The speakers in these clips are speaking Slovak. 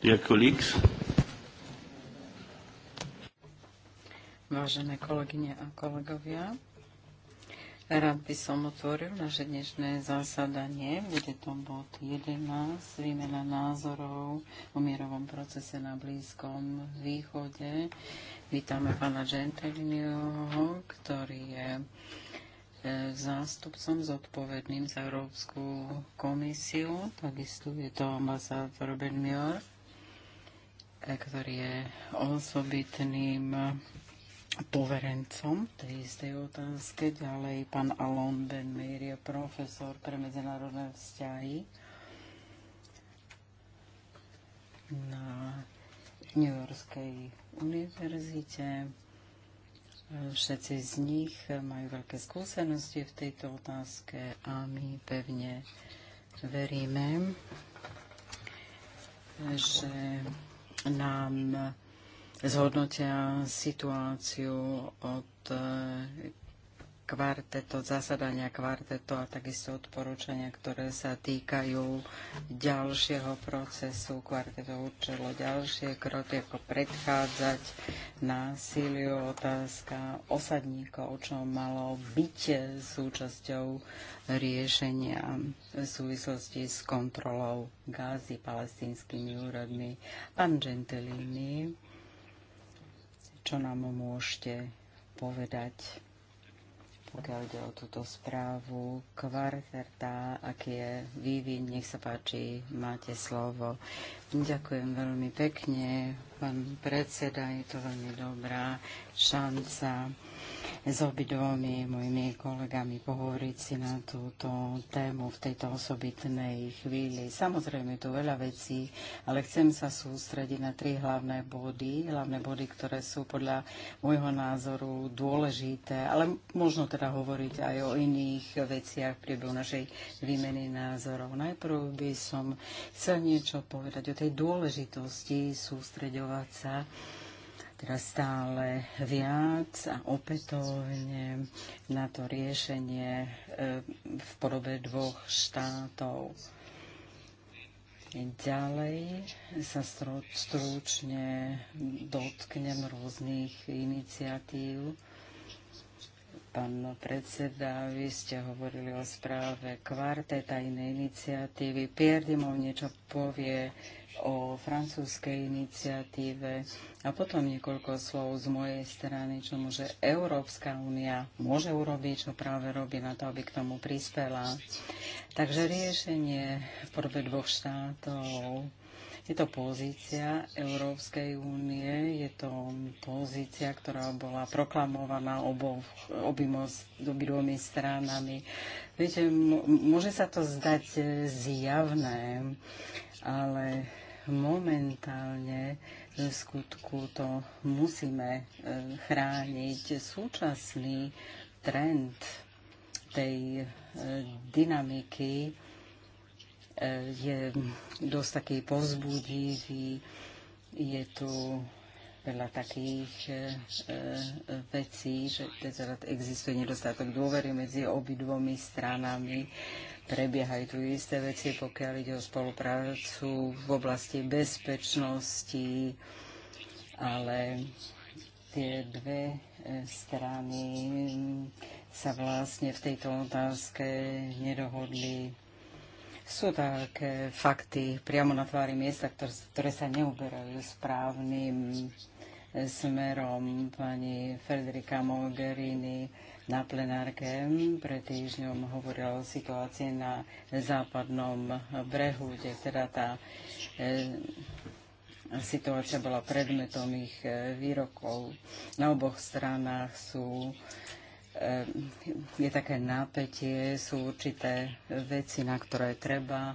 Dear colleagues. Vážené kolegyne a kolegovia, rád by som otvoril naše dnešné zásadanie. Bude to bod 11, výmena názorov o mierovom procese na Blízkom východe. Vítame pána Gentilioho, ktorý je e, zástupcom zodpovedným za Európsku komisiu. Takisto je to ambasádor Ben Mior ktorý je osobitným poverencom tej istej otázke. Ďalej pán Alon Ben Meir je profesor pre medzinárodné vzťahy na New Yorkskej univerzite. Všetci z nich majú veľké skúsenosti v tejto otázke a my pevne veríme, že nám zhodnotia situáciu od kvarteto, zasadania kvarteto a takisto odporúčania, ktoré sa týkajú ďalšieho procesu. Kvarteto určilo ďalšie kroky, ako predchádzať násiliu, otázka osadníkov, čo malo byť súčasťou riešenia v súvislosti s kontrolou gázy palestínskymi úradmi. Pán Gentilini, čo nám môžete povedať? pokiaľ ide o túto správu. Kvarterta, aký je vývin, nech sa páči, máte slovo. Ďakujem veľmi pekne, pán predseda, je to veľmi dobrá šanca s obidvomi mojimi kolegami pohovoriť si na túto tému v tejto osobitnej chvíli. Samozrejme, je tu veľa vecí, ale chcem sa sústrediť na tri hlavné body, hlavné body, ktoré sú podľa môjho názoru dôležité, ale možno teda hovoriť aj o iných veciach v priebehu našej výmeny názorov. Najprv by som chcel niečo povedať o tej dôležitosti sústreďovať sa teraz stále viac a opätovne na to riešenie e, v podobe dvoch štátov. Ďalej sa stručne dotknem rôznych iniciatív. Pán predseda, vy ste hovorili o správe kvarteta, iné iniciatívy. Pierdimov niečo povie o francúzskej iniciatíve a potom niekoľko slov z mojej strany, čo môže Európska únia môže urobiť, čo práve robí na to, aby k tomu prispela. Takže riešenie v podobe dvoch štátov je to pozícia Európskej únie, je to pozícia, ktorá bola proklamovaná oboch, obidvomi stranami. Viete, môže sa to zdať e, zjavné, ale momentálne v skutku to musíme e, chrániť. Súčasný trend tej e, dynamiky e, je dosť taký povzbudivý. Je tu veľa takých vecí, že teda existuje nedostatok dôvery medzi obidvomi stranami prebiehajú tu isté veci, pokiaľ ide o spoluprácu v oblasti bezpečnosti, ale tie dve e, strany sa vlastne v tejto otázke nedohodli. Sú také fakty priamo na tvári miesta, ktoré, ktoré sa neuberajú správnym e, smerom pani Federica Mogherini na plenárke pred týždňom hovoril o situácii na západnom brehu, kde teda tá e, situácia bola predmetom ich e, výrokov. Na oboch stranách sú e, je také nápetie, sú určité veci, na ktoré treba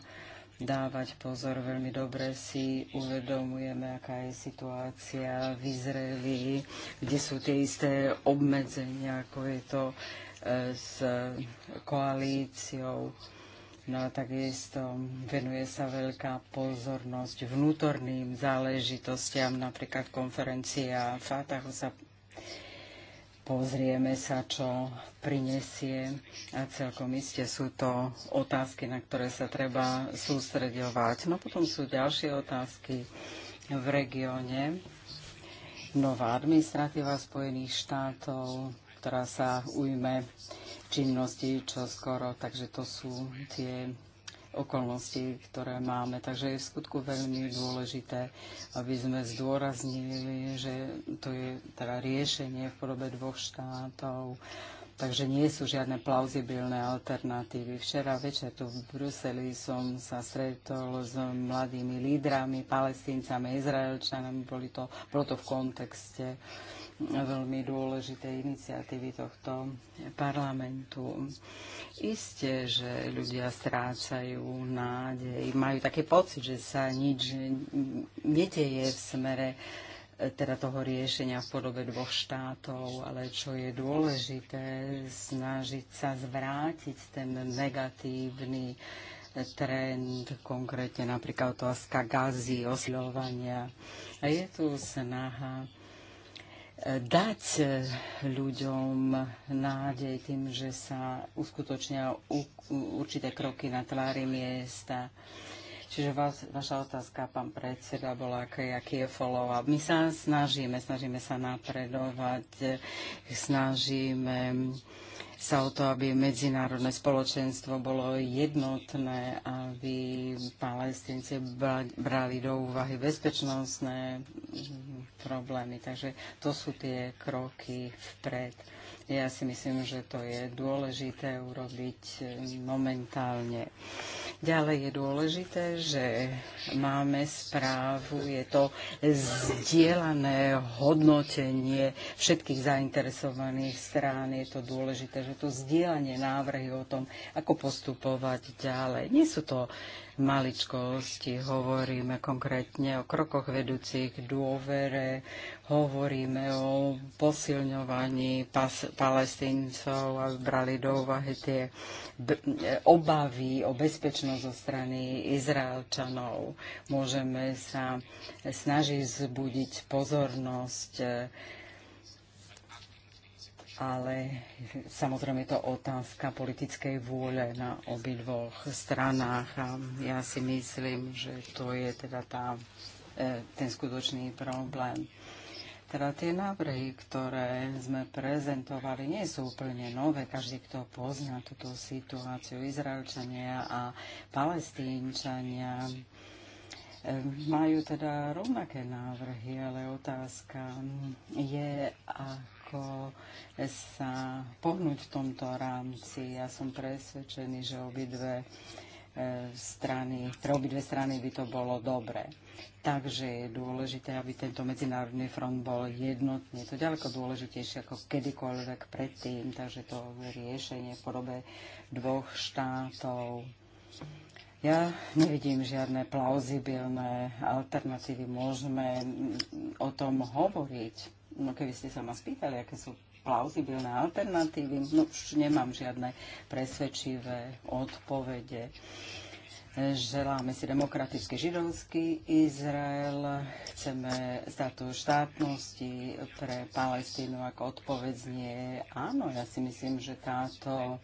dávať pozor. Veľmi dobre si uvedomujeme, aká je situácia v Izraeli, kde sú tie isté obmedzenia, ako je to e, s koalíciou. No a takisto venuje sa veľká pozornosť vnútorným záležitostiam, napríklad konferencia Fatahu sa Pozrieme sa, čo prinesie. A celkom iste sú to otázky, na ktoré sa treba sústredovať. No potom sú ďalšie otázky v regióne. Nová administratíva Spojených štátov, ktorá sa ujme činnosti čo skoro, takže to sú tie okolností, ktoré máme. Takže je v skutku veľmi dôležité, aby sme zdôraznili, že to je teda riešenie v podobe dvoch štátov. Takže nie sú žiadne plauzibilné alternatívy. Včera večer tu v Bruseli som sa stretol s mladými lídrami, palestíncami, izraelčanami. Boli to, bolo to v kontexte uh, veľmi dôležité iniciatívy tohto parlamentu. Isté, že ľudia strácajú nádej, majú taký pocit, že sa nič nedeje v smere e, teda toho riešenia v podobe dvoch štátov, ale čo je dôležité, snažiť sa zvrátiť ten negatívny trend, konkrétne napríklad otázka gazy, osľovania. A je tu snaha dať eh, ľuďom nádej tým, že sa uskutočnia určité kroky na tvári miesta. Čiže vás, vaša otázka, pán predseda, bola, aký, je follow-up. My sa snažíme, snažíme sa napredovať, eh, snažíme sa o to, aby medzinárodné spoločenstvo bolo jednotné, aby palestinci brali do úvahy bezpečnostné problémy. Takže to sú tie kroky vpred. Ja si myslím, že to je dôležité urobiť momentálne. Ďalej je dôležité, že máme správu, je to zdieľané hodnotenie všetkých zainteresovaných strán. Je to dôležité, že to zdieľanie návrhy o tom, ako postupovať ďalej. Nie sú to maličkosti. Hovoríme konkrétne o krokoch vedúcich k dôvere, hovoríme o posilňovaní pas- palestíncov a brali do úvahy tie obavy o bezpečnosť zo strany Izraelčanov. Môžeme sa snažiť zbudiť pozornosť ale samozrejme je to otázka politickej vôle na obidvoch stranách a ja si myslím, že to je teda tá, e, ten skutočný problém. Teda tie návrhy, ktoré sme prezentovali, nie sú úplne nové. Každý, kto pozná túto situáciu, Izraelčania a Palestínčania, e, majú teda rovnaké návrhy, ale otázka je, a ako sa pohnúť v tomto rámci. Ja som presvedčený, že obidve e, strany, pre teda obidve strany by to bolo dobre. Takže je dôležité, aby tento medzinárodný front bol jednotný. To je ďaleko dôležitejšie ako kedykoľvek predtým, takže to riešenie v podobe dvoch štátov. Ja nevidím žiadne plauzibilné alternatívy. Môžeme o tom hovoriť, No keby ste sa ma spýtali, aké sú plauzibilné alternatívy, no už nemám žiadne presvedčivé odpovede. Želáme si demokratický židovský Izrael, chceme statu štátnosti pre Palestínu ako odpoveď nie. Áno, ja si myslím, že táto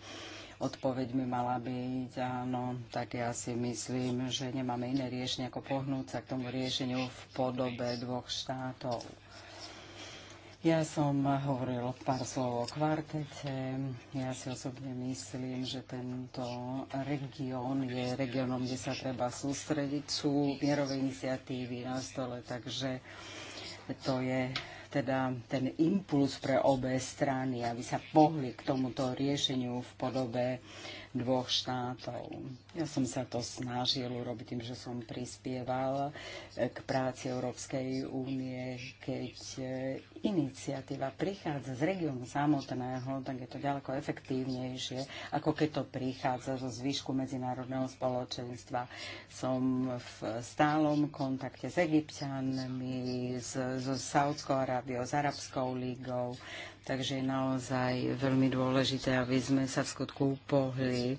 odpoveď by mala byť áno, tak ja si myslím, že nemáme iné riešenie ako pohnúť sa k tomu riešeniu v podobe dvoch štátov ja som hovoril pár slov o kvartete. Ja si osobne myslím, že tento región je regiónom, kde sa treba sústrediť. Sú mierové iniciatívy na stole, takže to je teda ten impuls pre obe strany, aby sa pohli k tomuto riešeniu v podobe dvoch štátov. Ja som sa to snažil urobiť tým, že som prispieval eh, k práci Európskej únie, keď eh, iniciatíva prichádza z regiónu samotného, tak je to ďaleko efektívnejšie, ako keď to prichádza zo zvyšku medzinárodného spoločenstva. Som v stálom kontakte s Egyptianmi, s, Saudskou Arábiou, s Arabskou ligou, Takže je naozaj veľmi dôležité, aby sme sa v skutku pohli.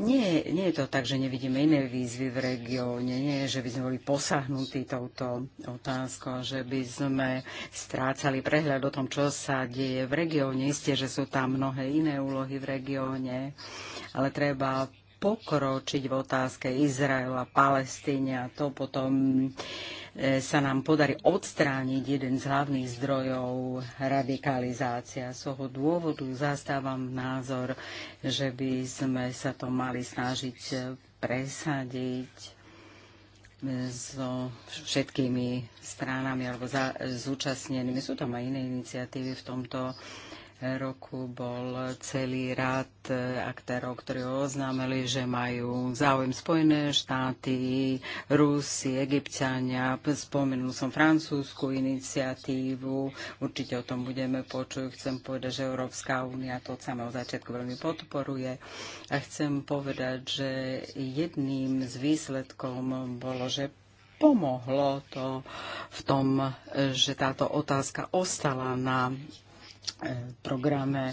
Nie, nie je to tak, že nevidíme iné výzvy v regióne, nie, je, že by sme boli posahnutí touto otázkou, že by sme strácali prehľad o tom, čo sa deje v regióne. Isté, že sú tam mnohé iné úlohy v regióne, ale treba pokročiť v otázke Izraela, Palestíny a to potom sa nám podarí odstrániť jeden z hlavných zdrojov radikalizácia. Z toho dôvodu zastávam názor, že by sme sa to mali snažiť presadiť so všetkými stranami alebo za, zúčastnenými. Sú tam aj iné iniciatívy v tomto roku bol celý rad e, aktérov, ktorí oznámili, že majú záujem Spojené štáty, Rusi, Egyptiania, spomenul som francúzsku iniciatívu, určite o tom budeme počuť. Chcem povedať, že Európska únia to od samého začiatku veľmi podporuje a chcem povedať, že jedným z výsledkom bolo, že pomohlo to v tom, e, že táto otázka ostala na E, programe.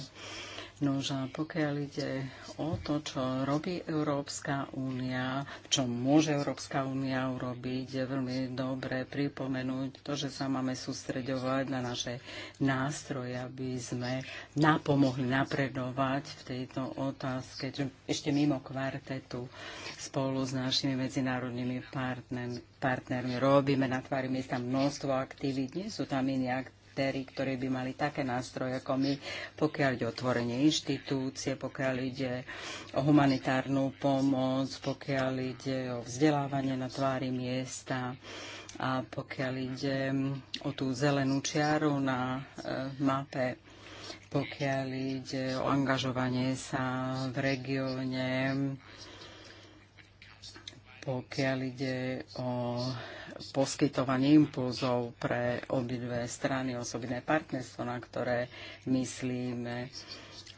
Nož a pokiaľ ide o to, čo robí Európska únia, čo môže Európska únia urobiť, je veľmi dobre pripomenúť to, že sa máme sústreďovať na naše nástroje, aby sme napomohli napredovať v tejto otázke, čo ešte mimo kvartetu spolu s našimi medzinárodnými partnermi Robíme, robíme, tvári tam množstvo aktivít, nie sú tam iní aktivity aktéry, ktorí by mali také nástroje ako my, pokiaľ ide o tvorenie inštitúcie, pokiaľ ide o humanitárnu pomoc, pokiaľ ide o vzdelávanie na tvári miesta a pokiaľ ide o tú zelenú čiaru na e, mape pokiaľ ide o angažovanie sa v regióne, pokiaľ ide o poskytovanie impulzov pre obidve strany, osobné partnerstvo, na ktoré myslíme.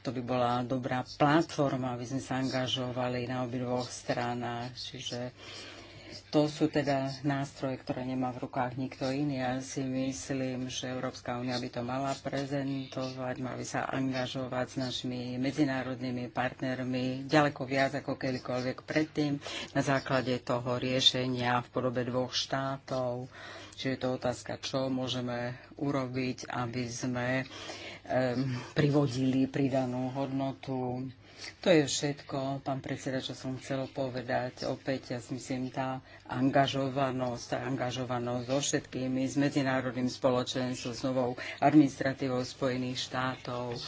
To by bola dobrá platforma, aby sme sa angažovali na obidvoch stranách. Čiže to sú teda nástroje, ktoré nemá v rukách nikto iný. Ja si myslím, že Európska únia by to mala prezentovať, mala by sa angažovať s našimi medzinárodnými partnermi ďaleko viac ako kedykoľvek predtým na základe toho riešenia v podobe dvoch štátov. Čiže je to otázka, čo môžeme urobiť, aby sme um, privodili pridanú hodnotu to je všetko, pán predseda, čo som chcel povedať. Opäť, ja si myslím, tá angažovanosť, tá angažovanosť so všetkými, s medzinárodným spoločenstvom, s novou administratívou Spojených štátov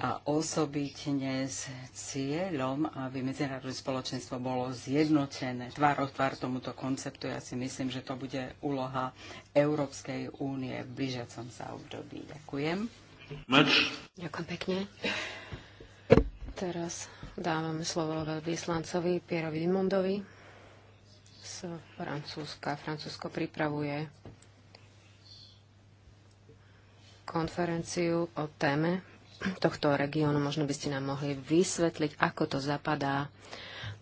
a osobitne s cieľom, aby medzinárodné spoločenstvo bolo zjednotené tvár o tvár tomuto konceptu. Ja si myslím, že to bude úloha Európskej únie v blížiacom sa období. Ďakujem. Mač. Ďakujem pekne. Teraz dávam slovo veľvyslancovi Pierovi Dimondovi z Francúzska. Francúzsko pripravuje konferenciu o téme tohto regiónu. Možno by ste nám mohli vysvetliť, ako to zapadá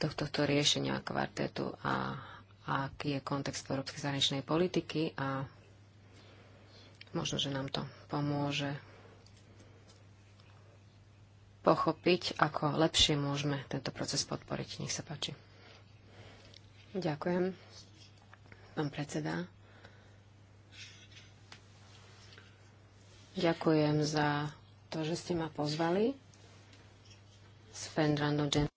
do tohto riešenia kvartetu a aký je kontext európskej zahraničnej politiky a možno, že nám to pomôže pochopiť, ako lepšie môžeme tento proces podporiť. Nech sa páči. Ďakujem, pán predseda. Ďakujem za to, že ste ma pozvali. Sven Randogent.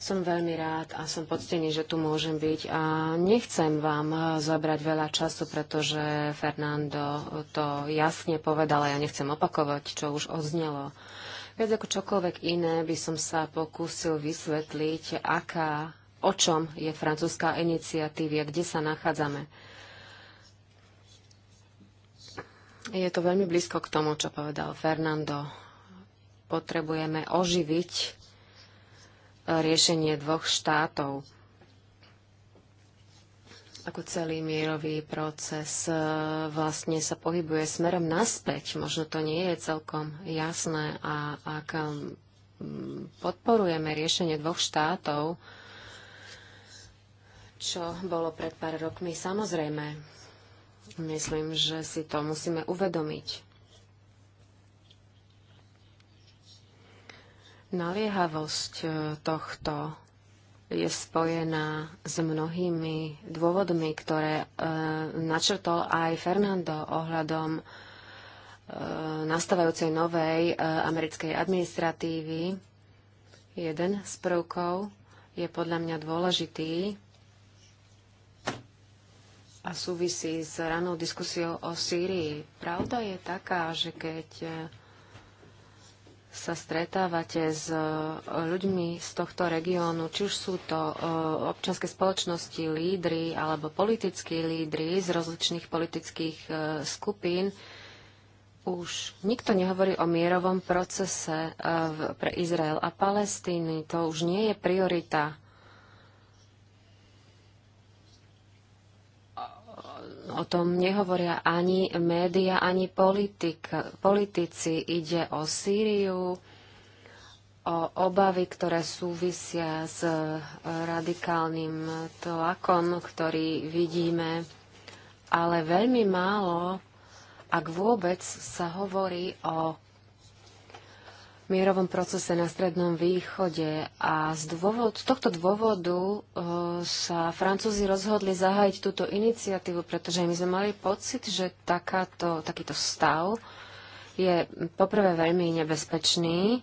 Som veľmi rád a som poctený, že tu môžem byť. A nechcem vám eh, zabrať veľa času, pretože Fernando to jasne povedal a ja nechcem opakovať, čo už oznelo. Viac ako čokoľvek iné by som sa pokúsil vysvetliť, aká, o čom je francúzska iniciatíva, kde sa nachádzame. Je to veľmi blízko k tomu, čo povedal Fernando. Potrebujeme oživiť riešenie dvoch štátov ako celý mierový proces e, vlastne sa pohybuje smerom naspäť. Možno to nie je celkom jasné a ak podporujeme riešenie dvoch štátov, čo bolo pred pár rokmi, samozrejme, myslím, že si to musíme uvedomiť. Naliehavosť e, tohto je spojená s mnohými dôvodmi, ktoré e, načrtol aj Fernando ohľadom e, nastávajúcej novej e, americkej administratívy. Jeden z prvkov je podľa mňa dôležitý a súvisí s ranou diskusiou o Sýrii. Pravda je taká, že keď e, sa stretávate s e, ľuďmi z tohto regiónu, či už sú to e, občanské spoločnosti, lídry alebo politickí lídry z rozličných politických e, skupín, už nikto nehovorí o mierovom procese pre Izrael a Palestíny. To už nie je priorita o tom nehovoria ani média, ani politik, politici. Ide o Sýriu, o obavy, ktoré súvisia s e, radikálnym tlakom, ktorý vidíme, ale veľmi málo, ak vôbec sa hovorí o mierovom procese na Strednom východe a z, dôvod, z tohto dôvodu e, sa Francúzi rozhodli zahájiť túto iniciatívu, pretože my sme mali pocit, že takáto, takýto stav je poprvé veľmi nebezpečný e,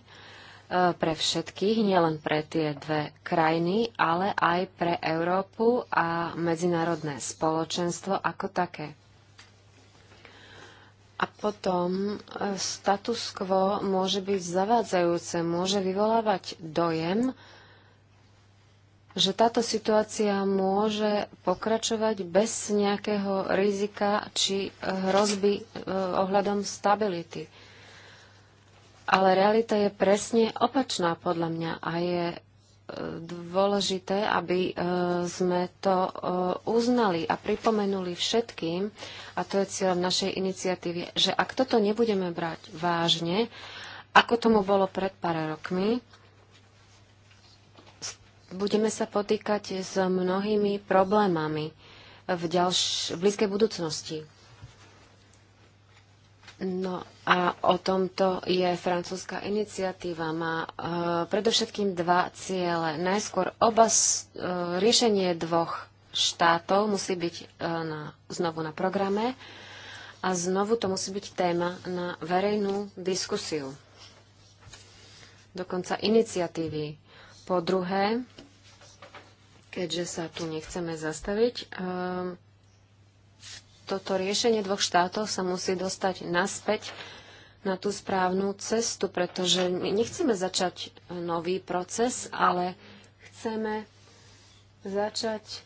pre všetkých, nielen pre tie dve krajiny, ale aj pre Európu a medzinárodné spoločenstvo ako také. A potom e, status quo môže byť zavádzajúce, môže vyvolávať dojem, že táto situácia môže pokračovať bez nejakého rizika či e, hrozby e, ohľadom stability. Ale realita je presne opačná podľa mňa a je dôležité, aby e, sme to e, uznali a pripomenuli všetkým, a to je cieľom našej iniciatívy, že ak toto nebudeme brať vážne, ako tomu bolo pred pár rokmi, budeme sa potýkať s mnohými problémami v, ďalš- v blízkej budúcnosti. No a o tomto je francúzska iniciatíva. Má e, predovšetkým dva ciele. Najskôr oba s, e, riešenie dvoch štátov musí byť e, na, znovu na programe a znovu to musí byť téma na verejnú diskusiu. Dokonca iniciatívy. Po druhé, keďže sa tu nechceme zastaviť, e, toto riešenie dvoch štátov sa musí dostať naspäť na tú správnu cestu, pretože my nechceme začať nový proces, ale chceme začať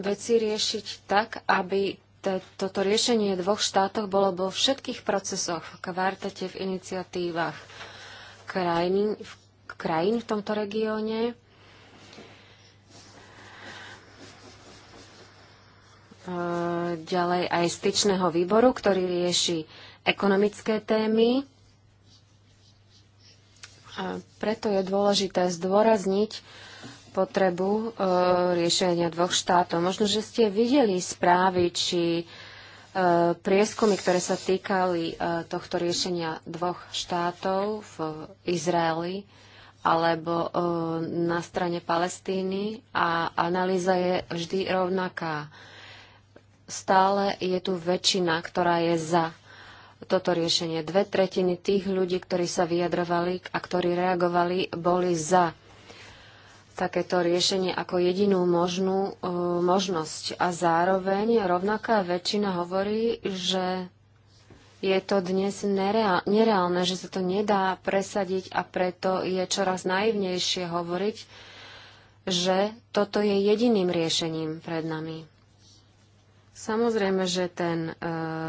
veci riešiť tak, aby toto riešenie dvoch štátov bolo vo všetkých procesoch, v kvartete, v iniciatívach krajín, v, krajín v tomto regióne, ďalej aj styčného výboru, ktorý rieši ekonomické témy. A preto je dôležité zdôrazniť potrebu e, riešenia dvoch štátov. Možno, že ste videli správy či e, prieskumy, ktoré sa týkali e, tohto riešenia dvoch štátov v Izraeli alebo e, na strane Palestíny a analýza je vždy rovnaká. E, stále je tu väčšina, ktorá je za toto riešenie. Dve tretiny tých ľudí, ktorí sa vyjadrovali a ktorí reagovali, boli za takéto riešenie ako jedinú možnú e, možnosť. A zároveň rovnaká väčšina hovorí, že je to dnes nereál, nereálne, že sa to nedá presadiť a preto je čoraz naivnejšie hovoriť, že toto je jediným riešením pred nami. Samozrejme, že ten e,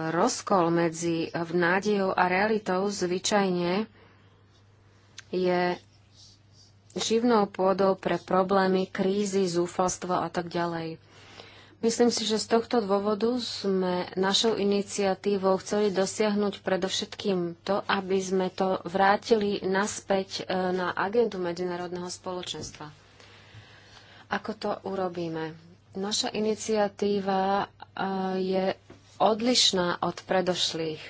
rozkol medzi e, v nádejou a realitou zvyčajne je živnou pôdou pre problémy, krízy, zúfalstvo a tak ďalej. Myslím si, že z tohto dôvodu sme našou iniciatívou chceli dosiahnuť predovšetkým to, aby sme to vrátili naspäť e, na agendu medzinárodného spoločenstva. Ako to urobíme? Naša iniciatíva je odlišná od predošlých.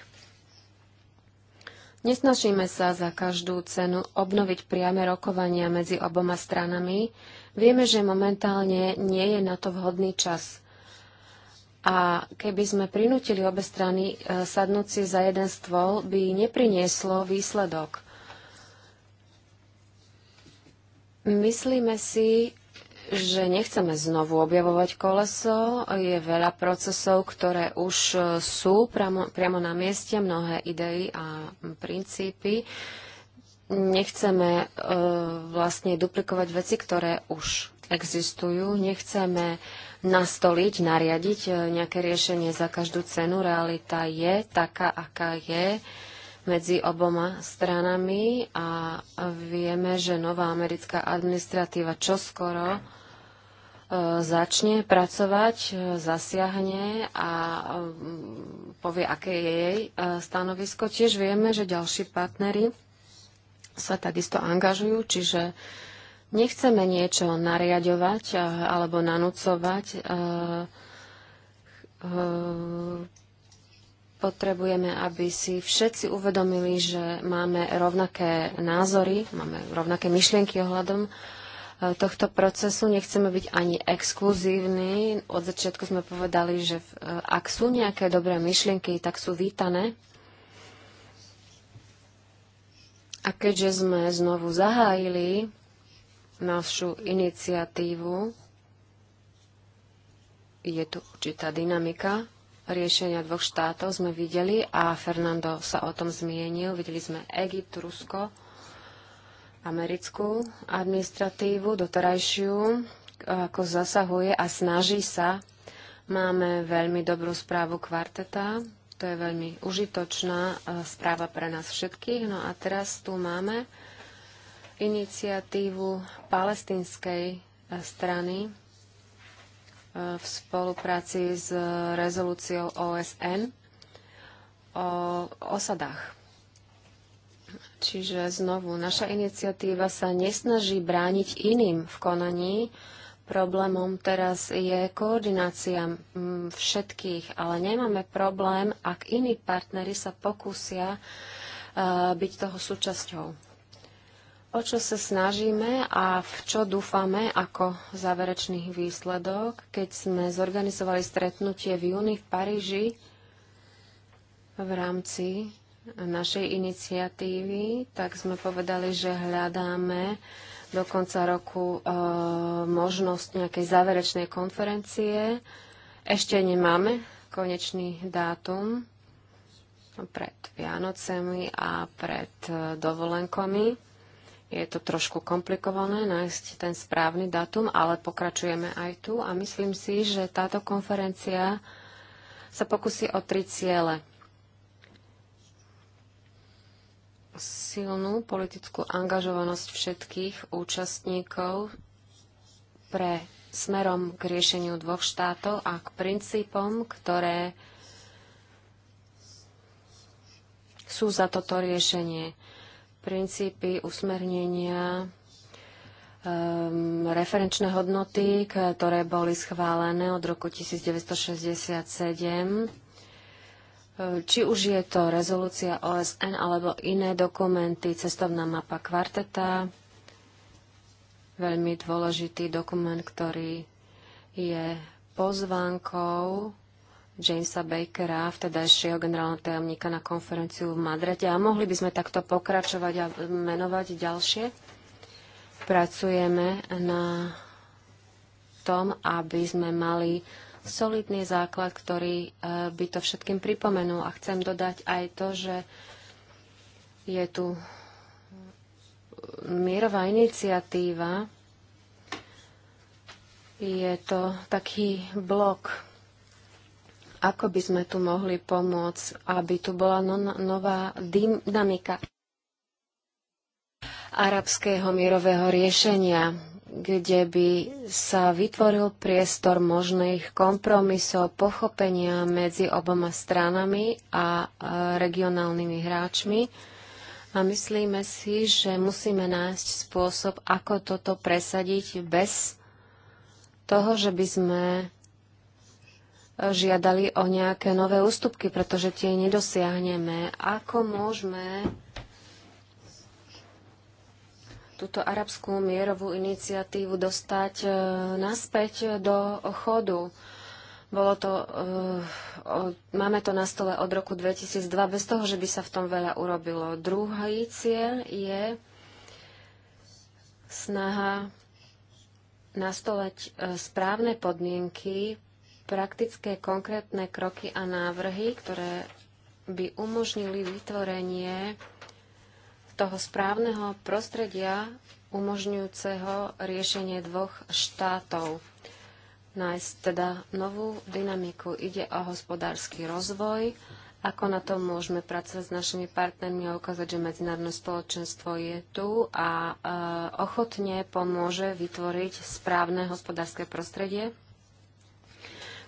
Nesnažíme sa za každú cenu obnoviť priame rokovania medzi oboma stranami. Vieme, že momentálne nie je na to vhodný čas. A keby sme prinútili obe strany e, sadnúť si za jeden stôl, by neprinieslo výsledok. Myslíme si, že nechceme znovu objavovať koleso. Je veľa procesov, ktoré už sú priamo, priamo na mieste, mnohé idei a princípy. Nechceme e, vlastne duplikovať veci, ktoré už existujú. Nechceme nastoliť, nariadiť e, nejaké riešenie za každú cenu. Realita je taká, aká je medzi oboma stranami a vieme, že nová americká administratíva čoskoro začne pracovať, e, zasiahne a mm, povie, aké je jej e, stanovisko. Tiež vieme, že ďalší partnery sa takisto angažujú, čiže nechceme niečo nariadovať e, alebo nanúcovať. Potrebujeme, aby si všetci uvedomili, že máme rovnaké názory, máme rovnaké myšlienky ohľadom tohto procesu. Nechceme byť ani exkluzívni. Od začiatku sme povedali, že e, ak sú nejaké dobré myšlienky, tak sú vítané. A keďže sme znovu zahájili našu iniciatívu, je tu určitá dynamika riešenia dvoch štátov, sme videli a Fernando sa o tom zmienil. Videli sme Egypt, Rusko americkú administratívu, doterajšiu, ako zasahuje a snaží sa. Máme veľmi dobrú správu kvarteta, to je veľmi užitočná e, správa pre nás všetkých. No a teraz tu máme iniciatívu palestinskej e, strany e, v spolupráci s rezolúciou OSN o osadách. Čiže znovu, naša iniciatíva sa nesnaží brániť iným v konaní. Problémom teraz je koordinácia všetkých, ale nemáme problém, ak iní partnery sa pokúsia e, byť toho súčasťou. O čo sa snažíme a v čo dúfame ako záverečný výsledok, keď sme zorganizovali stretnutie v júni v Paríži v rámci našej iniciatívy, tak sme povedali, že hľadáme do konca roku e, možnosť nejakej záverečnej konferencie. Ešte nemáme konečný dátum pred Vianocemi a pred e, dovolenkami. Je to trošku komplikované nájsť ten správny dátum, ale pokračujeme aj tu a myslím si, že táto konferencia sa pokusí o tri ciele. silnú politickú angažovanosť všetkých účastníkov pre smerom k riešeniu dvoch štátov a k princípom, ktoré sú za toto riešenie. Princípy usmernenia, um, referenčné hodnoty, ktoré boli schválené od roku 1967 či už je to rezolúcia OSN alebo iné dokumenty, cestovná mapa kvarteta, veľmi dôležitý dokument, ktorý je pozvánkou Jamesa Bakera, vtedajšieho generálneho tajomníka na konferenciu v Madrete. A mohli by sme takto pokračovať a menovať ďalšie. Pracujeme na tom, aby sme mali solidný základ, ktorý e, by to všetkým pripomenul. A chcem dodať aj to, že je tu mierová iniciatíva. Je to taký blok, ako by sme tu mohli pomôcť, aby tu bola no, no nová dynamika arabského mierového riešenia kde by sa vytvoril priestor možných kompromisov, pochopenia medzi oboma stranami a regionálnymi hráčmi. A myslíme si, že musíme nájsť spôsob, ako toto presadiť bez toho, že by sme žiadali o nejaké nové ústupky, pretože tie nedosiahneme. Ako môžeme túto arabskú mierovú iniciatívu dostať e, naspäť do chodu. Bolo to, e, máme to na stole od roku 2002, bez toho, že by sa v tom veľa urobilo. Druhý cieľ je snaha nastolať e, správne podmienky, praktické konkrétne kroky a návrhy, ktoré by umožnili vytvorenie toho správneho prostredia umožňujúceho riešenie dvoch štátov. Nájsť teda novú dynamiku. Ide o hospodársky rozvoj, ako na tom môžeme pracovať s našimi partnermi a ukázať, že medzinárodné spoločenstvo je tu a e, ochotne pomôže vytvoriť správne hospodárske prostredie,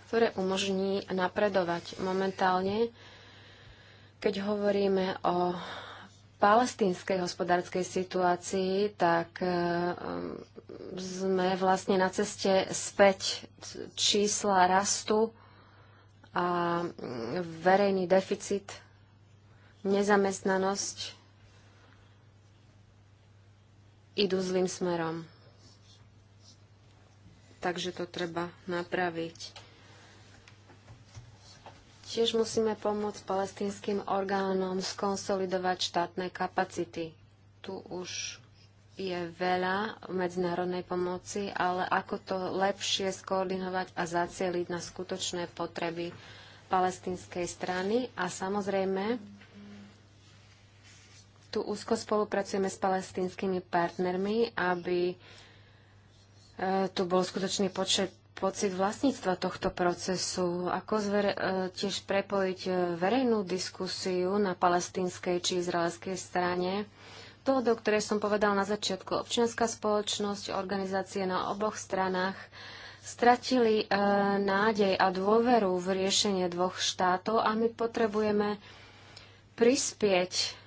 ktoré umožní napredovať momentálne, keď hovoríme o palestínskej hospodárskej situácii, tak e, mm, sme vlastne na ceste späť čísla rastu a mm, verejný deficit, nezamestnanosť idú zlým smerom. Takže to treba napraviť. Tiež musíme pomôcť palestínskym orgánom skonsolidovať štátne kapacity. Tu už je veľa medzinárodnej pomoci, ale ako to lepšie skoordinovať a zacieliť na skutočné potreby palestinskej strany. A samozrejme, tu úzko spolupracujeme s palestinskými partnermi, aby e, tu bol skutočný počet pocit vlastníctva tohto procesu? Ako zver, e, tiež prepojiť e, verejnú diskusiu na palestinskej či izraelskej strane? To, do ktoré som povedal na začiatku, občianská spoločnosť, organizácie na oboch stranách stratili e, nádej a dôveru v riešenie dvoch štátov a my potrebujeme prispieť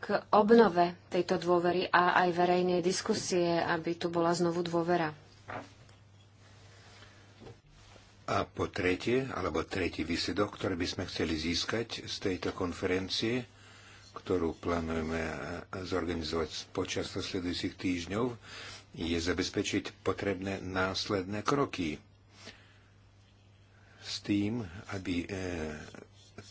k obnove tejto dôvery a aj verejnej diskusie, aby tu bola znovu dôvera. A po tretie, alebo tretí výsledok, ktorý by sme chceli získať z tejto konferencie, ktorú plánujeme e, zorganizovať počas nasledujúcich týždňov, je zabezpečiť potrebné následné kroky s tým, aby e,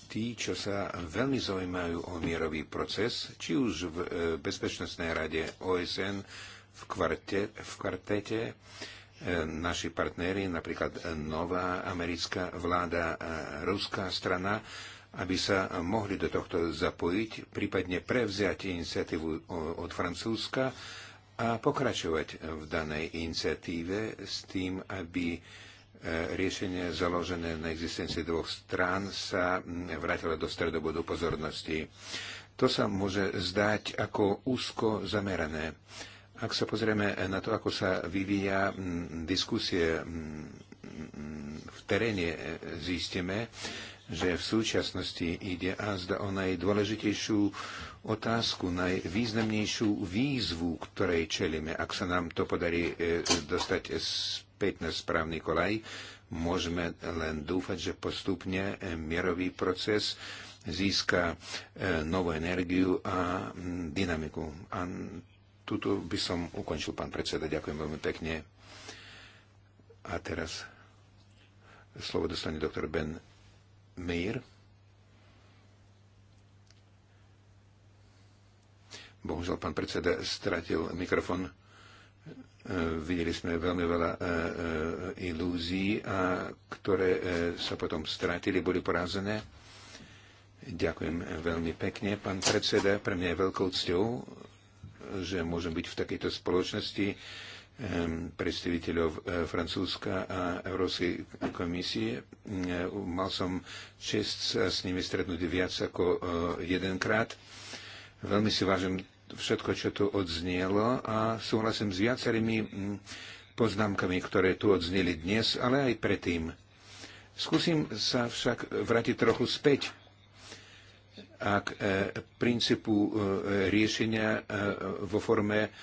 tí, čo sa veľmi zaujímajú o mierový proces, či už v e, Bezpečnostnej rade OSN, v, kvarte, v kvartete, naši partnery, napríklad nová americká vláda, ruská strana, aby sa mohli do tohto zapojiť, prípadne prevziať iniciatívu od Francúzska a pokračovať v danej iniciatíve s tým, aby e, riešenie založené na existencii dvoch strán sa vrátilo do stredobodu pozornosti. To sa môže zdať ako úzko zamerané, ak sa pozrieme na to, ako sa vyvíja diskusie v teréne, e, zistíme, že v súčasnosti ide azda o najdôležitejšiu otázku, najvýznamnejšiu výzvu, ktorej čelíme. Ak sa nám to podarí e, dostať späť na správny kolaj, môžeme len dúfať, že postupne e, mierový proces získa novú energiu a dynamiku. A Tuto by som ukončil, pán predseda. Ďakujem veľmi pekne. A teraz slovo dostane doktor Ben Meir. Bohužiaľ, pán predseda stratil mikrofon. E, videli sme veľmi veľa e, e, ilúzií, a ktoré sa potom stratili, boli porazené. Ďakujem veľmi pekne, pán predseda. Pre mňa je veľkou cťou že môžem byť v takejto spoločnosti predstaviteľov e, Francúzska a Európskej komisie. E, mal som čest sa s nimi stretnúť viac ako e, jedenkrát. Veľmi si vážim všetko, čo tu odznielo a súhlasím s viacerými poznámkami, ktoré tu odzneli dnes, ale aj predtým. Skúsim sa však vrátiť trochu späť a k e, princípu e, riešenia e, vo forme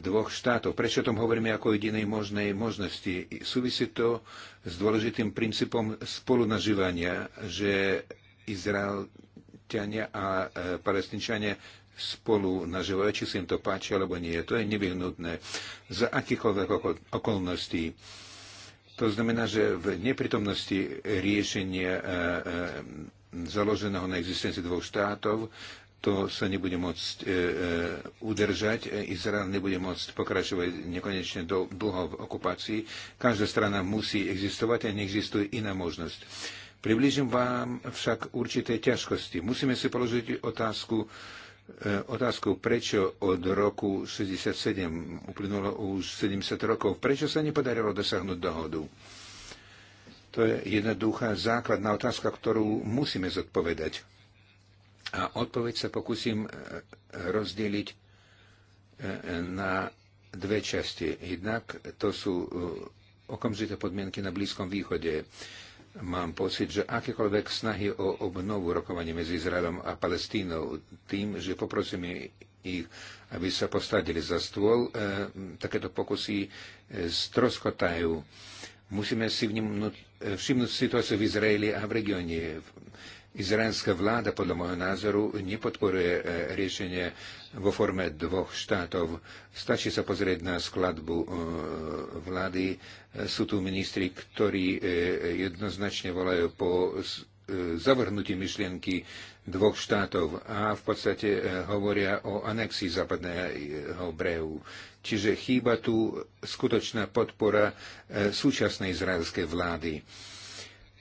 dvoch štátov. Prečo o tom hovoríme ako o jedinej možnej možnosti? Súvisí to s dôležitým princípom spolunažívania, že Izraelťania a palestinčania spolu nažívajú, či si im to páči alebo nie. To je nevyhnutné za akýchkoľvek okolností. To znamená, že v neprítomnosti riešenia založeného na existencii dvoch štátov, to sa nebude môcť e, e, udržať. E, Izrael nebude môcť pokračovať nekonečne do, dlho v okupácii. Každá strana musí existovať a neexistuje iná možnosť. Približím vám však určité ťažkosti. Musíme si položiť otázku, e, otázku prečo od roku 67, uplynulo už 70 rokov, prečo sa nepodarilo dosiahnuť dohodu. To je jednoduchá základná otázka, ktorú musíme zodpovedať. A odpoveď sa pokúsim e, rozdeliť e, na dve časti. Jednak to sú e, okamžité podmienky na Blízkom východe. Mám pocit, že akékoľvek snahy o obnovu rokovania medzi Izraelom a Palestínou tým, že poprosíme ich, aby sa postavili za stôl, takéto pokusy stroskotajú. Musíme si vnimnúť, e, všimnúť situáciu v Izraeli a v regióne. Izraelská vláda, podľa môjho názoru, nepodporuje e, riešenie vo forme dvoch štátov. Stačí sa pozrieť na skladbu e, vlády. Sú tu ministri, ktorí jednoznačne volajú po zavrhnutí myšlienky dvoch štátov a v podstate hovoria o anexii západného brehu. Čiže chýba tu skutočná podpora e, súčasnej izraelskej vlády.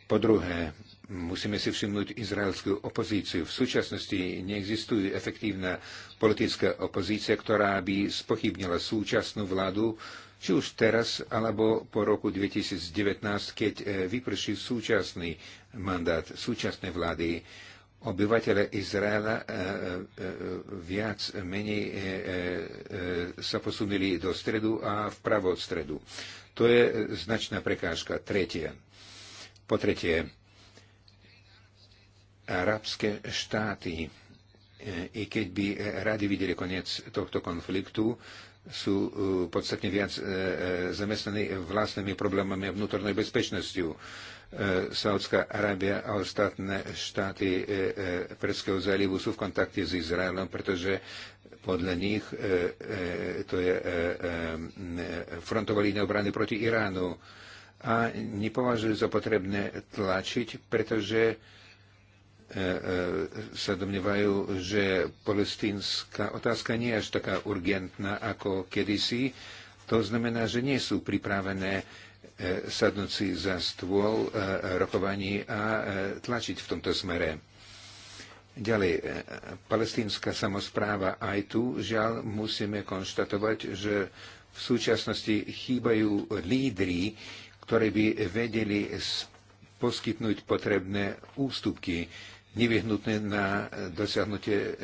Po druhé, musíme si všimnúť izraelskú opozíciu. V súčasnosti neexistuje efektívna politická opozícia, ktorá by spochybnila súčasnú vládu, či už teraz, alebo po roku 2019, keď e, vyprší súčasný mandát súčasnej vlády obyvateľe Izraela e, e, e, viac menej sa posunili do stredu a vpravo od stredu. To je značná prekážka. Tretie. Po tretie, arabské štáty, i keď by radi videli koniec tohto konfliktu, sú podstatne viac zamestnaní vlastnými problémami a vnútornou bezpečnosťou E, Saudská Arábia a ostatné štáty e, e, Perského zálivu sú v kontakte s Izraelom, pretože podľa nich to je frontová línia obrany proti Iránu a nepovažujú za potrebné tlačiť, pretože sa domnievajú, že palestínska otázka nie je až taká urgentná ako kedysi. To znamená, že nie sú pripravené sadnúci za stôl e, rokovaní a e, tlačiť v tomto smere. Ďalej, e, palestínska samozpráva aj tu, žiaľ, musíme konštatovať, že v súčasnosti chýbajú lídry, ktorí by vedeli poskytnúť potrebné ústupky nevyhnutné na dosiahnutie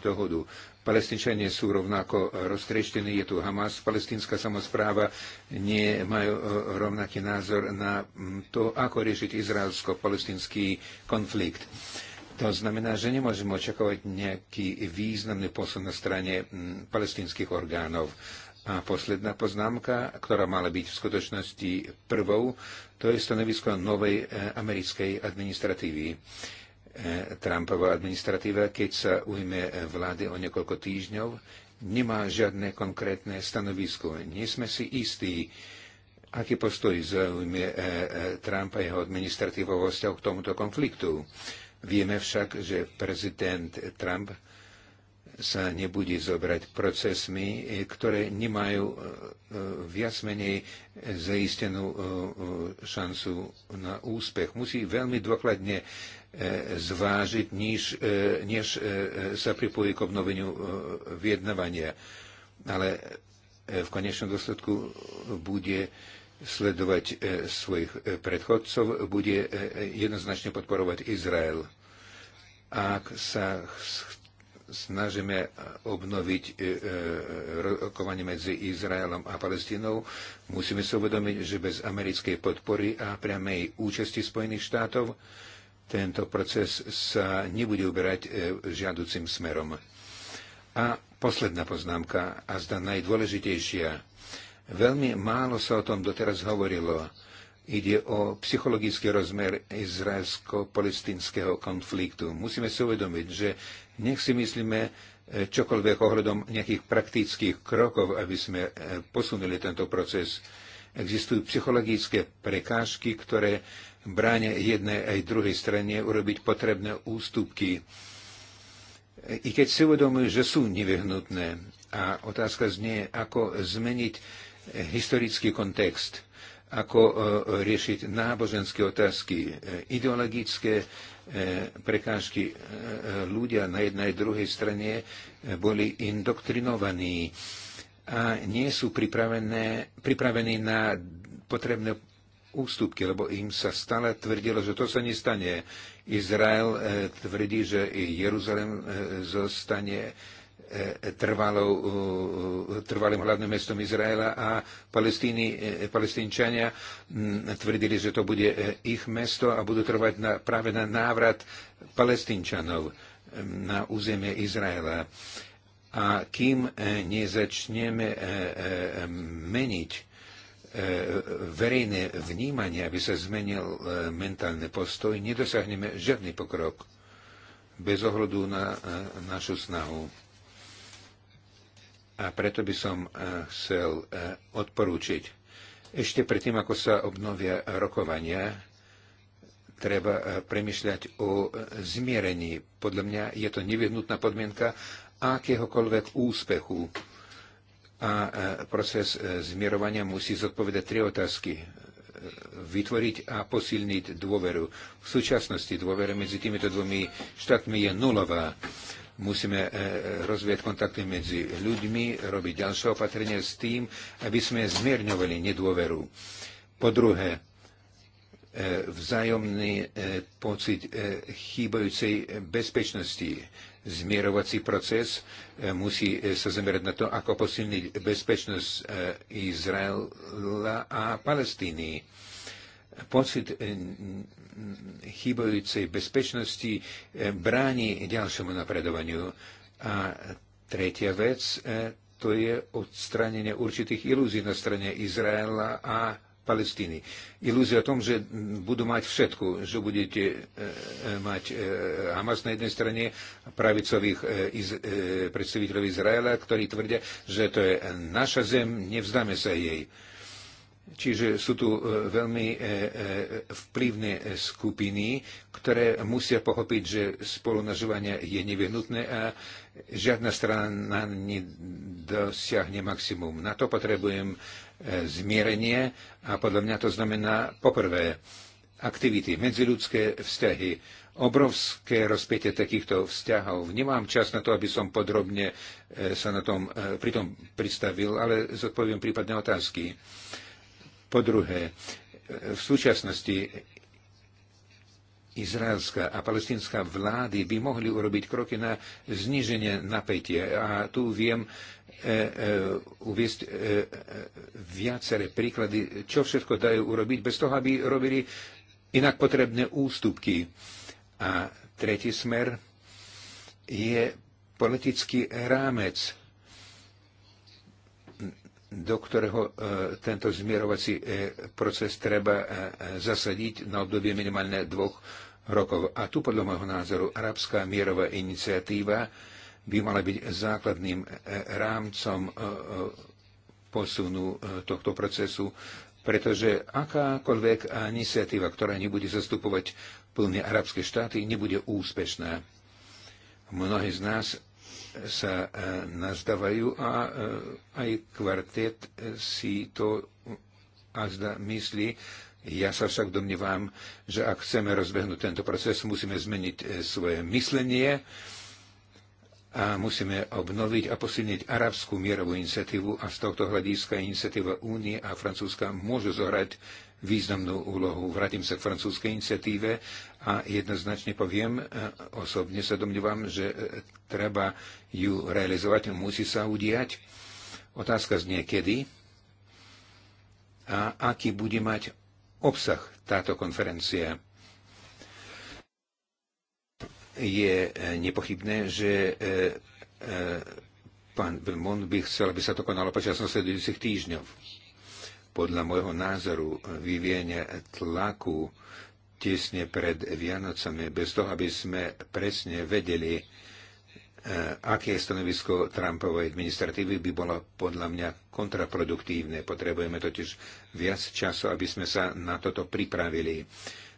dohodu. Palestinčania sú rovnako roztreštení, je tu Hamas, palestinská samozpráva nemajú e, rovnaký názor na mm, to, ako riešiť izraelsko-palestinský konflikt. To znamená, že nemôžeme očakávať nejaký významný posun na strane mm, palestinských orgánov. A posledná poznámka, ktorá mala byť v skutočnosti prvou, to je stanovisko novej e, americkej administratívy Trumpova administratíva, keď sa ujme vlády o niekoľko týždňov, nemá žiadne konkrétne stanovisko. Nie sme si istí, aký postoj zaujme eh, eh, Trump a jeho administratíva vo vzťahu k tomuto konfliktu. Vieme však, že prezident Trump sa nebude zobrať procesmi, eh, ktoré nemajú viac menej zaistenú šancu na úspech. Musí veľmi dôkladne zvážiť, e, než, než sa pripojí k obnoveniu e, vyjednávania. Ale e, v konečnom dôsledku bude sledovať svojich predchodcov, bude jednoznačne podporovať Izrael. Ak sa snažíme obnoviť rokovanie medzi Izraelom a Palestínou, musíme si uvedomiť, že bez americkej podpory a priamej účasti Spojených štátov tento proces sa nebude uberať e, žiaducim smerom. A posledná poznámka, a zda najdôležitejšia. Veľmi málo sa o tom doteraz hovorilo. Ide o psychologický rozmer izraelsko-palestinského konfliktu. Musíme si uvedomiť, že nech si myslíme e, čokoľvek ohľadom nejakých praktických krokov, aby sme e, posunuli tento proces. Existujú psychologické prekážky, ktoré bráne jednej aj druhej strane urobiť potrebné ústupky. I keď si uvedomujú, že sú nevyhnutné. A otázka znie, ako zmeniť historický kontext, ako e, riešiť náboženské otázky, e, ideologické e, prekážky. Ľudia na jednej aj druhej strane boli indoktrinovaní a nie sú pripravené, pripravení na potrebné ústupky, lebo im sa stále tvrdilo, že to sa nestane. Izrael eh, tvrdí, že Jeruzalem eh, zostane eh, trvalou, trvalým hlavným mestom Izraela a Palestíny, palestínčania hm, tvrdili, že to bude ich mesto a budú trvať na, práve na návrat palestínčanov hm, na územie Izraela. A kým nezačneme meniť E, verejné vnímanie, aby sa zmenil e, mentálny postoj, nedosiahneme žiadny pokrok bez ohľadu na e, našu snahu. A preto by som chcel odporúčiť, ešte predtým, ako sa obnovia rokovania, treba premyšľať o zmierení. Podľa mňa je to nevyhnutná podmienka akéhokoľvek úspechu a e, proces e, zmierovania musí zodpovedať tri otázky e, vytvoriť a posilniť dôveru. V súčasnosti dôvera medzi týmito dvomi štátmi je nulová. Musíme rozvieť kontakty medzi ľuďmi, robiť ďalšie opatrenia s tým, aby sme zmierňovali nedôveru. Po druhé, vzájomný pocit chýbajúcej bezpečnosti zmierovací proces, e, musí e, sa zamerať na to, ako posilniť bezpečnosť e, Izraela a Palestíny. Pocit chýbajúcej bezpečnosti bráni ďalšiemu napredovaniu. A tretia vec, to je odstranenie určitých ilúzií na strane Izraela a Palestíny. Ilúzia o tom, že budú mať všetko, že budete e, e, mať e, Hamas na jednej strane pravicových predstaviteľov Izraela, ktorí tvrdia, že to je naša zem, nevzdáme sa jej. Čiže sú tu veľmi vplyvné skupiny, ktoré musia pochopiť, že spolunažovanie je nevyhnutné a žiadna strana nedosiahne maximum. Na to potrebujem E, zmierenie a podľa mňa to znamená poprvé aktivity, medziludské vzťahy, obrovské rozpätie takýchto vzťahov. Nemám čas na to, aby som podrobne e, sa na tom e, pritom pristavil, ale zodpoviem prípadne otázky. Po druhé, v súčasnosti izraelská a palestinská vlády by mohli urobiť kroky na zniženie napätia, A tu viem, E, e, uviesť e, viaceré príklady, čo všetko dajú urobiť, bez toho, aby robili inak potrebné ústupky. A tretí smer je politický rámec, do ktorého tento zmierovací proces treba zasadiť na obdobie minimálne dvoch rokov. A tu podľa môjho názoru arabská mierová iniciatíva by mala byť základným e, e, rámcom e, posunu tohto procesu, pretože akákoľvek iniciatíva, ktorá nebude zastupovať plne arabské štáty, nebude úspešná. Mnohí z nás sa nazdávajú a aj kvartet si to azda myslí. Ja sa však domnievam, že ak chceme rozbehnúť tento proces, musíme zmeniť svoje myslenie, a musíme obnoviť a posilniť arabskú mierovú iniciatívu a z tohto hľadiska iniciatíva Únie a Francúzska môžu zohrať významnú úlohu. Vrátim sa k francúzskej iniciatíve a jednoznačne poviem, e, osobne sa domnívam, že e, treba ju realizovať, musí sa udiať. Otázka znie kedy a aký bude mať obsah táto konferencia je e, nepochybné, že e, e, pán Belmont by chcel, aby sa to konalo počas nasledujúcich týždňov. Podľa môjho názoru vyvienia tlaku tesne pred Vianocami, bez toho, aby sme presne vedeli, aké je stanovisko Trumpovej administratívy by bolo podľa mňa kontraproduktívne. Potrebujeme totiž viac času, aby sme sa na toto pripravili.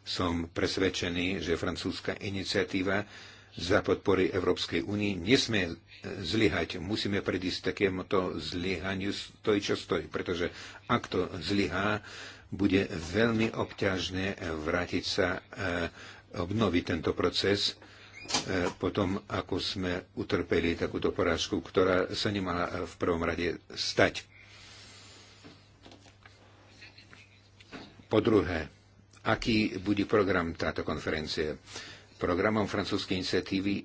Som presvedčený, že francúzska iniciatíva za podpory Európskej únie nesmie zlyhať. Musíme predísť takémuto zlyhaniu stoj čo stojí. pretože ak to zlyhá, bude veľmi obťažné vrátiť sa, eh, obnoviť tento proces eh, po tom, ako sme utrpeli takúto porážku, ktorá sa nemala eh, v prvom rade stať. Po druhé, aký bude program táto konferencie. Programom francúzskej iniciatívy e, e,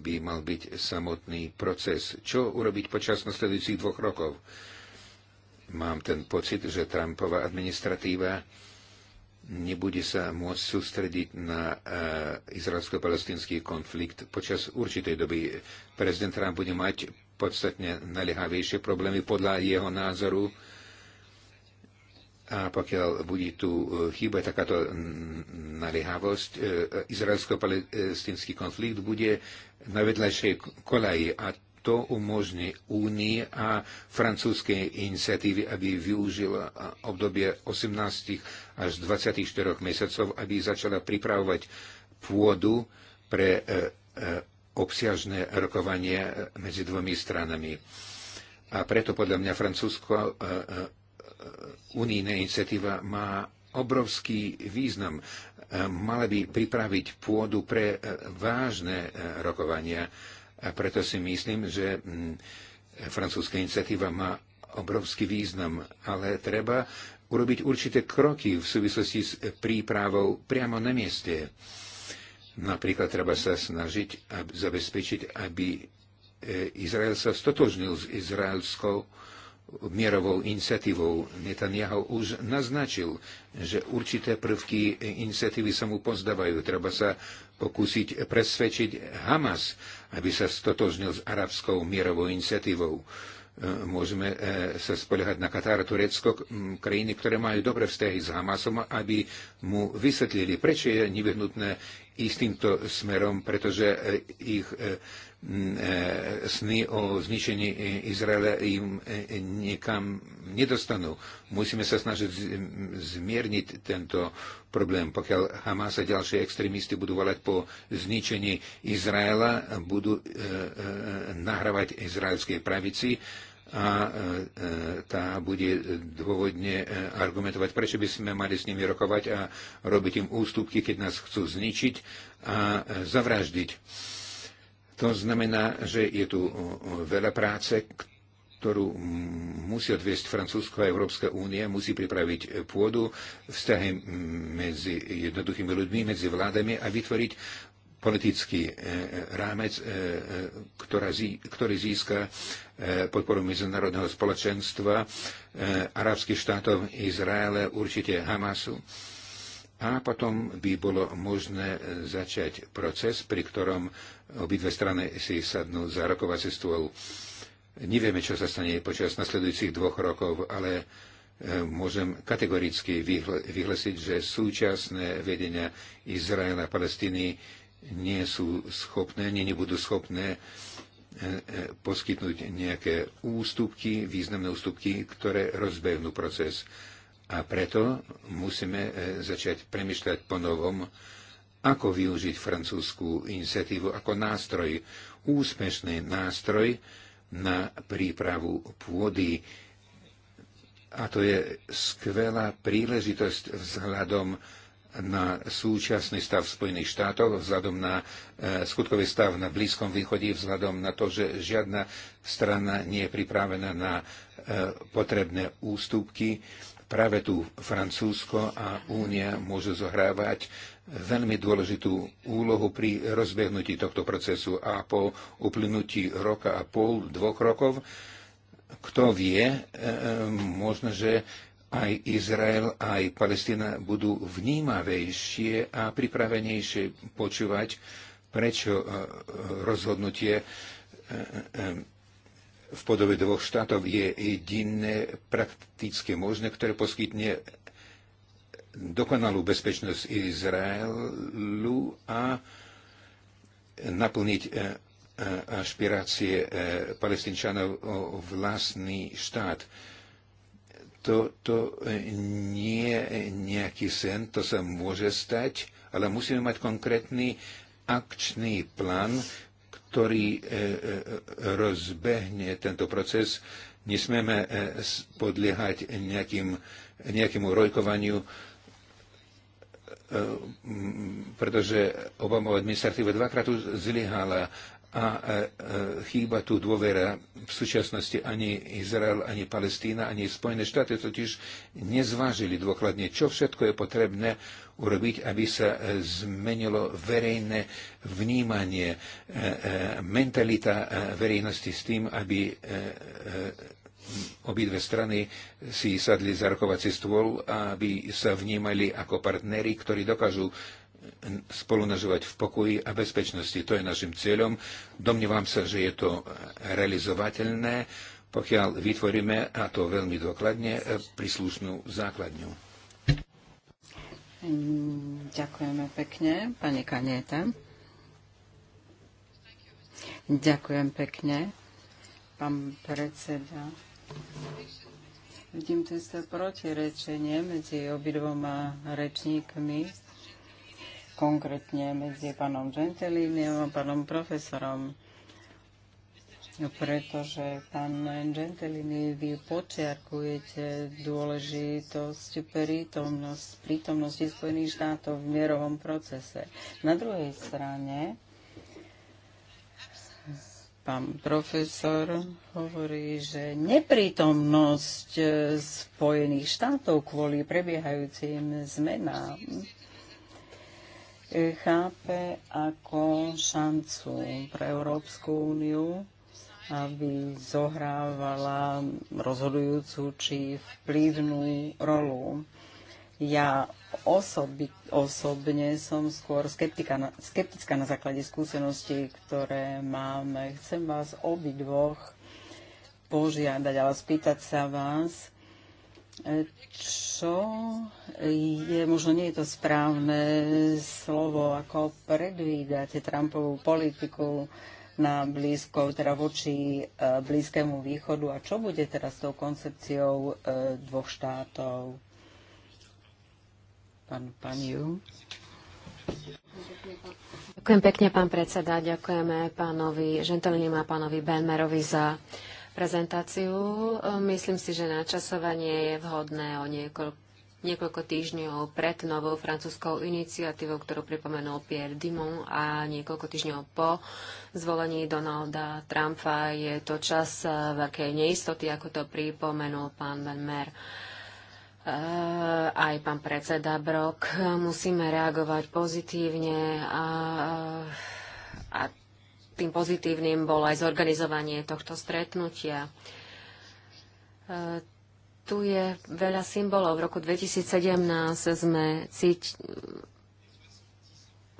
by mal byť samotný proces. Čo urobiť počas nasledujúcich dvoch rokov? Mám ten pocit, že Trumpová administratíva nebude sa môcť sústrediť na e, izraelsko-palestinský konflikt počas určitej doby. Prezident Trump bude mať podstatne naliehavejšie problémy podľa jeho názoru a pokiaľ bude tu e, chyba takáto naliehavosť, e, izraelsko-palestinský konflikt bude na vedľajšej kolaji a to umožní Únii a francúzskej iniciatívy, aby využila obdobie 18 až 24 mesiacov, aby začala pripravovať pôdu pre e, obsiažné rokovanie medzi dvomi stranami. A preto podľa mňa Francúzsko unijná iniciatíva má obrovský význam. Mala by pripraviť pôdu pre e, vážne e, rokovania. A preto si myslím, že francúzska iniciatíva má obrovský význam, ale treba urobiť určité kroky v súvislosti s prípravou priamo na mieste. Napríklad treba sa snažiť aby, zabezpečiť, aby e, Izrael sa stotožnil s izraelskou mierovou iniciatívou. Netanyahu už naznačil, že určité prvky iniciatívy sa mu pozdávajú. Treba sa pokúsiť presvedčiť Hamas, aby sa stotožnil s arabskou mierovou iniciatívou. E, môžeme e, sa spoliehať na Katar, Turecko, krajiny, ktoré majú dobré vzťahy s Hamasom, aby mu vysvetlili, prečo je nevyhnutné ísť týmto smerom, pretože ich e, Mm, e, sny o zničení Izraela im e, e, niekam nedostanú. Musíme sa snažiť zmierniť tento problém. Pokiaľ Hamas a ďalšie extrémisty budú volať po zničení Izraela, budú nahrávať izraelskej pravici a tá bude dôvodne argumentovať, prečo by sme mali s nimi rokovať a robiť im ústupky, keď nás chcú zničiť a zavraždiť to znamená, že je tu veľa práce, ktorú musí odviesť Francúzsko a Európska únia, musí pripraviť pôdu, vzťahy medzi jednoduchými ľuďmi, medzi vládami a vytvoriť politický e, e, rámec, e, ktorý získa podporu medzinárodného spoločenstva, arabských štátov, Izraele, určite Hamasu. A potom by bolo možné začať proces, pri ktorom Obidve strany si sadnú za rokovací stôl. Nevieme, čo sa stane počas nasledujúcich dvoch rokov, ale e, môžem kategoricky vyhlasiť, že súčasné vedenia Izraela a Palestíny nie sú schopné, nie nebudú schopné e, e, poskytnúť nejaké ústupky, významné ústupky, ktoré rozbehnú proces. A preto musíme začať premyšľať po novom, ako využiť francúzskú iniciatívu ako nástroj, úspešný nástroj na prípravu pôdy. A to je skvelá príležitosť vzhľadom na súčasný stav v Spojených štátoch, vzhľadom na e, skutkový stav na Blízkom východe, vzhľadom na to, že žiadna strana nie je pripravená na e, potrebné ústupky. Práve tu Francúzsko a Únia môžu zohrávať veľmi dôležitú úlohu pri rozbehnutí tohto procesu a po uplynutí roka a pol, dvoch rokov, kto vie, e, e, možno, že aj Izrael, aj Palestina budú vnímavejšie a pripravenejšie počúvať, prečo e, rozhodnutie v podobe dvoch štátov je jediné praktické možné, ktoré poskytne dokonalú bezpečnosť Izraelu a naplniť e, e, ašpirácie e, palestinčanov o vlastný štát. To, to nie je nejaký sen, to sa môže stať, ale musíme mať konkrétny akčný plán, ktorý rozbehne tento proces. Nesmieme podliehať nejakým, nejakému rojkovaniu Eh, pretože Obamova administratíva dvakrát už zlyhala a eh, chýba tu dôvera v súčasnosti ani Izrael, ani Palestína, ani Spojené štáty totiž nezvážili dôkladne, čo všetko je potrebné urobiť, aby sa eh, zmenilo verejné vnímanie, mentalita verejnosti s tým, aby obidve strany si sadli za rokovací stôl, aby sa vnímali ako partneri, ktorí dokážu spolunažovať v pokoji a bezpečnosti. To je našim cieľom. Domnívam sa, že je to realizovateľné, pokiaľ vytvoríme, a to veľmi dôkladne, príslušnú základňu. Hm, ďakujeme pekne, pani Kanieta. Ďakujem pekne, pán predseda. Vidím tu isté protirečenie medzi obidvoma rečníkmi, konkrétne medzi pánom Gentilínom a pánom profesorom, pretože pán Gentilini, vy počiarkujete dôležitosť prítomnosť, prítomnosti Spojených štátov v mierovom procese. Na druhej strane Pán profesor hovorí, že neprítomnosť e, Spojených štátov kvôli prebiehajúcim zmenám e, chápe ako šancu pre Európsku úniu, aby zohrávala rozhodujúcu či vplyvnú rolu. Ja osobi, osobne som skôr skeptika, skeptická na základe skúseností, ktoré máme. Chcem vás obidvoch požiadať, ale spýtať sa vás, e, čo je, možno nie je to správne slovo, ako predvídate Trumpovú politiku na blízko, teda voči e, Blízkému východu a čo bude teraz s tou koncepciou e, dvoch štátov? Pán Paniu. Ďakujem pekne, pán predseda. Ďakujeme pánovi Žentolinimu a pánovi Benmerovi za prezentáciu. Myslím si, že načasovanie je vhodné o niekoľko niekoľko týždňov pred novou francúzskou iniciatívou, ktorú pripomenul Pierre Dimon a niekoľko týždňov po zvolení Donalda Trumpa je to čas eh, veľkej neistoty, ako to pripomenul pán Van Mer. Uh, Eh, aj pán predseda Brok, musíme reagovať pozitívne a, eh, a tým pozitívnym bolo aj zorganizovanie tohto stretnutia. Eh, tu je veľa symbolov. V roku 2017 sme cíť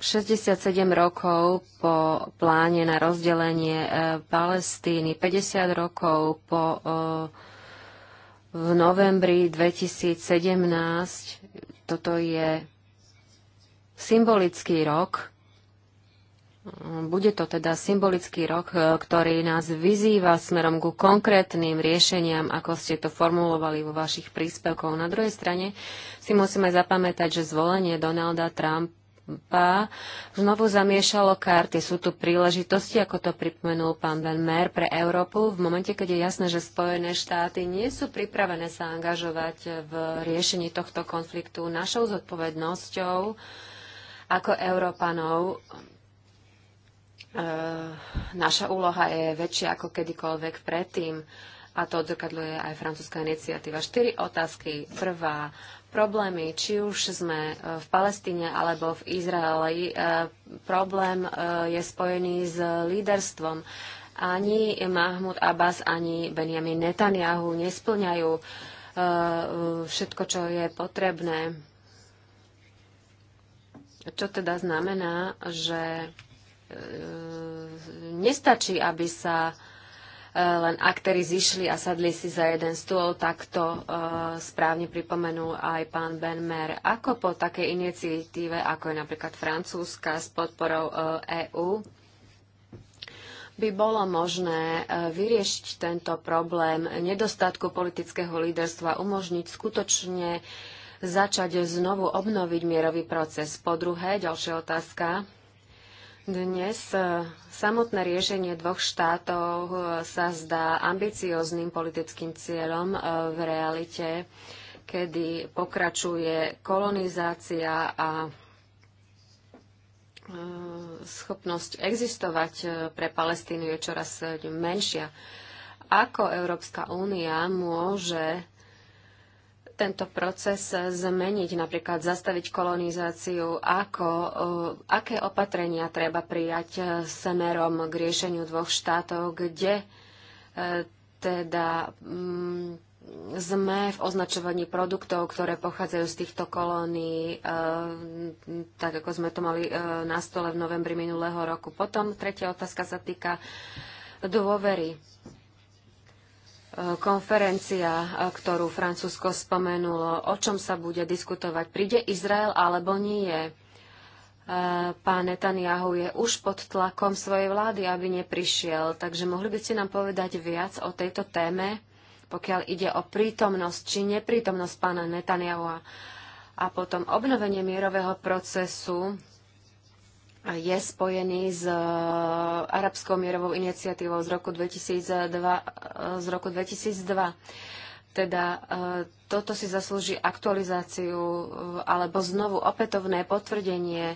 67 rokov po pláne na rozdelenie Palestíny, 50 rokov po v novembri 2017. Toto je symbolický rok. Bude to teda symbolický rok, e, ktorý nás vyzýva smerom ku konkrétnym riešeniam, ako ste to formulovali vo vašich príspevkoch. Na druhej strane si musíme zapamätať, že zvolenie Donalda Trumpa pá znovu zamiešalo karty. Sú tu príležitosti, ako to pripomenul pán Ben Mer, pre Európu v momente, keď je jasné, že Spojené štáty nie sú pripravené sa angažovať v riešení tohto konfliktu. Našou zodpovednosťou ako Európanov eh, naša úloha je väčšia ako kedykoľvek predtým a to odzrkadľuje aj francúzska iniciatíva. Štyri otázky. Prvá, problémy, či už sme e, v Palestíne alebo v Izraeli, e, problém e, je spojený s líderstvom. Ani Mahmud Abbas, ani Benjamin Netanyahu nesplňajú všetko, čo je potrebné. Čo teda znamená, že nestačí, aby sa E, len aktéry zišli a sadli si za jeden stôl, tak to e, správne pripomenul aj pán Ben Mer. Ako po takej iniciatíve, ako je napríklad Francúzska s podporou EÚ, e by bolo možné vyriešiť tento problém nedostatku politického líderstva, umožniť skutočne začať znovu obnoviť mierový proces. Po druhé, ďalšia otázka dnes e, samotné riešenie dvoch štátov e, sa zdá ambicióznym politickým cieľom e, v realite, kedy pokračuje kolonizácia a schopnosť existovať pre Palestínu je čoraz menšia. Ako Európska únia môže tento proces zmeniť, napríklad zastaviť kolonizáciu, ako, eh, aké opatrenia treba prijať eh, semerom k riešeniu dvoch štátov, kde eh, teda mm, sme v označovaní produktov, ktoré pochádzajú z týchto kolónií, e, tak ako sme to mali e, na stole v novembri minulého roku. Potom tretia otázka sa týka dôvery konferencia, ktorú Francúzsko spomenulo, o čom sa bude diskutovať. Príde Izrael alebo nie? E, pán Netanyahu je už pod tlakom svojej vlády, aby neprišiel. Takže mohli by ste nám povedať viac o tejto téme, pokiaľ ide o prítomnosť či neprítomnosť pána Netanyahu a potom obnovenie mierového procesu je spojený s e, arabskou mierovou iniciatívou z roku 2002. E, z roku 2002. Teda e, toto si zaslúži aktualizáciu alebo znovu opätovné potvrdenie.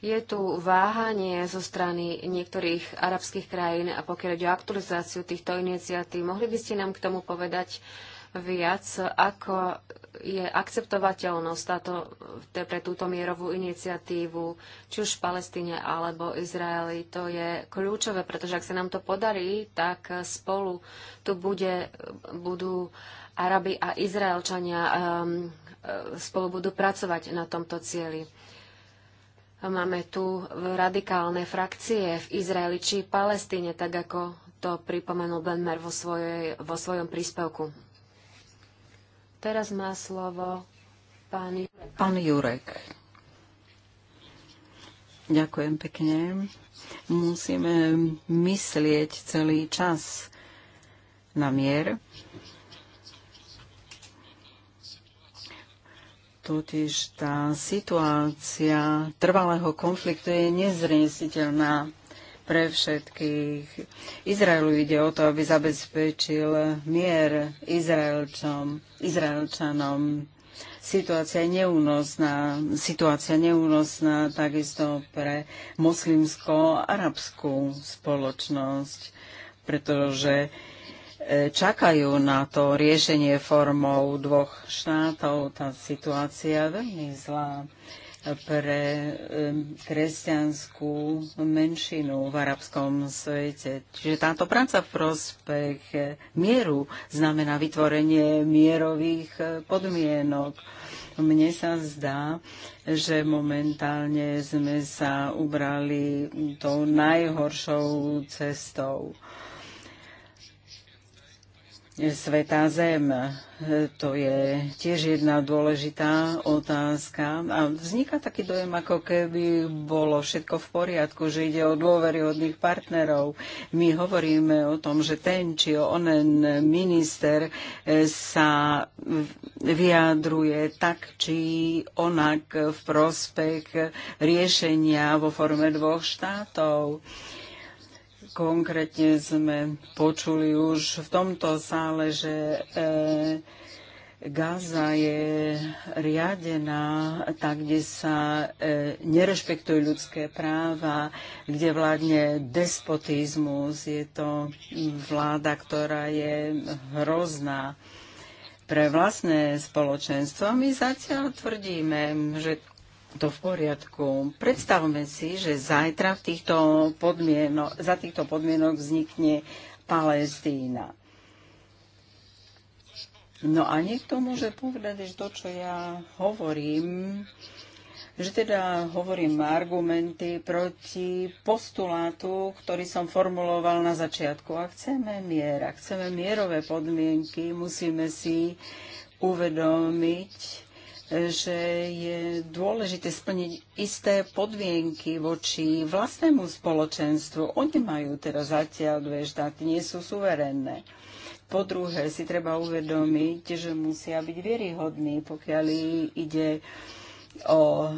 Je tu váhanie zo strany niektorých arabských krajín a pokiaľ ide o aktualizáciu týchto iniciatív, mohli by ste nám k tomu povedať, uh, viac, ako je akceptovateľnosť táto, pre túto mierovú iniciatívu, či už v Palestíne alebo Izraeli. To je kľúčové, pretože ak sa nám to podarí, tak spolu tu bude, budú Arabi a Izraelčania um, spolu budú pracovať na tomto cieli. Máme tu radikálne frakcie v Izraeli či Palestíne, tak ako to pripomenul Benmer vo, svojej, vo svojom príspevku teraz má slovo pán Jurek. Pán Jurek. Ďakujem pekne. Musíme myslieť celý čas na mier. Totiž tá situácia trvalého konfliktu je nezriesiteľná pre všetkých. Izraelu ide o to, aby zabezpečil mier Izraelčom, Izraelčanom. Situácia je neúnosná, situácia neúnosná takisto pre moslimsko-arabskú spoločnosť, pretože e, čakajú na to riešenie formou dvoch štátov. Tá situácia je veľmi zlá pre kresťanskú menšinu v arabskom svete. Čiže táto práca v prospech eh, mieru znamená vytvorenie mierových eh, podmienok. Mne sa zdá, že momentálne sme sa ubrali tou najhoršou cestou. Svetá Zem. To je tiež jedna dôležitá otázka. A vzniká taký dojem, ako keby bolo všetko v poriadku, že ide o dôveryhodných partnerov. My hovoríme o tom, že ten či onen minister e, sa vyjadruje tak či onak v prospech riešenia vo forme dvoch štátov. Konkrétne sme počuli už v tomto sále, že e, Gaza je riadená tak, kde sa e, nerešpektujú ľudské práva, kde vládne despotizmus. Je to vláda, ktorá je hrozná pre vlastné spoločenstvo. My zatiaľ tvrdíme, že to v poriadku. Predstavme si, že zajtra v týchto podmienok, za týchto podmienok vznikne Palestína. No a niekto môže povedať, že to, čo ja hovorím, že teda hovorím argumenty proti postulátu, ktorý som formuloval na začiatku. A chceme mier, a chceme mierové podmienky, musíme si uvedomiť, že je dôležité splniť isté podmienky voči vlastnému spoločenstvu. Oni majú teda zatiaľ dve štáty, nie sú suverénne. Po druhé, si treba uvedomiť, že musia byť vieryhodní, pokiaľ ide o e,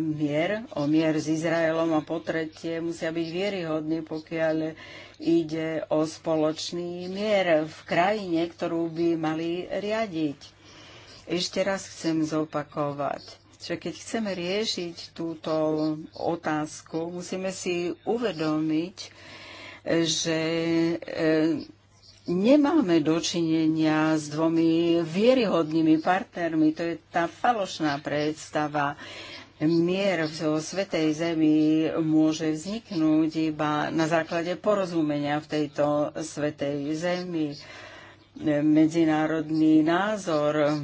mier, o mier s Izraelom a po tretie musia byť vieryhodní, pokiaľ ide o spoločný mier v krajine, ktorú by mali riadiť. Ešte raz chcem zopakovať, že keď chceme riešiť túto otázku, musíme si uvedomiť, že e, nemáme dočinenia s dvomi vieryhodnými partnermi. To je tá falošná predstava. Mier v Svetej Zemi môže vzniknúť iba na základe porozumenia v tejto Svetej Zemi medzinárodný názor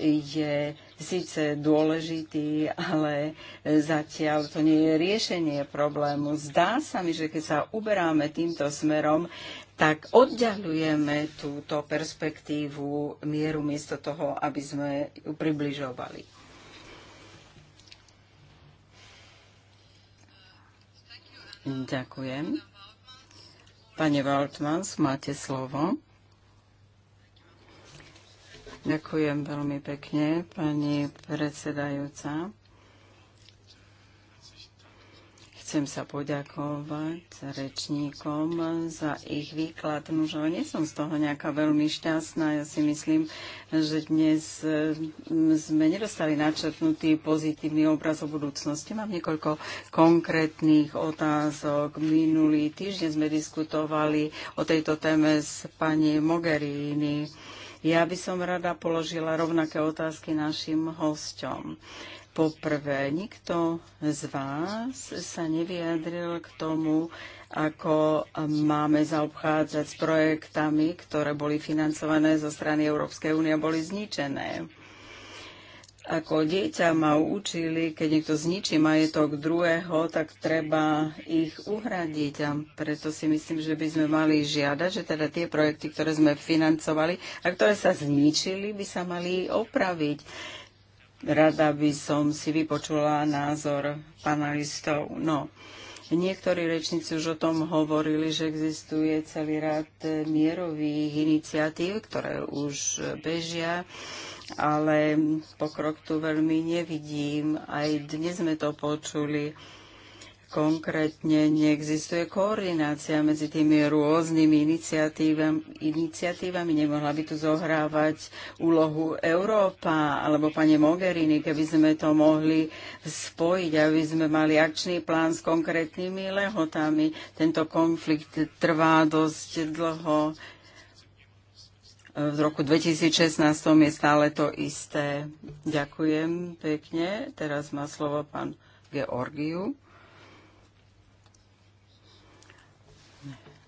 je síce dôležitý, ale zatiaľ to nie je riešenie problému. Zdá sa mi, že keď sa uberáme týmto smerom, tak oddialujeme túto perspektívu mieru miesto toho, aby sme ju približovali. Ďakujem. Pane Waltmans, máte slovo. Ďakujem veľmi pekne, pani predsedajúca. Chcem sa poďakovať rečníkom za ich výklad. že nie som z toho nejaká veľmi šťastná. Ja si myslím, že dnes mm, sme nedostali načrtnutý pozitívny obraz o budúcnosti. Mám niekoľko konkrétnych otázok. Minulý týždeň sme diskutovali o tejto téme s pani Mogherini ja by som rada položila rovnaké otázky našim hosťom. Poprvé, nikto z vás sa nevyjadril k tomu, ako máme zaobchádzať s projektami, ktoré boli financované zo strany Európskej únie a boli zničené ako dieťa ma učili, keď niekto zničí majetok druhého, tak treba ich uhradiť. A preto si myslím, že by sme mali žiadať, že teda tie projekty, ktoré sme financovali a ktoré sa zničili, by sa mali opraviť. Rada by som si vypočula názor panelistov. No, Niektorí rečníci už o tom hovorili, že existuje celý rad e, mierových iniciatív, ktoré už bežia, ale pokrok tu veľmi nevidím. Aj dnes sme to počuli konkrétne neexistuje koordinácia medzi tými rôznymi iniciatívami, iniciatívami. Nemohla by tu zohrávať úlohu Európa alebo pani Mogherini, keby sme to mohli spojiť, aby sme mali akčný plán s konkrétnymi lehotami. Tento konflikt trvá dosť dlho. V roku 2016 je stále to isté. Ďakujem pekne. Teraz má slovo pán Georgiu.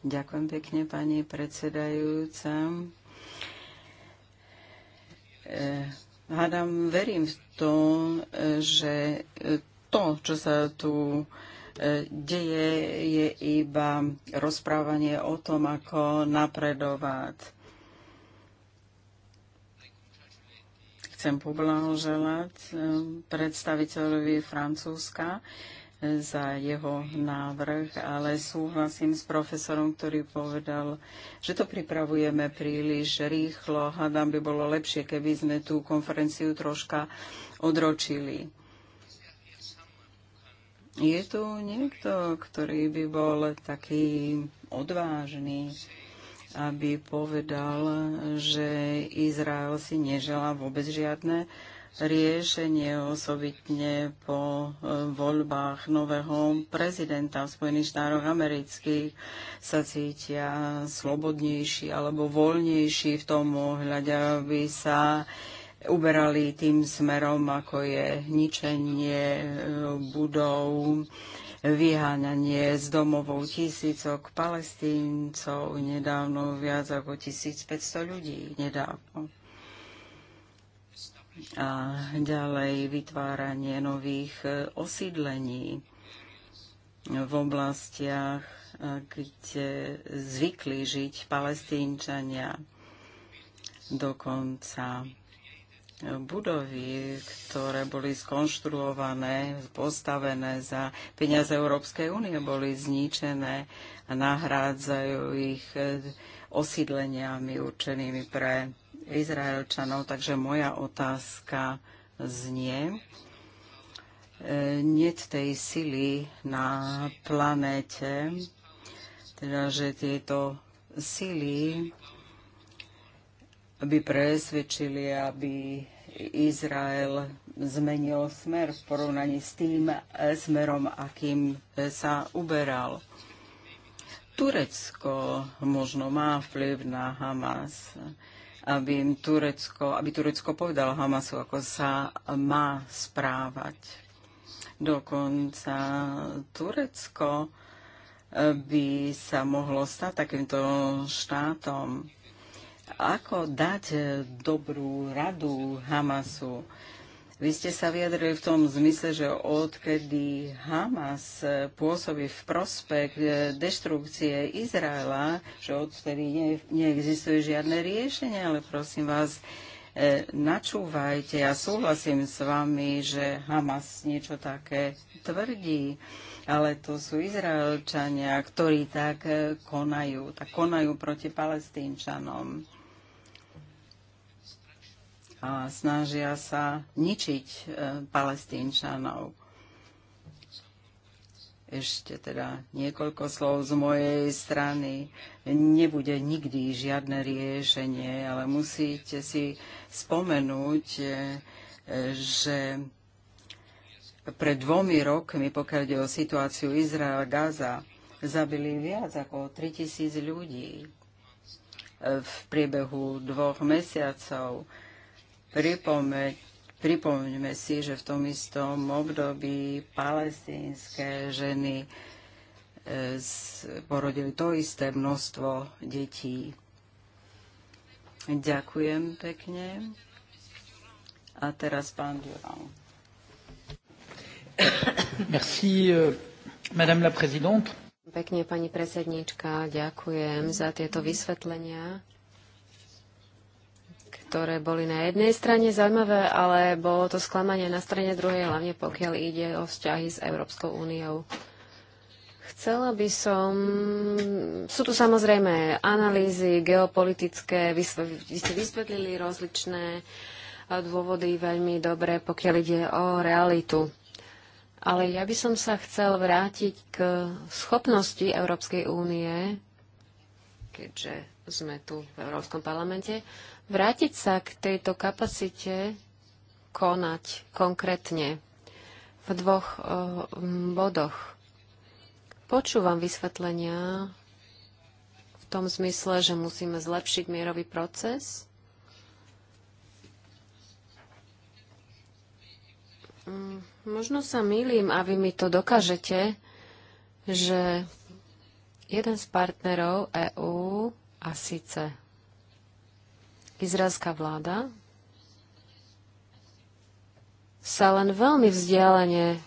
Ďakujem pekne, pani predsedajúca. E, hádam, verím v to, že to, čo sa tu e, deje, je iba rozprávanie o tom, ako napredovať. Chcem poblahoželať e, predstaviteľovi Francúzska za jeho návrh, ale súhlasím s profesorom, ktorý povedal, že to pripravujeme príliš rýchlo. Hádam by bolo lepšie, keby sme tú konferenciu troška odročili. Je tu niekto, ktorý by bol taký odvážny, aby povedal, že Izrael si neželá vôbec žiadne riešenie osobitne po e, voľbách nového prezidenta v Spojených štátoch amerických sa cítia slobodnejší alebo voľnejší v tom ohľade, aby sa uberali tým smerom, ako je ničenie e, budov, vyháňanie z domovou tisícok palestíncov, nedávno viac ako 1500 ľudí, nedávno a ďalej vytváranie nových e, osídlení v oblastiach, e, kde zvykli žiť palestínčania. Dokonca budovy, ktoré boli skonštruované, postavené za peniaze Európskej únie, boli zničené a nahrádzajú ich e, osídleniami určenými pre Izraelčanov. Takže moja otázka znie, e, net tej sily na planéte, teda že tieto sily by presvedčili, aby Izrael zmenil smer v porovnaní s tým e, smerom, akým e, sa uberal. Turecko možno má vplyv na Hamas aby, im Turecko, aby Turecko povedalo Hamasu, ako sa má správať. Dokonca Turecko eh, by sa mohlo stať takýmto štátom. Ako dať dobrú radu Hamasu? Vy ste sa vyjadrili v tom zmysle, že odkedy Hamas pôsobí v prospek e, deštrukcie Izraela, že odtedy ne, neexistuje žiadne riešenie, ale prosím vás, e, načúvajte. Ja súhlasím s vami, že Hamas niečo také tvrdí, ale to sú Izraelčania, ktorí tak e, konajú, tak konajú proti palestínčanom a snažia sa ničiť e, palestínčanov. Ešte teda niekoľko slov z mojej strany. Nebude nikdy žiadne riešenie, ale musíte si spomenúť, e, že pred dvomi rokmi, pokiaľ ide o situáciu Izrael-Gaza, zabili viac ako 3000 ľudí e, v priebehu dvoch mesiacov Pripomeň, pripomeňme si, že v tom istom období palestínske ženy e, porodili to isté množstvo detí. Ďakujem pekne. A teraz pán Durán. Merci, euh, madame la présidente. Pekne, pani predsedníčka, ďakujem za tieto vysvetlenia ktoré boli na jednej strane zaujímavé, ale bolo to sklamanie na strane druhej, hlavne pokiaľ ide o vzťahy s Európskou úniou. Chcela by som... Sú tu samozrejme analýzy geopolitické, vy, ste vysvetlili rozličné e, dôvody veľmi dobre, pokiaľ ide o realitu. Ale ja by som sa chcel vrátiť k schopnosti Európskej únie, keďže sme tu v Európskom parlamente, vrátiť sa k tejto kapacite konať konkrétne v dvoch eh, bodoch. Počúvam vysvetlenia v tom zmysle, že musíme zlepšiť mierový proces. Mm, možno sa milím a vy mi to dokážete, že jeden z partnerov EÚ a síce Izraelská vláda sa len veľmi vzdialene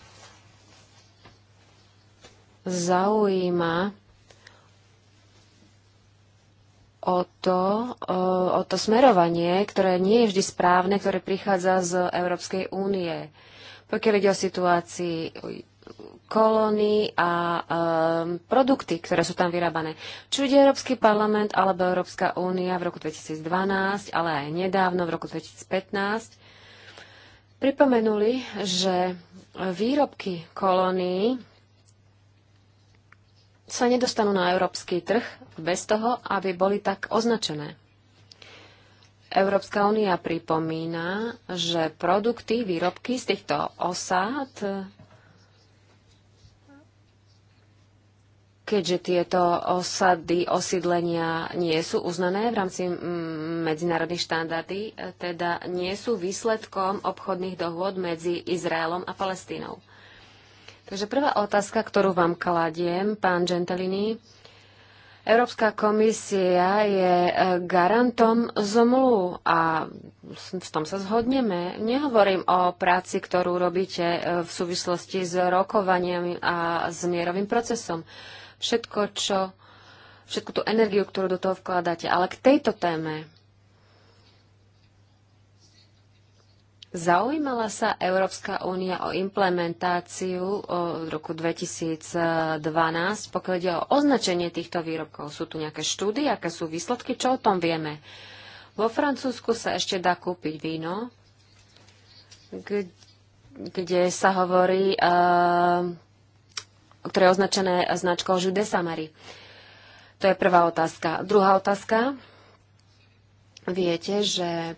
zaujíma o to, o to smerovanie, ktoré nie je vždy správne, ktoré prichádza z Európskej únie. Pokiaľ ide o situácii kolóny a um, produkty, ktoré sú tam vyrábané. Či ide Európsky parlament alebo Európska únia v roku 2012, ale aj nedávno v roku 2015, pripomenuli, že výrobky kolónií sa nedostanú na európsky trh bez toho, aby boli tak označené. Európska únia pripomína, že produkty, výrobky z týchto osád keďže tieto osady, osídlenia nie sú uznané v rámci medzinárodných štandardy, e, teda nie sú výsledkom obchodných dohôd medzi Izraelom a Palestínou. Takže prvá otázka, ktorú vám kladiem, pán Gentilini. Európska komisia je e, garantom zmluv a v tom sa zhodneme. Nehovorím o práci, ktorú robíte e, v súvislosti s rokovaniami a s mierovým procesom všetko, čo, všetku tú energiu, ktorú do toho vkladáte. Ale k tejto téme zaujímala sa Európska únia o implementáciu v roku 2012, pokiaľ ide o označenie týchto výrobkov. Sú tu nejaké štúdy, aké sú výsledky, čo o tom vieme? Vo Francúzsku sa ešte dá kúpiť víno, kde, kde sa hovorí uh, ktoré je označené značkou Jude Samary. To je prvá otázka. Druhá otázka. Viete, že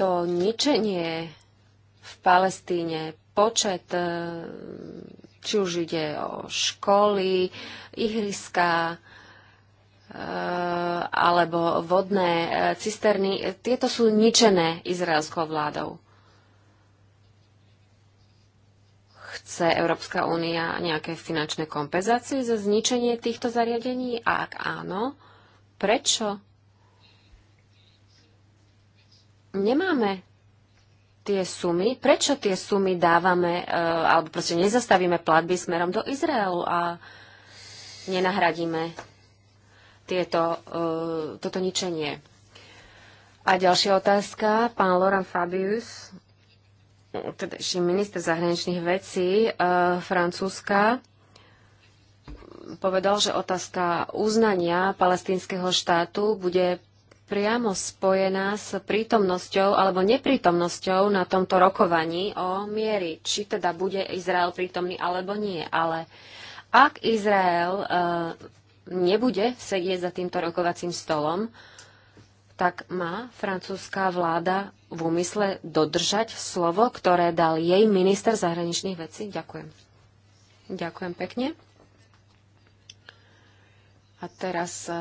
to ničenie v Palestíne, počet, e, či už ide o školy, ihriska, e, alebo vodné e, cisterny, tieto sú ničené izraelskou vládou. Chce Európska únia nejaké finančné kompenzácie za zničenie týchto zariadení? A ak áno, prečo? Nemáme tie sumy, prečo tie sumy dávame, e, alebo proste nezastavíme platby smerom do Izraelu a nenahradíme tieto, e, toto ničenie. A ďalšia otázka, pán Loran Fabius tedajší minister zahraničných vecí e, Francúzska povedal, že otázka uznania palestínskeho štátu bude priamo spojená s prítomnosťou alebo neprítomnosťou na tomto rokovaní o miery, či teda bude Izrael prítomný alebo nie. Ale ak Izrael e, nebude sedieť za týmto rokovacím stolom, tak má francúzska vláda v úmysle dodržať slovo, ktoré dal jej minister zahraničných vecí? Ďakujem. Ďakujem pekne. A teraz e,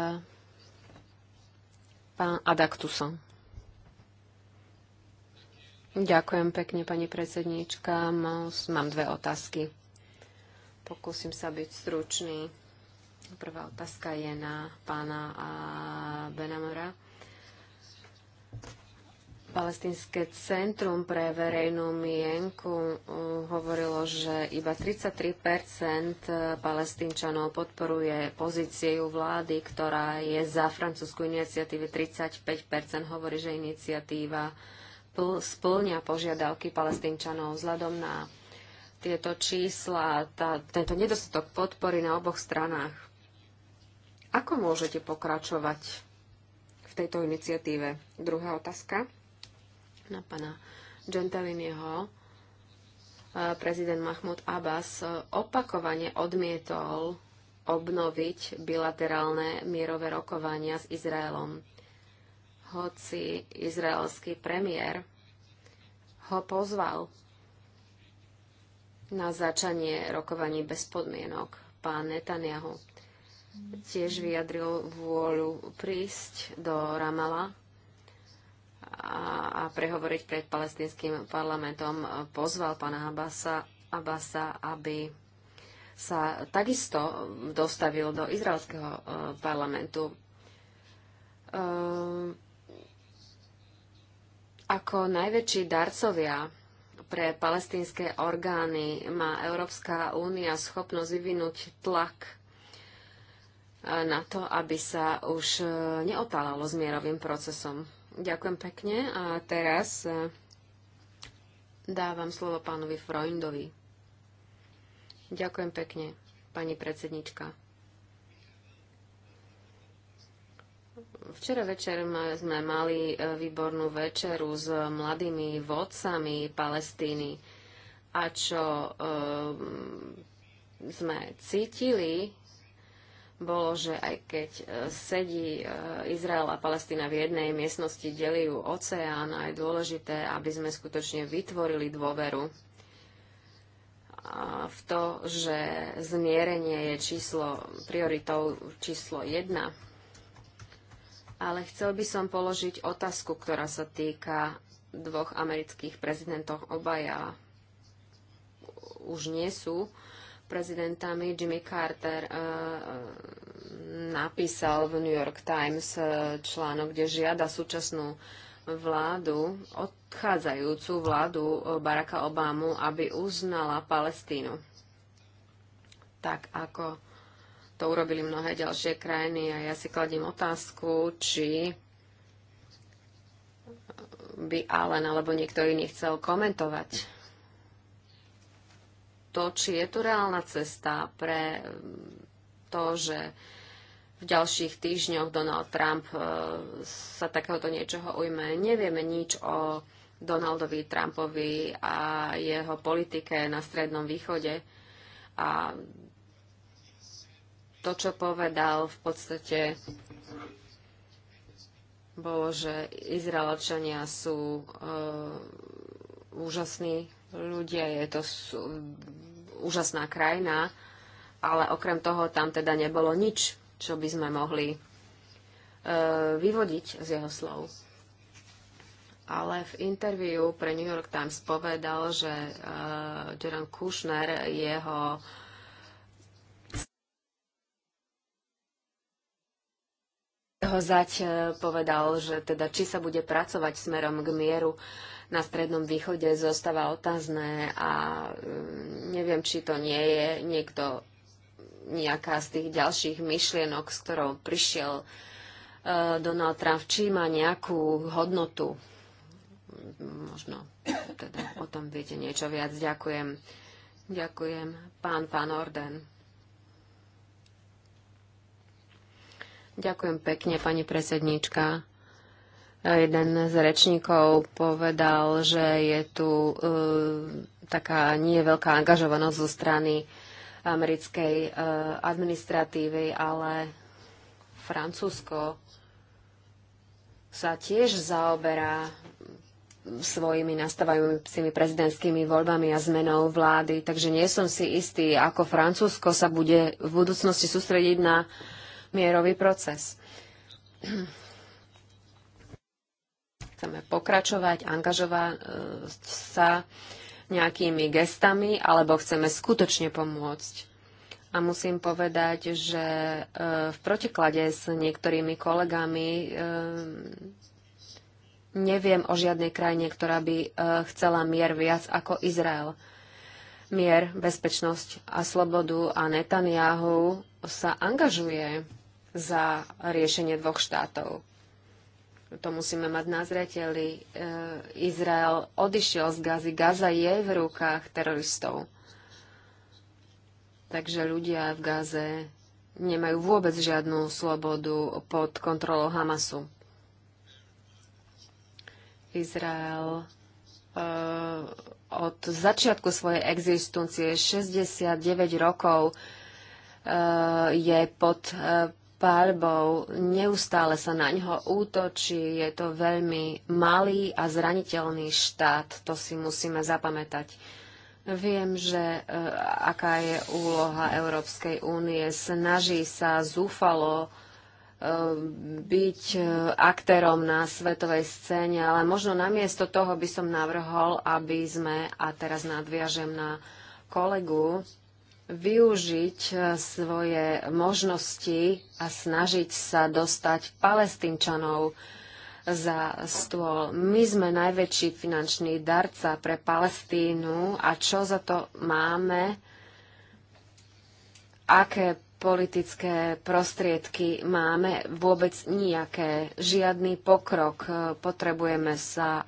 pán Adaktuson. Ďakujem pekne, pani predsedníčka. Mám dve otázky. Pokúsim sa byť stručný. Prvá otázka je na pána Benamora Palestinské centrum pre verejnú mienku uh, hovorilo, že iba 33 uh, palestínčanov podporuje pozíciu vlády, ktorá je za francúzsku iniciatívu. 35 hovorí, že iniciatíva splňa požiadavky palestínčanov vzhľadom na tieto čísla, tá, tento nedostatok podpory na oboch stranách. Ako môžete pokračovať v tejto iniciatíve? Druhá otázka na pana Gentiliniho, e, prezident Mahmud Abbas e, opakovane odmietol obnoviť bilaterálne mierové rokovania s Izraelom. Hoci izraelský premiér ho pozval na začanie rokovaní bez podmienok. Pán Netanyahu tiež vyjadril vôľu prísť do Ramala a, a prehovoriť pred palestinským parlamentom, pozval pána Abasa, Abasa aby sa takisto dostavil do izraelského e, parlamentu. E, ako najväčší darcovia pre palestinské orgány má Európska únia schopnosť vyvinúť tlak e, na to, aby sa už neotálalo s mierovým procesom. Ďakujem pekne a teraz e, dávam slovo pánovi Freundovi. Ďakujem pekne, pani predsednička. Včera večer sme mali e, výbornú večeru s mladými vodcami Palestíny a čo e, sme cítili bolo, že aj keď e, sedí e, Izrael a Palestína v jednej miestnosti, delí ju oceán a je dôležité, aby sme skutočne vytvorili dôveru v to, že zmierenie je číslo, prioritou číslo jedna. Ale chcel by som položiť otázku, ktorá sa týka dvoch amerických prezidentov. Obaja už nie sú prezidentami Jimmy Carter eh, eh, napísal v New York Times eh, článok, kde žiada súčasnú vládu, odchádzajúcu vládu Baracka Obamu, aby uznala Palestínu. Tak ako to urobili mnohé ďalšie krajiny a ja si kladím otázku, či by Allen alebo niekto iný chcel komentovať to, či je tu reálna cesta pre mm, to, že v ďalších týždňoch Donald Trump e, sa takéhoto niečoho ujme. Nevieme nič o Donaldovi Trumpovi a jeho politike na Strednom východe. A to, čo povedal, v podstate bolo, že Izraelčania sú e, úžasní ľudia. Je to sú, úžasná krajina, ale okrem toho tam teda nebolo nič, čo by sme mohli e, vyvodiť z jeho slov. Ale v interviu pre New York Times povedal, že e, Jordan Kushner, jeho ho zať e, povedal, že teda či sa bude pracovať smerom k mieru, na Strednom východe zostáva otázne a mm, neviem, či to nie je niekto nejaká z tých ďalších myšlienok, s ktorou prišiel e, Donald Trump, či má nejakú hodnotu. Možno teda o tom viete niečo viac. Ďakujem. Ďakujem. Pán, pán Orden. Ďakujem pekne, pani predsedníčka. Jeden z rečníkov povedal, že je tu e, taká nie veľká angažovanosť zo strany americkej e, administratívy, ale Francúzsko sa tiež zaoberá svojimi nastávajúcimi prezidentskými voľbami a zmenou vlády, takže nie som si istý, ako Francúzsko sa bude v budúcnosti sústrediť na mierový proces. Chceme pokračovať, angažovať e, sa nejakými gestami, alebo chceme skutočne pomôcť. A musím povedať, že e, v protiklade s niektorými kolegami e, neviem o žiadnej krajine, ktorá by chcela mier viac ako Izrael. Mier, bezpečnosť a slobodu a Netanyahu sa angažuje za riešenie dvoch štátov to musíme mať na zreteli. E, Izrael odišiel z Gazy. Gaza je v rukách teroristov. Takže ľudia v Gaze nemajú vôbec žiadnu slobodu pod kontrolou Hamasu. Izrael e, od začiatku svojej existencie 69 rokov e, je pod palbou, neustále sa na ňo útočí, je to veľmi malý a zraniteľný štát, to si musíme zapamätať. Viem, že e, aká je úloha Európskej únie. Snaží sa zúfalo e, byť e, aktérom na svetovej scéne, ale možno namiesto toho by som navrhol, aby sme, a teraz nadviažem na kolegu, využiť eh, svoje možnosti a snažiť sa dostať palestínčanov za stôl. My sme najväčší finančný darca pre Palestínu a čo za to máme? Aké politické prostriedky máme? Vôbec nijaké. Žiadny pokrok. Eh, Potrebujeme sa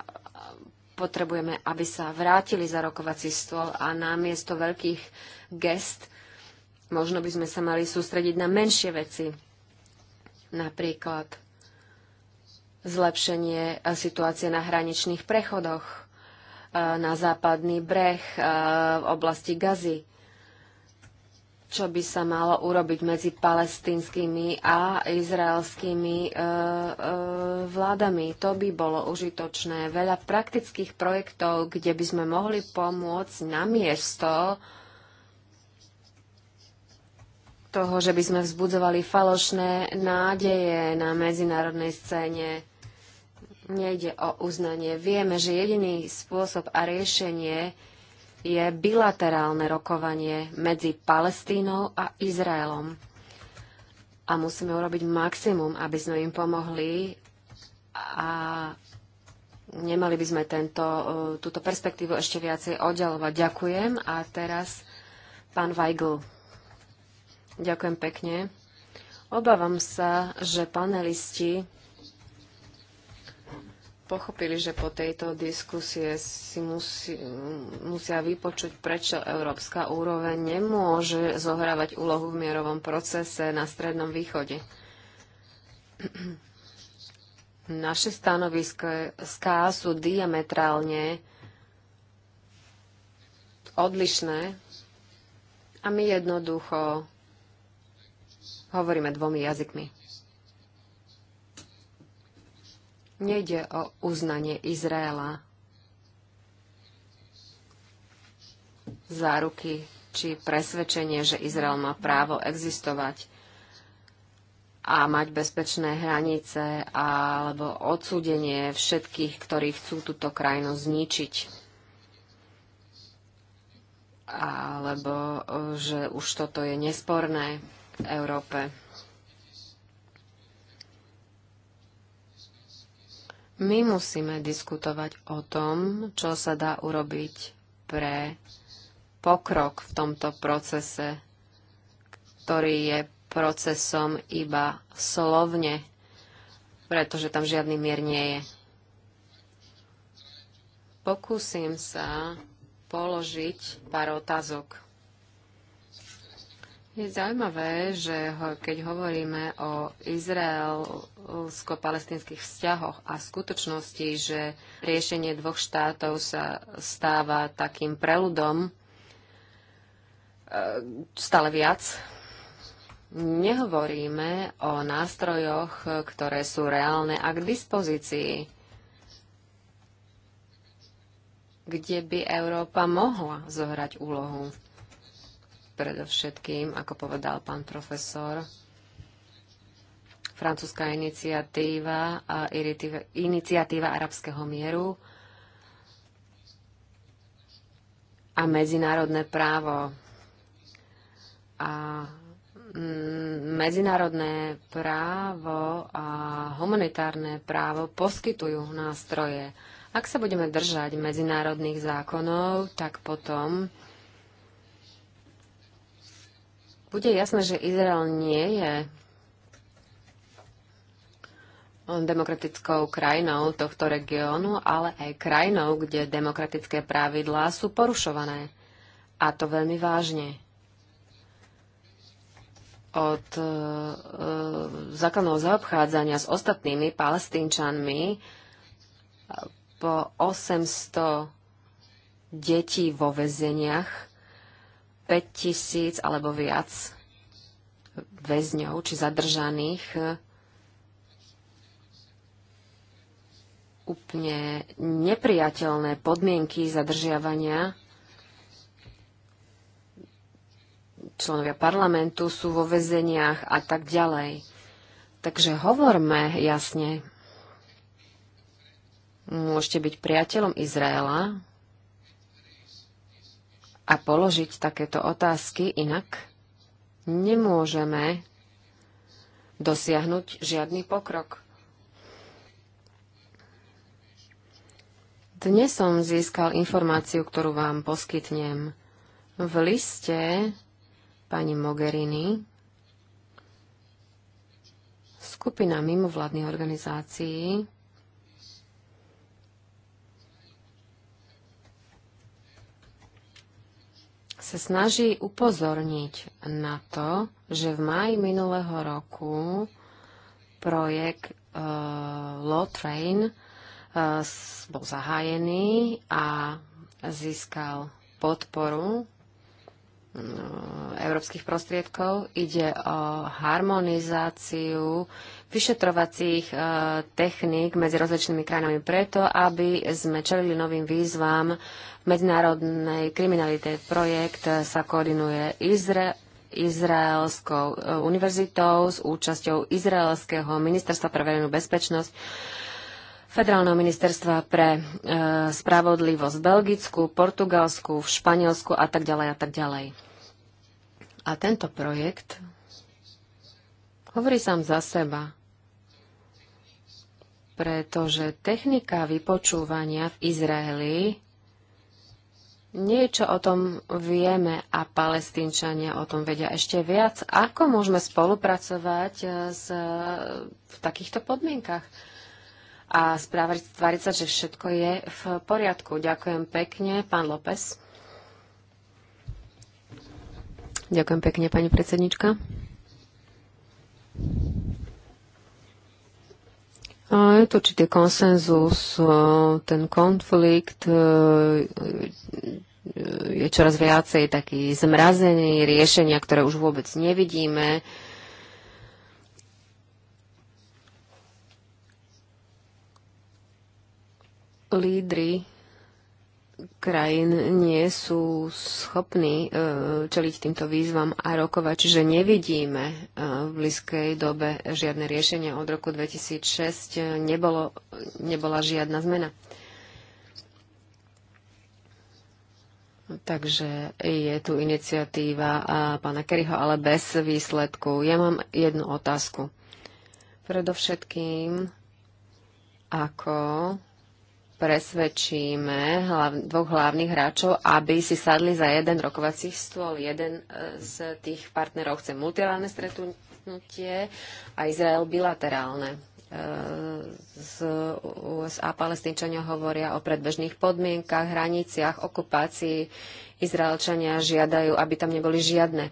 Potrebujeme, aby sa vrátili za rokovací stôl a namiesto veľkých gest možno by sme sa mali sústrediť na menšie veci. Napríklad zlepšenie e, situácie na hraničných prechodoch e, na západný breh e, v oblasti Gazy čo by sa malo urobiť medzi palestinskými a izraelskými e, e, vládami. To by bolo užitočné. Veľa praktických projektov, kde by sme mohli pomôcť na miesto toho, že by sme vzbudzovali falošné nádeje na medzinárodnej scéne. Nejde o uznanie. Vieme, že jediný spôsob a riešenie je bilaterálne rokovanie medzi Palestínou a Izraelom. A musíme urobiť maximum, aby sme im pomohli a nemali by sme tento, e, túto perspektívu ešte viacej oddialovať. Ďakujem. A teraz pán Weigl. Ďakujem pekne. Obávam sa, že panelisti pochopili, že po tejto diskusie si musí, musia vypočuť, prečo európska úroveň nemôže zohrávať úlohu v mierovom procese na Strednom východe. Naše stanoviská sú diametrálne odlišné a my jednoducho hovoríme dvomi jazykmi. Nejde o uznanie Izraela, záruky či presvedčenie, že Izrael má právo existovať a mať bezpečné hranice alebo odsúdenie všetkých, ktorí chcú túto krajinu zničiť. Alebo že už toto je nesporné v Európe. My musíme diskutovať o tom, čo sa dá urobiť pre pokrok v tomto procese, ktorý je procesom iba slovne, pretože tam žiadny mier nie je. Pokúsim sa položiť pár otázok. Je zaujímavé, že ho, keď hovoríme o izraelsko-palestinských vzťahoch a skutočnosti, že riešenie dvoch štátov sa stáva takým preludom e, stále viac, nehovoríme o nástrojoch, ktoré sú reálne a k dispozícii, kde by Európa mohla zohrať úlohu. Predovšetkým, ako povedal pán profesor, francúzska iniciatíva a iniciatíva arabského mieru a medzinárodné právo. A mm, medzinárodné právo a humanitárne právo poskytujú nástroje. Ak sa budeme držať medzinárodných zákonov, tak potom bude jasné, že Izrael nie je demokratickou krajinou tohto regiónu, ale aj krajinou, kde demokratické pravidlá sú porušované. A to veľmi vážne. Od uh, základného zaobchádzania s ostatnými palestínčanmi e, po 800 detí vo väzeniach 5000 alebo viac väzňov či zadržaných e, úplne nepriateľné podmienky zadržiavania. Členovia parlamentu sú vo väzeniach a tak ďalej. Takže hovorme jasne. Môžete byť priateľom Izraela, a položiť takéto otázky, inak nemôžeme dosiahnuť žiadny pokrok. Dnes som získal informáciu, ktorú vám poskytnem. V liste pani Mogherini skupina mimovládnych organizácií sa snaží upozorniť na to, že v máji minulého roku projekt uh, Law Train uh, bol zahájený a získal podporu e, európskych prostriedkov. Ide o harmonizáciu vyšetrovacích e, techník medzi rozličnými krajinami preto, aby sme čelili novým výzvam medzinárodnej kriminality. Projekt e, sa koordinuje Izra- Izraelskou e, univerzitou s účasťou Izraelského ministerstva pre verejnú bezpečnosť Federálneho ministerstva pre e, spravodlivosť v Belgicku, Portugalsku, v Španielsku a tak ďalej a tak ďalej. A tento projekt hovorí sám za seba pretože technika vypočúvania v Izraeli Niečo o tom vieme a palestínčania o tom vedia ešte viac. Ako môžeme spolupracovať eh, s, v takýchto podmienkach a správať, tváriť sa, že všetko je v poriadku? Ďakujem pekne, pán López. Ďakujem pekne, pani predsednička. Je to určitý konsenzus, e, ten konflikt e, e, je čoraz viacej taký zmrazený, riešenia, ktoré už vôbec nevidíme. Lídry krajín nie sú schopní e, čeliť týmto výzvam a rokovať, čiže nevidíme e, v blízkej dobe žiadne riešenie. Od roku 2006 e, nebolo, nebola žiadna zmena. Takže je tu iniciatíva pána Kerryho, ale bez výsledku. Ja mám jednu otázku. Predovšetkým, ako presvedčíme hlav, dvoch hlavných hráčov, aby si sadli za jeden rokovací stôl. Jeden e, z tých partnerov chce multilárne stretnutie a Izrael bilaterálne. E, z USA palestínčania hovoria o predbežných podmienkach, hraniciach, okupácii. Izraelčania žiadajú, aby tam neboli žiadne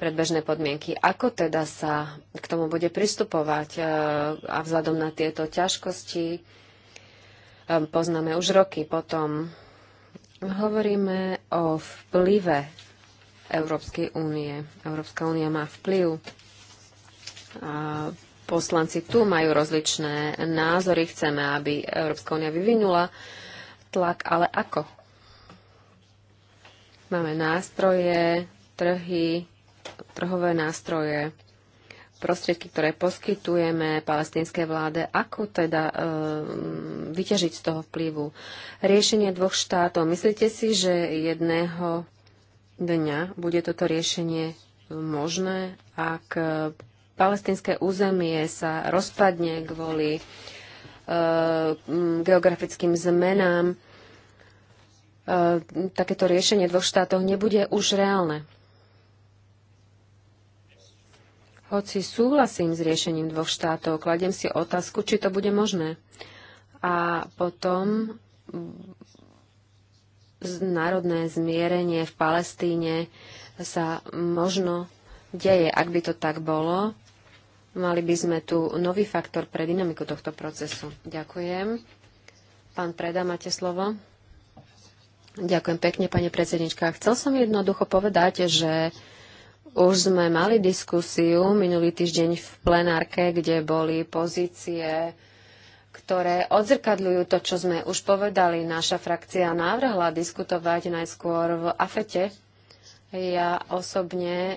predbežné podmienky. Ako teda sa k tomu bude pristupovať e, a vzhľadom na tieto ťažkosti? Ehm, poznáme už roky. Potom hovoríme o vplyve Európskej únie. Európska únia má vplyv. A poslanci tu majú rozličné názory. Chceme, aby Európska únia vyvinula tlak, ale ako? Máme nástroje, trhy, trhové nástroje, prostriedky, ktoré poskytujeme palestinskej vláde, ako teda e, vyťažiť z toho vplyvu. Riešenie dvoch štátov. Myslíte si, že jedného dňa bude toto riešenie eh, možné, ak eh, palestinské územie sa rozpadne kvôli e, geografickým zmenám, e, takéto riešenie dvoch štátov nebude už reálne. Hoci súhlasím s riešením dvoch štátov, kladem si otázku, či to bude možné. A potom národné zmierenie v Palestíne sa možno deje. Ak by to tak bolo, mali by sme tu nový faktor pre dynamiku tohto procesu. Ďakujem. Pán Preda, máte slovo. Ďakujem pekne, pani predsednička. Chcel som jednoducho povedať, že už sme mali diskusiu minulý týždeň v plenárke, kde boli pozície, ktoré odzrkadľujú to, čo sme už povedali. Naša frakcia návrhla diskutovať najskôr v AFETE. Ja osobne e,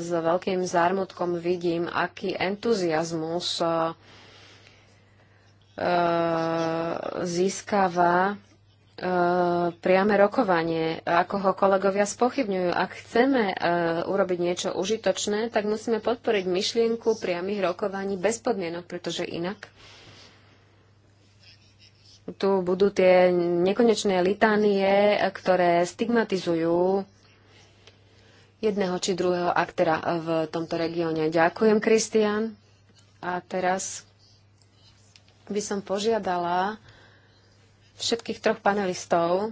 s veľkým zármutkom vidím, aký entuziasmus e, e, získava E, priame rokovanie, ako ho kolegovia spochybňujú. Ak chceme e, urobiť niečo užitočné, tak musíme podporiť myšlienku priamých rokovaní bez podmienok, pretože inak tu budú tie nekonečné litánie, ktoré stigmatizujú jedného či druhého aktéra v tomto regióne. Ďakujem, Kristian. A teraz by som požiadala všetkých troch panelistov,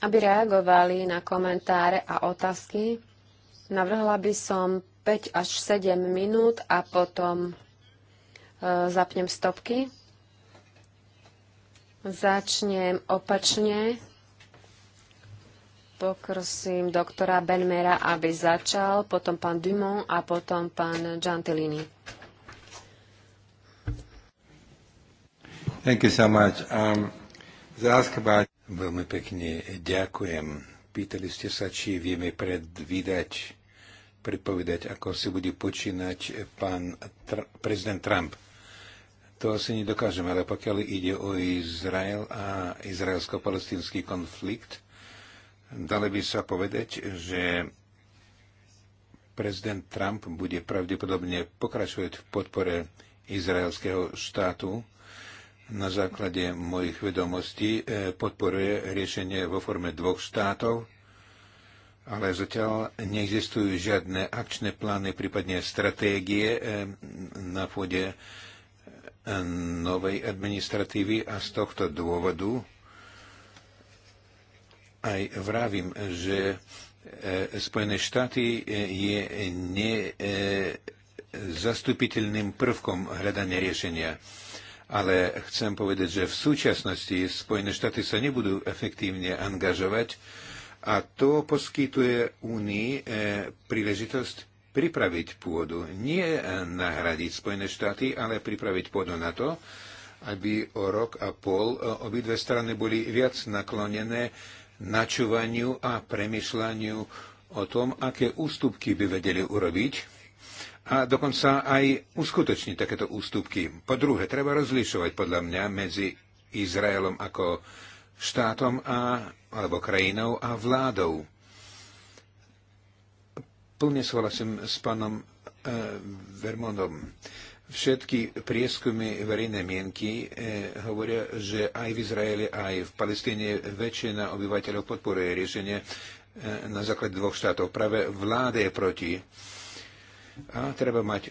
aby reagovali na komentáre a otázky. Navrhla by som 5 až 7 minút a potom e, zapnem stopky. Začnem opačne. Pokrosím doktora Benmera, aby začal, potom pán Dumont a potom pán Giantellini. Thank you so much. Um, about... Veľmi pekne ďakujem. Pýtali ste sa, či vieme predvídať, predpovedať, ako si bude počínať pán Tr- prezident Trump. To asi nedokážem, ale pokiaľ ide o Izrael a izraelsko palestinský konflikt, dali by sa povedať, že prezident Trump bude pravdepodobne pokračovať v podpore izraelského štátu na základe mojich vedomostí e, podporuje riešenie vo forme dvoch štátov, ale zatiaľ neexistujú žiadne akčné plány, prípadne stratégie e, na pôde e, novej administratívy a z tohto dôvodu aj vravím, že Spojené štáty je nezastupiteľným prvkom hľadania riešenia ale chcem povedať, že v súčasnosti Spojené štáty sa nebudú efektívne angažovať a to poskytuje Únii e, príležitosť pripraviť pôdu. Nie e, nahradiť Spojené štáty, ale pripraviť pôdu na to, aby o rok a pol e, obidve strany boli viac naklonené načúvaniu a premyšľaniu o tom, aké ústupky by vedeli urobiť a dokonca aj uskutočniť takéto ústupky. Po druhé, treba rozlišovať podľa mňa medzi Izraelom ako štátom a, alebo krajinou a vládou. Plne súhlasím s pánom e, Vermondom. Všetky prieskumy verejnej mienky e, hovoria, že aj v Izraeli, aj v Palestíne väčšina obyvateľov podporuje riešenie e, na základe dvoch štátov. Práve vláda je proti. E, a treba mať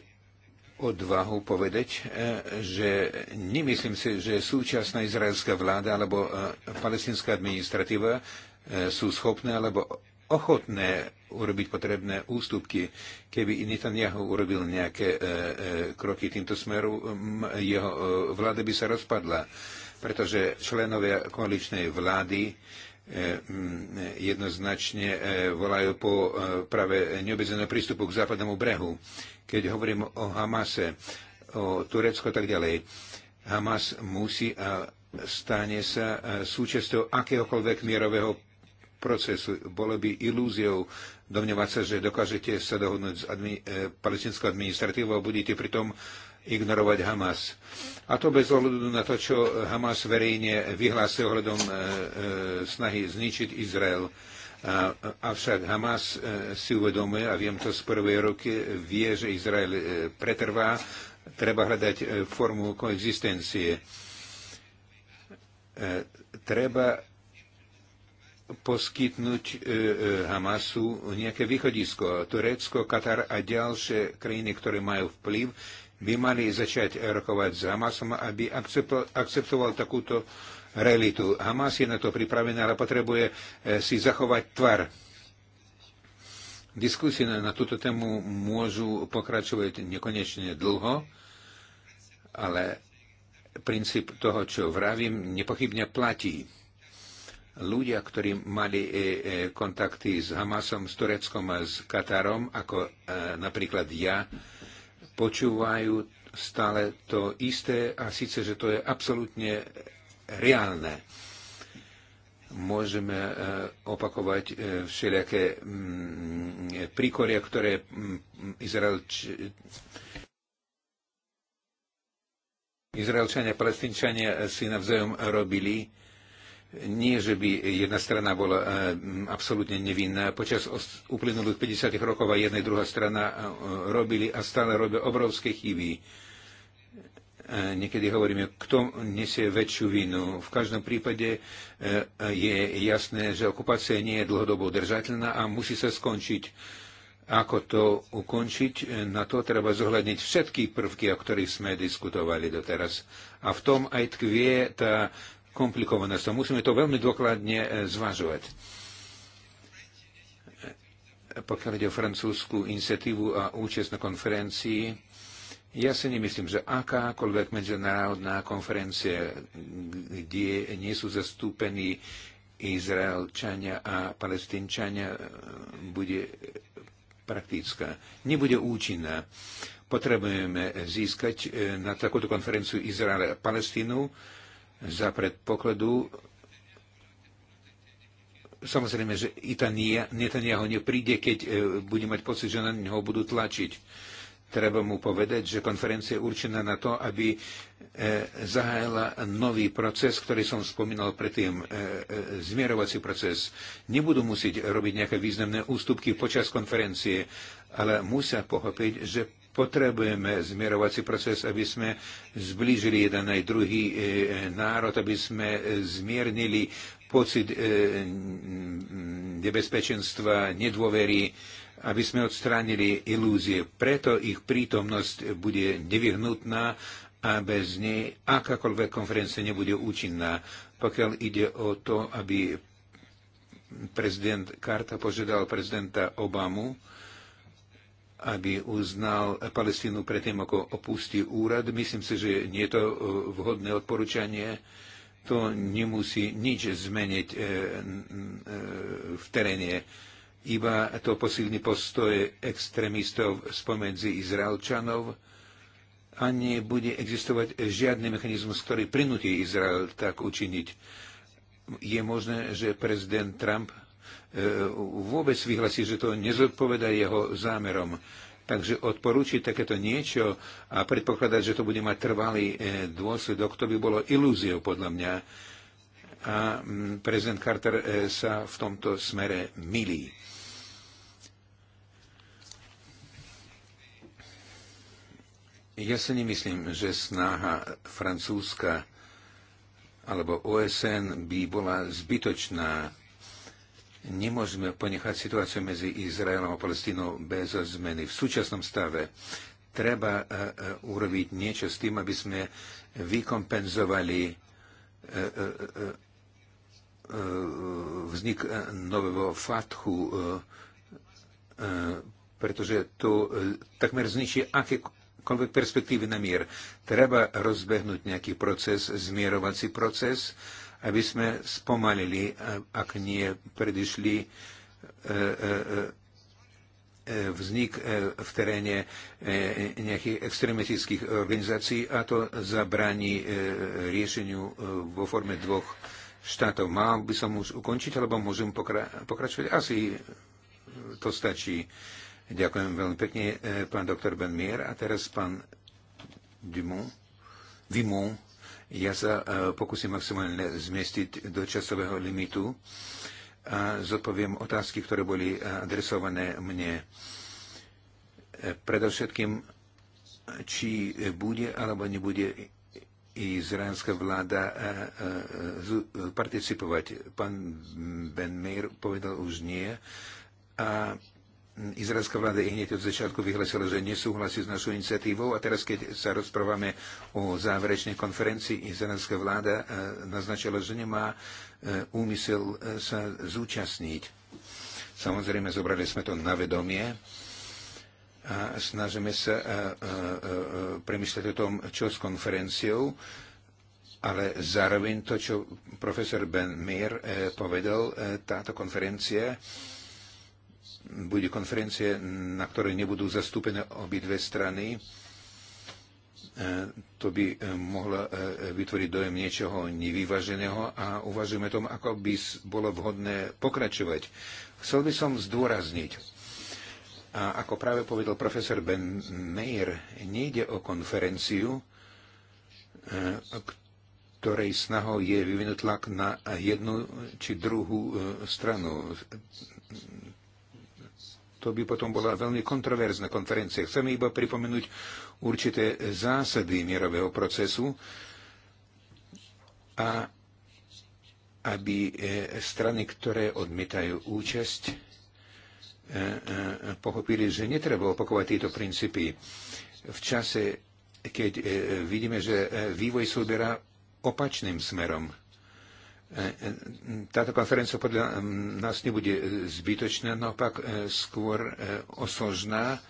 odvahu povedať, e, že nemyslím si, že súčasná izraelská vláda alebo e, palestinská administratíva e, sú schopné alebo ochotné urobiť potrebné ústupky. Keby Netanyahu urobil nejaké kroky týmto smerom, jeho vláda by sa rozpadla, pretože členovia koaličnej vlády E, mm, jednoznačne e, volajú po e, práve neobmedzenom prístupu k západnému brehu. Keď hovorím o Hamase, o Turecku a tak ďalej, Hamas musí a stane sa súčasťou akéhokoľvek mierového procesu. Bolo by ilúziou domnievať sa, že dokážete sa dohodnúť s admi- palestinskou administratívou a budete pritom ignorovať Hamas. A to bez ohľadu na to, čo Hamas verejne vyhlásil ohľadom e, e, snahy zničiť Izrael. Avšak Hamas e, si uvedomuje, a viem to z prvej roky, vie, že Izrael pretrvá, treba hľadať formu koexistencie. Treba poskytnúť Hamasu nejaké východisko. Turecko, Katar a ďalšie krajiny, ktoré majú vplyv, by mali začať rokovať s Hamasom, aby akceptoval takúto realitu. Hamas je na to pripravený, ale potrebuje e, si zachovať tvar. Diskusie na túto tému môžu pokračovať nekonečne dlho, ale princíp toho, čo vravím, nepochybne platí. Ľudia, ktorí mali e, e, kontakty s Hamasom, s Tureckom a s Katarom, ako napríklad ja, počúvajú stále to isté a síce, že to je absolútne reálne. Môžeme e, opakovať e, všelijaké mm, príkoria, ktoré mm, Izraelčania a palestinčania si navzájom robili nie, že by jedna strana bola eh, absolútne nevinná. Počas uplynulých 50 rokov a jedna druhá strana eh, robili a stále robia obrovské chyby. Eh, niekedy hovoríme, kto nesie väčšiu vinu. V každom prípade je jasné, že okupácia nie je dlhodobo udržateľná a musí sa skončiť. Ako to ukončiť? Na to treba zohľadniť všetky prvky, o ktorých sme diskutovali doteraz. A v tom aj tkvie tá komplikovanosťou. Musíme to veľmi dôkladne e, zvažovať. E, pokiaľ ide o francúzskú iniciatívu a účasť na konferencii, ja si nemyslím, že akákoľvek medzinárodná konferencia, kde nie sú zastúpení Izraelčania a Palestínčania, e, bude praktická. Nebude účinná. Potrebujeme získať na takúto konferenciu Izrael a Palestínu za predpokladu, samozrejme, že Netanyahu nepríde, keď e, bude mať pocit, že na neho budú tlačiť. Treba mu povedať, že konferencia je určená na to, aby e, zahájila nový proces, ktorý som spomínal predtým, e, zmierovací proces. Nebudú musieť robiť nejaké významné ústupky počas konferencie, ale musia pochopiť, že Potrebujeme zmierovací proces, aby sme zblížili jeden aj druhý e, národ, aby sme zmiernili pocit e, nebezpečenstva, nedôvery, aby sme odstránili ilúzie. Preto ich prítomnosť bude nevyhnutná a bez nej akákoľvek konferencia nebude účinná, pokiaľ ide o to, aby prezident Karta požiadal prezidenta Obamu, aby uznal Palestínu predtým, ako opustí úrad. Myslím si, že nie je to e, vhodné odporúčanie. To nemusí nič zmeniť e, e, v teréne. Iba to posilní postoje extrémistov spomedzi Izraelčanov a nebude existovať žiadny mechanizmus, ktorý prinúti Izrael tak učiniť. Je možné, že prezident Trump E, vôbec vyhlasí, že to nezodpoveda jeho zámerom. Takže odporúčiť takéto niečo a predpokladať, že to bude mať trvalý e, dôsledok, to by bolo ilúziou podľa mňa. A prezident Carter e, sa v tomto smere milí. Ja si nemyslím, že snaha Francúzska alebo OSN by bola zbytočná. Nemôžeme ponechať situáciu medzi Izraelom a Palestínou bez zmeny. V súčasnom stave treba e, e, urobiť niečo s tým, aby sme vykompenzovali e, vznik nového fatchu, pretože to takmer zničí akékoľvek perspektívy na mier. Treba rozbehnúť nejaký proces, zmierovací proces, aby sme spomalili, e, ak nie predišli e, e, vznik v teréne nejakých extremistických organizácií a to zabraní riešeniu vo forme dvoch štátov. Mal by som už ukončiť, alebo môžem pokra- pokračovať? Asi to stačí. Ďakujem veľmi pekne, pán doktor Mier. A teraz pán Dumont. Vimont. Ja sa e, pokúsim maximálne zmestiť do časového limitu a zodpoviem otázky, ktoré boli e, adresované mne. E, predovšetkým, či bude alebo nebude izraelská vláda participovať. Pán Ben Meir povedal už nie a izraelská vláda i hneď od začiatku vyhlasila, že nesúhlasí s našou iniciatívou a teraz, keď sa rozprávame o záverečnej konferencii, izraelská vláda e, naznačila, že nemá e, úmysel e, sa zúčastniť. Samozrejme, zobrali sme to na vedomie a snažíme sa premyšľať o tom, čo s konferenciou, ale zároveň to, čo profesor Ben Meir povedal, táto konferencia bude konferencie, na ktorej nebudú zastúpené obidve strany. E, to by e, mohlo e, vytvoriť dojem niečoho nevyváženého a uvažujeme tom, ako by bolo vhodné pokračovať. Chcel by som zdôrazniť, a ako práve povedal profesor Ben Meyer, nejde o konferenciu, ktorej snahou je vyvinúť tlak na jednu či druhú stranu to by potom bola veľmi kontroverzná konferencia. Chceme iba pripomenúť určité zásady mierového procesu a aby e, strany, ktoré odmietajú účasť, e, e, pochopili, že netreba opakovať tieto princípy. V čase, keď vidíme, že vývoj sa uberá opačným smerom. E, e, táto konferencia podľa nás nebude e, zbytočná, naopak skôr osložná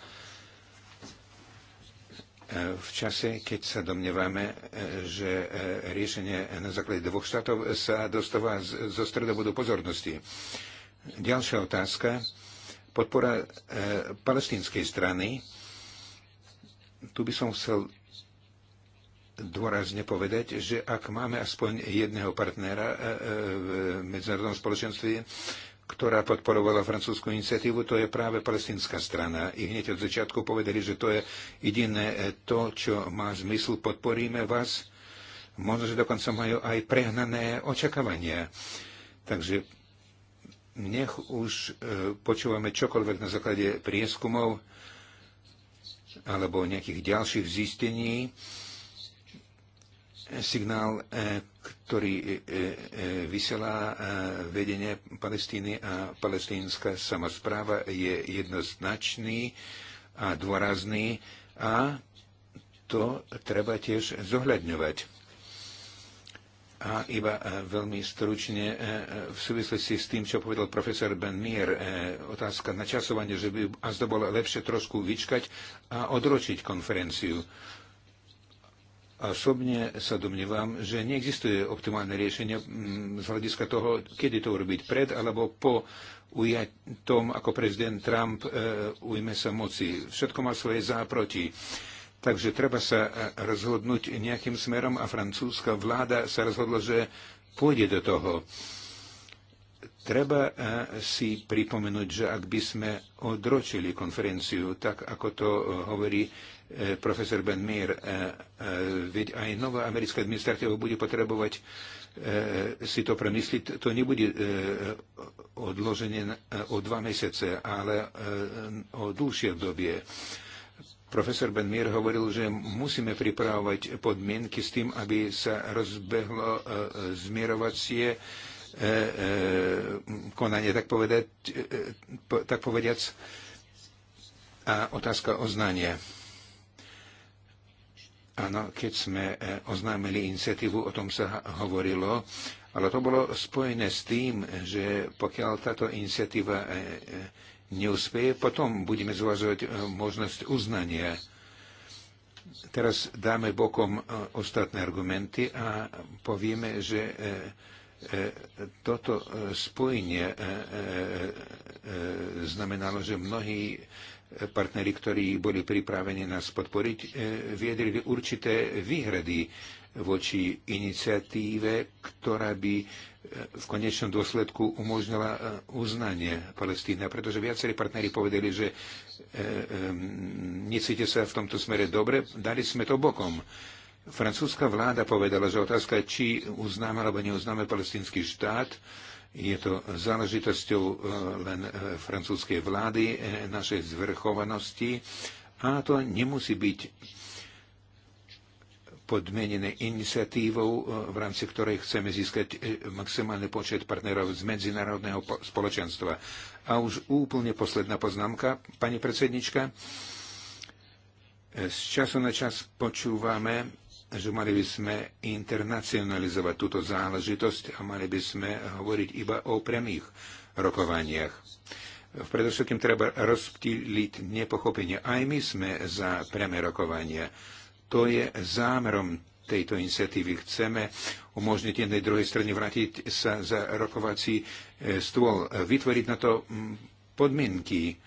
v čase, keď sa domnievame, že riešenie na základe dvoch štátov sa dostáva zo stredobodu pozornosti. Ďalšia otázka. Podpora palestínskej strany. Tu by som chcel dôrazne povedať, že ak máme aspoň jedného partnera e, e, v medzinárodnom spoločenstve, ktorá podporovala francúzsku iniciatívu, to je práve palestinská strana. I hneď od začiatku povedali, že to je jediné e, to, čo má zmysl, podporíme vás. Možno, že dokonca majú aj prehnané očakávania. Takže nech už počúvame čokoľvek na základe prieskumov alebo nejakých ďalších zistení signál, e, ktorý e, e, vysiela vedenie Palestíny a palestínska samozpráva je jednoznačný a dôrazný a to treba tiež zohľadňovať. A iba veľmi stručne v súvislosti s tým, čo povedal profesor Ben Mier, otázka na časovanie, že by to bolo lepšie trošku vyčkať a odročiť konferenciu. Osobne sa domnívam, že neexistuje optimálne riešenie mm, z hľadiska toho, kedy to urobiť pred alebo po tom, ako prezident Trump e, ujme sa moci. Všetko má svoje za a proti. Takže treba sa e, rozhodnúť nejakým smerom a francúzska vláda sa rozhodla, že pôjde do toho. Treba e, si pripomenúť, že ak by sme odročili konferenciu, tak ako to hovorí E, profesor Ben Meir, e, e, veď aj nová americká administratíva bude potrebovať si to premyslieť. To nebude odloženie o dva mesiace, ale o dlhšie obdobie. Profesor Ben Mir hovoril, že musíme pripravovať podmienky s tým, aby sa rozbehlo zmierovacie konanie, tak, povedať, tak povediac, a otázka oznania. Áno, keď sme e, oznámili iniciatívu, o tom sa hovorilo, ale to bolo spojené s tým, že pokiaľ táto iniciatíva e, e, neúspeje, potom budeme zvažovať možnosť uznania. Teraz dáme bokom ostatné argumenty a povieme, že toto spojenie znamenalo, že mnohí partneri, ktorí boli pripravení nás podporiť, e, viedrili určité výhrady voči iniciatíve, ktorá by e, v konečnom dôsledku umožnila e, uznanie Palestína, pretože viacerí partneri povedali, že necíte sa v tomto smere dobre, dali sme to bokom. Francúzska vláda povedala, že otázka, či uznáme alebo neuznáme palestínsky štát, je to záležitosťou e, len e, francúzskej vlády, e, našej zvrchovanosti a to nemusí byť podmenené iniciatívou, v rámci ktorej chceme získať maximálny počet partnerov z medzinárodného spoločenstva. A už úplne posledná poznámka, pani predsednička. Z času na čas počúvame že mali by sme internacionalizovať túto záležitosť a mali by sme hovoriť iba o priamých rokovaniach. Predovšetkým treba rozptýliť nepochopenie. Aj my sme za priame rokovania. To je zámerom tejto iniciatívy. Chceme umožniť jednej druhej strane vrátiť sa za rokovací eh, stôl, vytvoriť na to mm, podmienky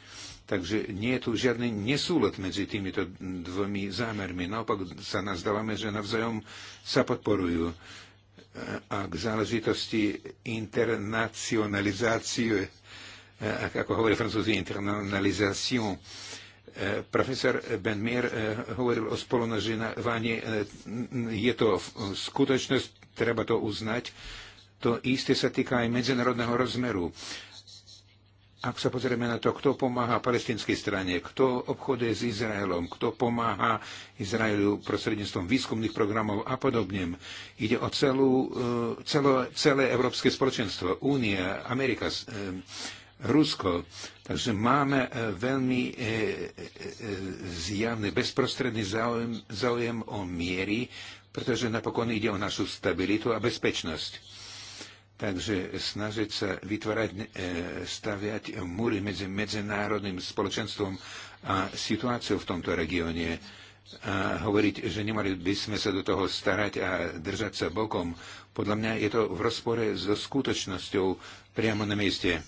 Takže nie je tu žiadny nesúlad medzi týmito dvomi zámermi. Naopak sa nazdávame, že navzájom sa podporujú. A k záležitosti internacionalizácie, ako hovorí francúzi, internalizáciu, Profesor Ben Mier eh, hovoril o spolunažívaní. Eh, je to skutočnosť, treba to uznať. To isté sa týka aj medzinárodného rozmeru. Ak sa pozrieme na to, kto pomáha palestinskej strane, kto obchoduje s Izraelom, kto pomáha Izraelu prostredníctvom výskumných programov a podobne, ide o celú, e, celo, celé európske spoločenstvo, Únia, Amerika, e, Rusko. Takže máme e, veľmi zjavný, bezprostredný záujem, záujem o miery, pretože napokon ide o našu stabilitu a bezpečnosť. Takže snažiť sa vytvárať, e, staviať múry medzi medzinárodným spoločenstvom a situáciou v tomto regióne. A hovoriť, že nemali by sme sa do toho starať a držať sa bokom, podľa mňa je to v rozpore so skutočnosťou priamo na mieste.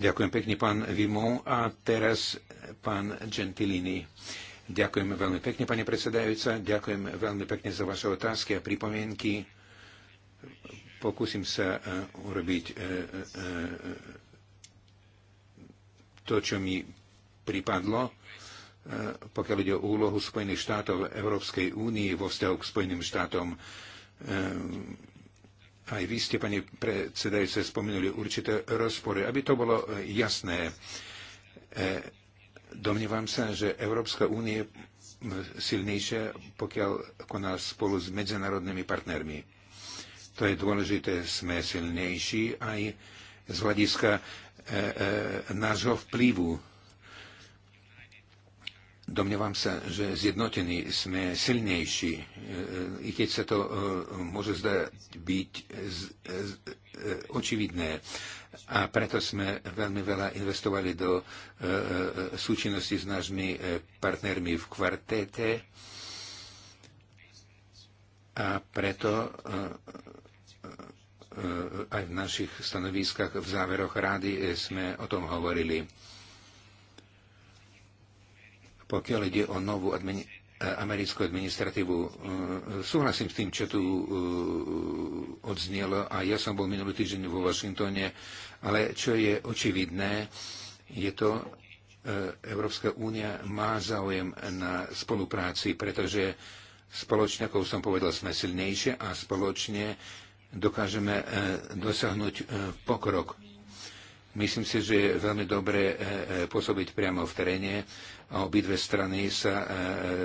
Ďakujem pekne, pán Vimon. A teraz pán Gentilini. Ďakujem veľmi pekne, pani predsedajúca. Ďakujem veľmi pekne za vaše otázky a pripomienky. Pokúsim sa e, urobiť e, e, to, čo mi pripadlo, pokiaľ ide o úlohu Spojených štátov Európskej únie vo vzťahu k Spojeným štátom. Aj vy ste, pani predsedajúce, spomenuli určité rozpory. Aby to bolo jasné, domnievam sa, že Európska únie je silnejšia, pokiaľ koná spolu s medzinárodnými partnermi to je dôležité, sme silnejší aj z hľadiska e, e, nášho vplyvu. Domnievam sa, že zjednotení sme silnejší, e, e, i keď sa to e, môže zdať byť z, z, očividné. A preto sme veľmi veľa investovali do súčinnosti s nášmi partnermi v kvartete. A preto E, aj v našich stanoviskách, v záveroch rády e, sme o tom hovorili. Pokiaľ ide o novú admini- e, americkú administratívu, súhlasím s tým, čo tu odznelo a ja som bol minulý týždeň vo Washingtone, ale čo je očividné, je to, Európska únia má záujem na spolupráci, pretože spoločne, ako som povedal, sme silnejšie a spoločne dokážeme e, dosiahnuť e, pokrok. Myslím si, že je veľmi dobré e, pôsobiť priamo v teréne a obidve strany sa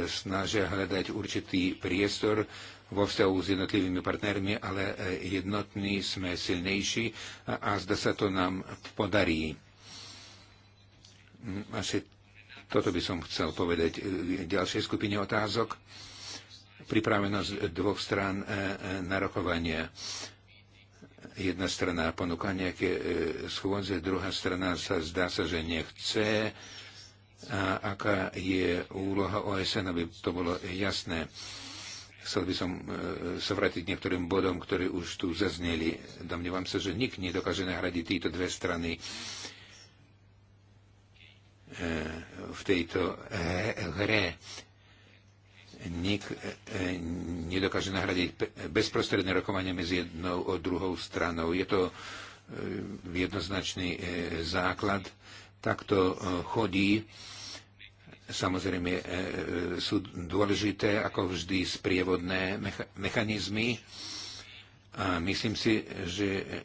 snažia hľadať určitý priestor vo vzťahu s jednotlivými partnermi, ale jednotní sme silnejší a, a zda sa to nám podarí. Hm, asi toto by som chcel povedať ďalšej skupine otázok pripravenosť dvoch strán e, e, na rokovanie. Jedna strana ponúka nejaké e, schôdze, druhá strana sa zdá sa, že nechce. A aká je úloha OSN, aby to bolo jasné. Chcel by som sa vrátiť niektorým bodom, ktoré už tu zazneli. Domnievam sa, že nik nedokáže nahradiť tieto dve strany v tejto hre nik e, e, nedokáže nahradiť bezprostredné rokovanie medzi jednou a druhou stranou. Je to e, jednoznačný základ. Takto chodí. Samozrejme sú dôležité, ako vždy, sprievodné mechanizmy. A myslím si, že e, e,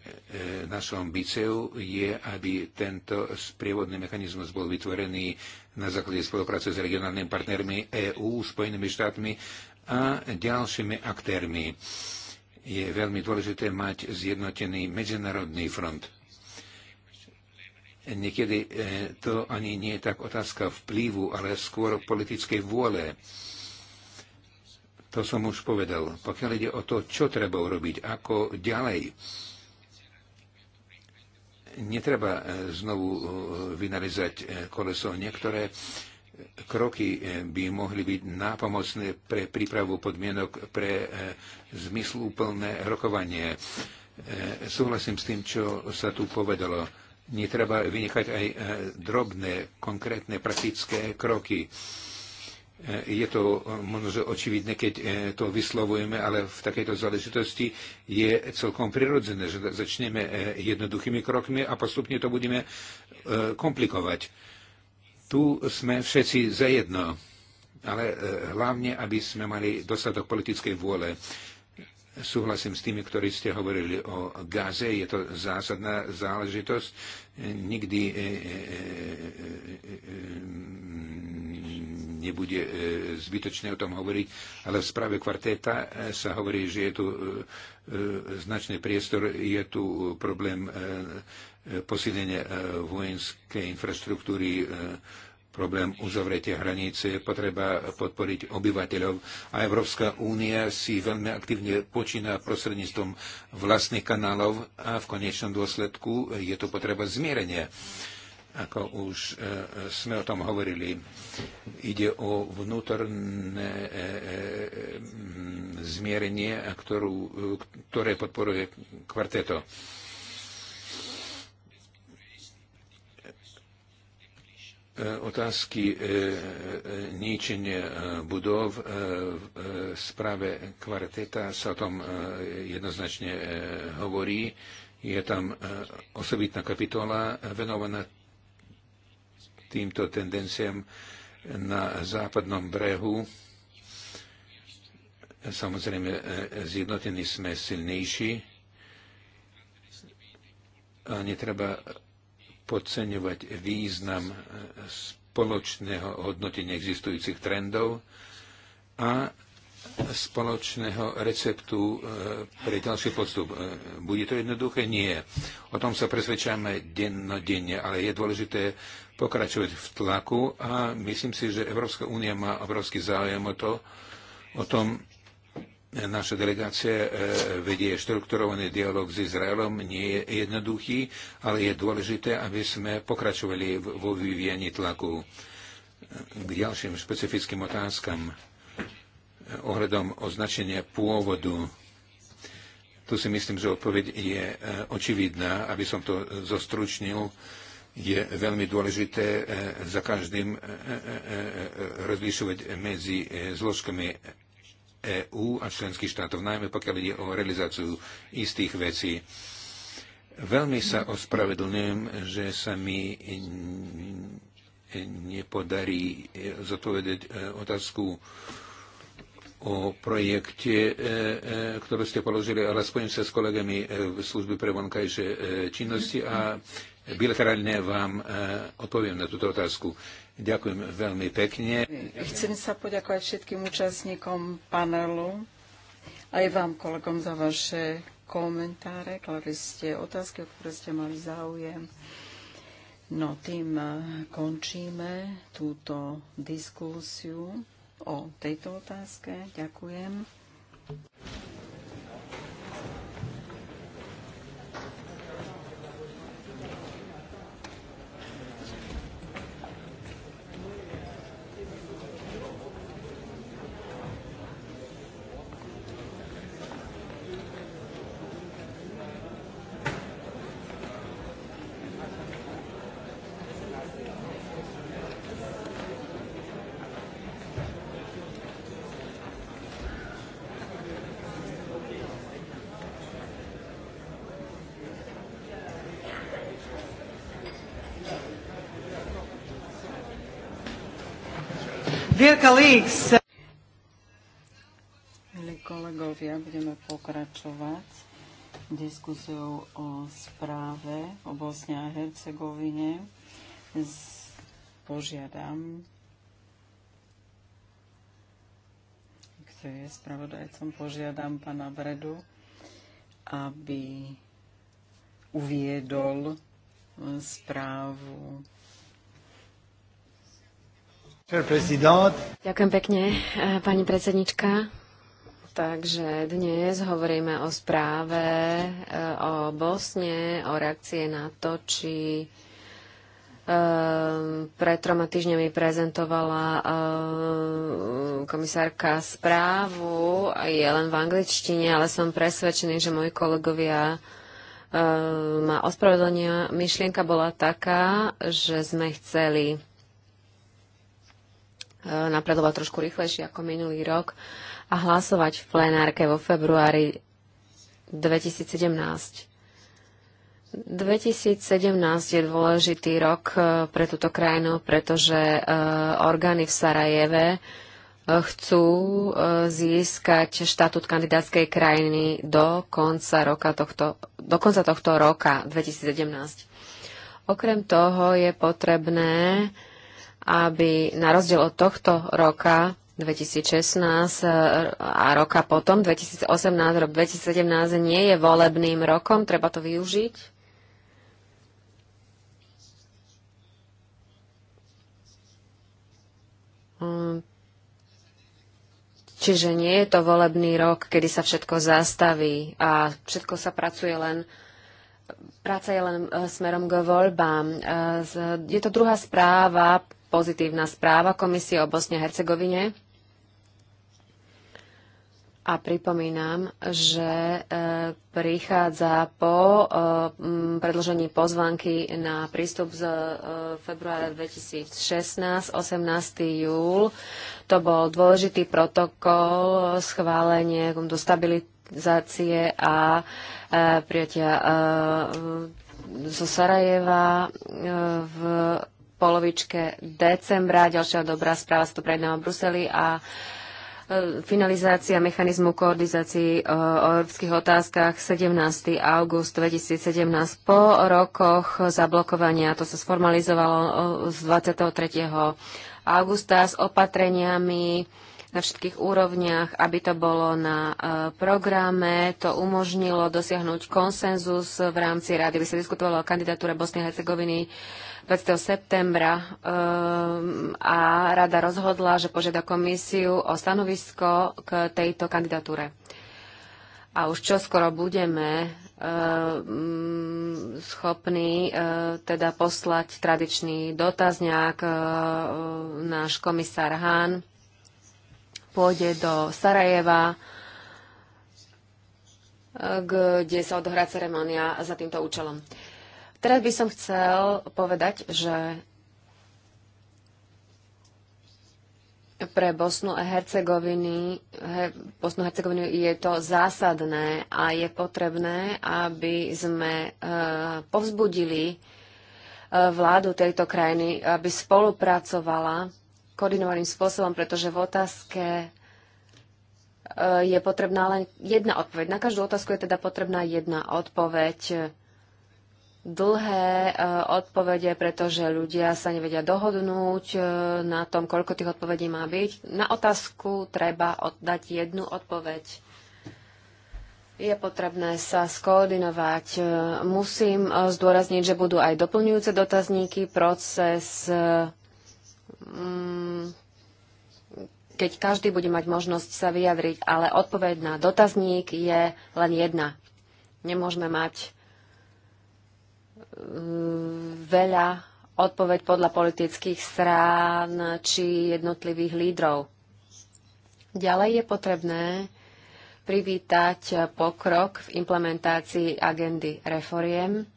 našou ambíciou je, aby tento sprievodný mechanizmus bol vytvorený na základe spolupráce s regionálnymi partnermi EÚ, Spojenými štátmi a ďalšími aktérmi. Je veľmi dôležité mať zjednotený medzinárodný front. Niekedy e, to ani nie je tak otázka vplyvu, ale skôr politickej vôle to som už povedal. Pokiaľ ide o to, čo treba urobiť, ako ďalej, netreba e, znovu e, vynalizať e, koleso. Niektoré kroky by mohli byť nápomocné pre prípravu podmienok pre zmysluplné rokovanie. Súhlasím s tým, čo sa tu povedalo. Netreba vynechať aj drobné, konkrétne, praktické kroky E, je to e, možno očividné, keď e, to vyslovujeme, ale v takejto záležitosti je celkom prirodzené, že začneme jednoduchými krokmi a postupne to budeme komplikovať. Tu sme všetci zajedno, ale hlavne, aby sme mali dostatok politickej vôle. Súhlasím s tými, ktorí ste hovorili o Gaze. Je to zásadná záležitosť. Nikdy e, e, e, nebude zbytočné o tom hovoriť, ale v správe kvartéta sa hovorí, že je tu značný priestor, je tu problém posilnenia vojenskej infraštruktúry problém uzavretia hranice, potreba podporiť obyvateľov a Európska únia si veľmi aktívne počína prostredníctvom vlastných kanálov a v konečnom dôsledku je to potreba zmierenia ako už e, e, sme o tom hovorili, ide o vnútorné e, zmierenie, ktorú, ktoré podporuje kvarteto. E, otázky e, e, ničenia budov v správe kvarteta sa o tom jednoznačne hovorí. Je tam osobitná kapitola venovaná týmto tendenciám na západnom brehu. Samozrejme, zjednotení sme silnejší a netreba podceňovať význam e, spoločného hodnotenia existujúcich trendov a spoločného receptu e, pre ďalší postup. E, bude to jednoduché? Nie. O tom sa presvedčame dennodenne, ale je dôležité pokračovať v tlaku a myslím si, že Európska únia má obrovský záujem o to, o tom, Naša delegácia e, vedie štrukturovaný dialog s Izraelom, nie je jednoduchý, ale je dôležité, aby sme pokračovali vo vyvíjaní tlaku k ďalším špecifickým otázkam e, ohľadom označenia pôvodu. Tu si myslím, že odpoveď je e, očividná, aby som to zostručnil je veľmi dôležité za každým rozlišovať medzi zložkami EÚ a členských štátov, najmä pokiaľ ide o realizáciu istých vecí. Veľmi sa ospravedlňujem, že sa mi nepodarí zodpovedať e, otázku o projekte, e, e, ktorý ste položili, ale spojím sa s kolegami v službe pre vonkajšie činnosti a bilaterálne vám odpoviem na túto otázku. Ďakujem veľmi pekne. Chcem sa poďakovať všetkým účastníkom panelu, aj vám kolegom za vaše komentáre, kladli ste otázky, o ktoré ste mali záujem. No tým eh, končíme túto diskusiu o tejto otázke. Ďakujem. Dear colleagues. Milí kolegovia, budeme pokračovať diskusiou o správe o Bosne a Hercegovine. Požiadam, kto je spravodajcom, požiadam pana Bredu, aby uviedol správu Ďakujem pekne, eh, pani predsednička. Takže dnes hovoríme o správe eh, o Bosne, o reakcie na to, či eh, pred troma týždňami prezentovala komisárka správu, je len v angličtine, ale som presvedčený, že moji kolegovia ma ospravedlnia. Myšlienka bola taká, že sme chceli E, napredovať trošku rýchlejšie ako minulý rok a hlasovať v plenárke vo februári 2017. 2017 je dôležitý rok e, pre túto krajinu, pretože e, orgány v Sarajeve chcú získať štatút kandidátskej krajiny do konca, roka tohto, do konca tohto roka 2017. Okrem toho je potrebné aby na rozdiel od tohto roka 2016 e, a roka potom 2018, rok 2017 nie je volebným rokom, treba to využiť. Mm. Čiže nie je to volebný rok, kedy sa všetko zastaví a všetko sa pracuje len práca je len e, smerom k voľbám. E, je to druhá správa pozitívna správa Komisie o Bosne a Hercegovine. A pripomínam, že e, prichádza po e, predložení pozvanky na prístup z e, februára 2016, 18. júl. To bol dôležitý protokol schválenie do stabilizácie a prijatia zo Sarajeva v polovičke decembra. Ďalšia dobrá správa sa tu prejednáva v Bruseli a e, finalizácia mechanizmu koordinácií e, o európskych otázkach 17. august 2017 po rokoch zablokovania. To sa sformalizovalo e, z 23. augusta s opatreniami na všetkých úrovniach, aby to bolo na programe. To umožnilo dosiahnuť konsenzus v rámci rady, by sa diskutovalo o kandidatúre Bosny a Hercegoviny 20. septembra ehm, a rada rozhodla, že požiada komisiu o stanovisko k tejto kandidatúre. A už čo skoro budeme ehm, schopní e, teda poslať tradičný dotazňák. E, náš komisár Hán pôjde do Sarajeva, e, kde sa odohrá ceremonia za týmto účelom. Teraz by som chcel povedať, že pre Bosnu a Hercegoviny, he, Bosnu a Hercegoviny je to zásadné a je potrebné, aby sme e, povzbudili e, vládu tejto krajiny, aby spolupracovala koordinovaným spôsobom, pretože v otázke e, je potrebná len jedna odpoveď. Na každú otázku je teda potrebná jedna odpoveď dlhé e, odpovede, pretože ľudia sa nevedia dohodnúť e, na tom, koľko tých odpovedí má byť. Na otázku treba oddať jednu odpoveď. Je potrebné sa skoordinovať. E, musím zdôrazniť, že budú aj doplňujúce dotazníky. Proces, mm, keď každý bude mať možnosť sa vyjadriť, ale odpoveď na dotazník je len jedna. Nemôžeme mať E, veľa odpoveď podľa politických strán či jednotlivých lídrov. Ďalej je potrebné privítať pokrok v implementácii agendy reforiem.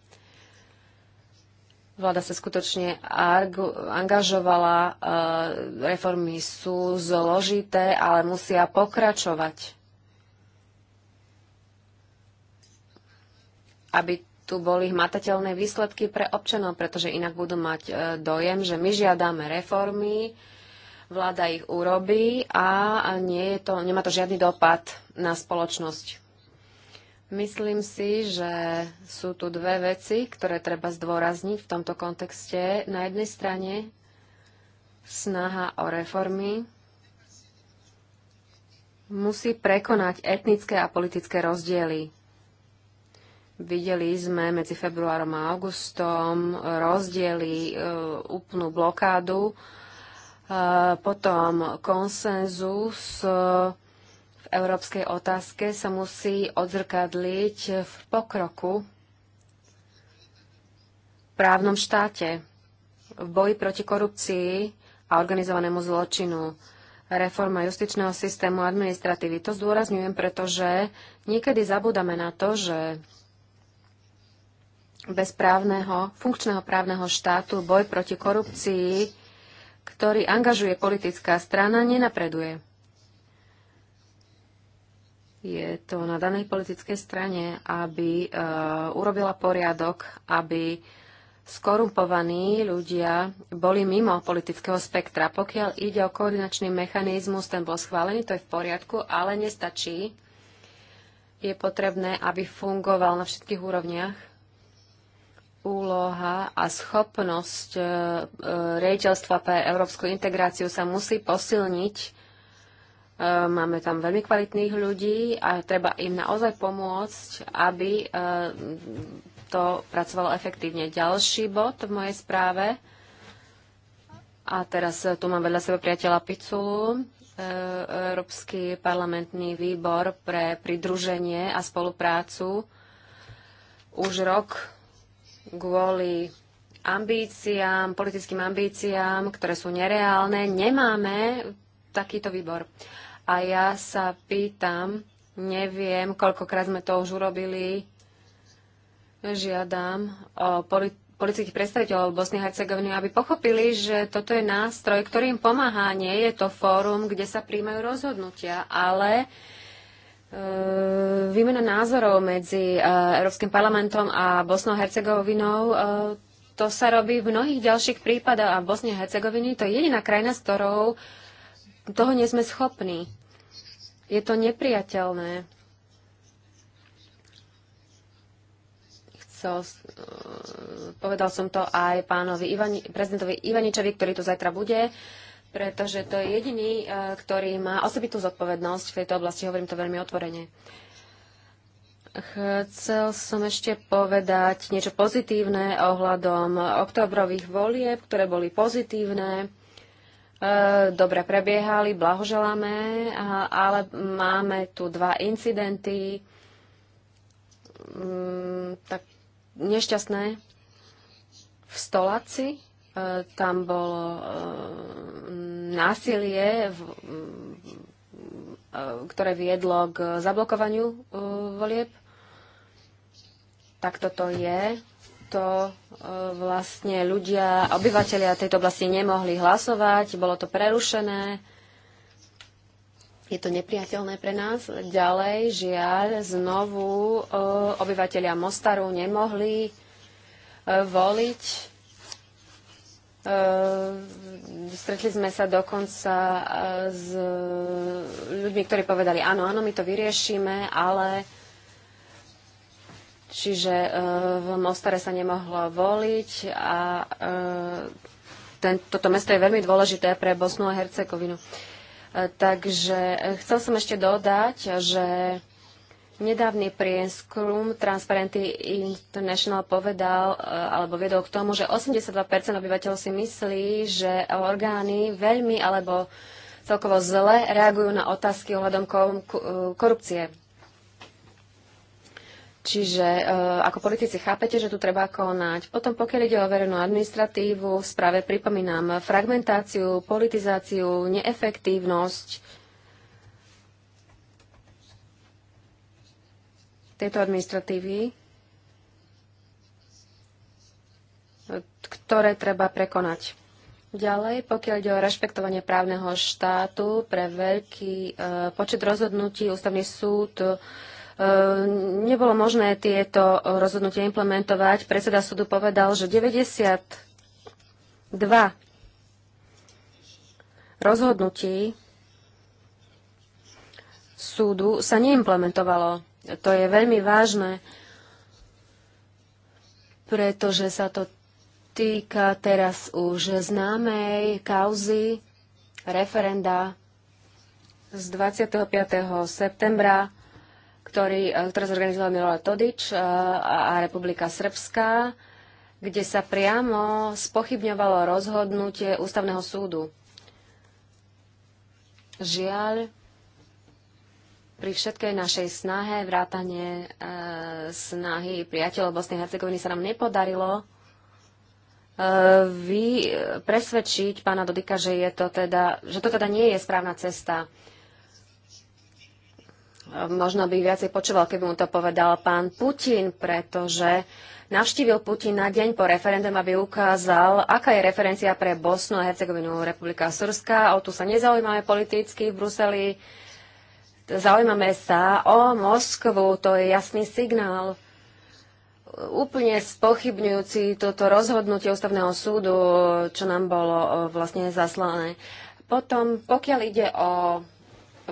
Vláda sa skutočne angažovala, e, reformy sú zložité, ale musia pokračovať, aby tu boli hmatateľné výsledky pre občanov, pretože inak budú mať e, dojem, že my žiadame reformy, vláda ich urobí a nie je to, nemá to žiadny dopad na spoločnosť. Myslím si, že sú tu dve veci, ktoré treba zdôrazniť v tomto kontexte. Na jednej strane snaha o reformy musí prekonať etnické a politické rozdiely Videli sme medzi februárom a augustom rozdiely, e, úplnú blokádu, e, potom konsenzus e, v európskej otázke sa musí odzrkadliť v pokroku v právnom štáte, v boji proti korupcii a organizovanému zločinu reforma justičného systému administratívy. To zdôrazňujem, pretože niekedy zabudame na to, že bez právneho, funkčného právneho štátu boj proti korupcii, ktorý angažuje politická strana, nenapreduje. Je to na danej politickej strane, aby e, urobila poriadok, aby skorumpovaní ľudia boli mimo politického spektra. Pokiaľ ide o koordinačný mechanizmus, ten bol schválený, to je v poriadku, ale nestačí. Je potrebné, aby fungoval na všetkých úrovniach úloha a schopnosť e, e pre európsku integráciu sa musí posilniť. E, máme tam veľmi kvalitných ľudí a treba im naozaj pomôcť, aby e, to pracovalo efektívne. Ďalší bod v mojej správe. A teraz e, tu mám vedľa seba priateľa Piculu, e, Európsky parlamentný výbor pre pridruženie a spoluprácu už rok kvôli ambíciám, politickým ambíciám, ktoré sú nereálne, nemáme takýto výbor. A ja sa pýtam, neviem, koľkokrát sme to už urobili, žiadam o polit- politických predstaviteľov Bosny a Hercegoviny, aby pochopili, že toto je nástroj, ktorým pomáha. Nie je to fórum, kde sa príjmajú rozhodnutia, ale uh, E, výmena názorov medzi e, Európskym parlamentom a Bosnou a Hercegovinou. E, to sa robí v mnohých ďalších prípadoch a v Bosne a Hercegovine to je jediná krajina, s ktorou toho nie sme schopní. Je to nepriateľné. Chcel, povedal som to aj pánovi Ivani, prezidentovi Ivaničovi, ktorý tu zajtra bude. Uh, pretože to je jediný, e, ktorý má osobitú zodpovednosť v tejto oblasti. Hovorím to veľmi otvorene. Chcel som ešte povedať niečo pozitívne ohľadom oktobrových volieb, ktoré boli pozitívne, e, dobre prebiehali, blahoželáme, ale máme tu dva incidenty, mm, tak nešťastné v Stolaci, e, tam bolo násilie, v, mm, e, ktoré viedlo k zablokovaniu e, volieb. Tak toto je. To e, vlastne ľudia, obyvateľia tejto oblasti nemohli hlasovať, bolo to prerušené. Je to nepriateľné pre nás. Ďalej, žiaľ, znovu obyvateľia Mostaru nemohli voliť Ehm, stretli sme sa dokonca eh, s ľuďmi, ktorí povedali, áno, áno, my to vyriešime, ale čiže eh, v Mostare sa nemohlo voliť a eh, ten, toto mesto je veľmi dôležité pre Bosnu a Hercegovinu. Takže chcel som ešte dodať, že Nedávny prieskum Transparency International povedal e, alebo viedol k tomu, že 82 obyvateľov si myslí, že orgány veľmi alebo celkovo zle reagujú na otázky ohľadom e, korupcie. Čiže e, ako politici chápete, že tu treba konať. Potom pokiaľ ide o verejnú administratívu, v správe pripomínam fragmentáciu, politizáciu, neefektívnosť, tejto administratívy, ktoré treba prekonať. Ďalej, pokiaľ ide o rešpektovanie právneho štátu, pre veľký e, počet rozhodnutí ústavný súd e, nebolo možné tieto rozhodnutie implementovať. Predseda súdu povedal, že 92 rozhodnutí súdu sa neimplementovalo. To je veľmi vážne, pretože sa to týka teraz už známej kauzy referenda z 25. septembra, ktorý, e, ktorý zorganizoval Milola Todič e, a, a Republika Srbská, kde sa priamo spochybňovalo rozhodnutie ústavného súdu. Žiaľ, pri všetkej našej snahe, vrátane e, snahy priateľov Bosnej Hercegoviny sa nám nepodarilo eh, vy eh, presvedčiť pána Dodika, že, je to teda, že to teda nie je správna cesta. Možno by viacej počúval, keby mu to povedal pán Putin, pretože navštívil Putin na deň po referendum, aby ukázal, aká je referencia pre Bosnu a Hercegovinu Republika Srska. O tu sa nezaujímame politicky v Bruseli. Zaujímame sa o Moskvu, to je jasný signál úplne spochybňujúci toto rozhodnutie ústavného súdu, čo nám bolo vlastne zaslané. Potom, pokiaľ ide o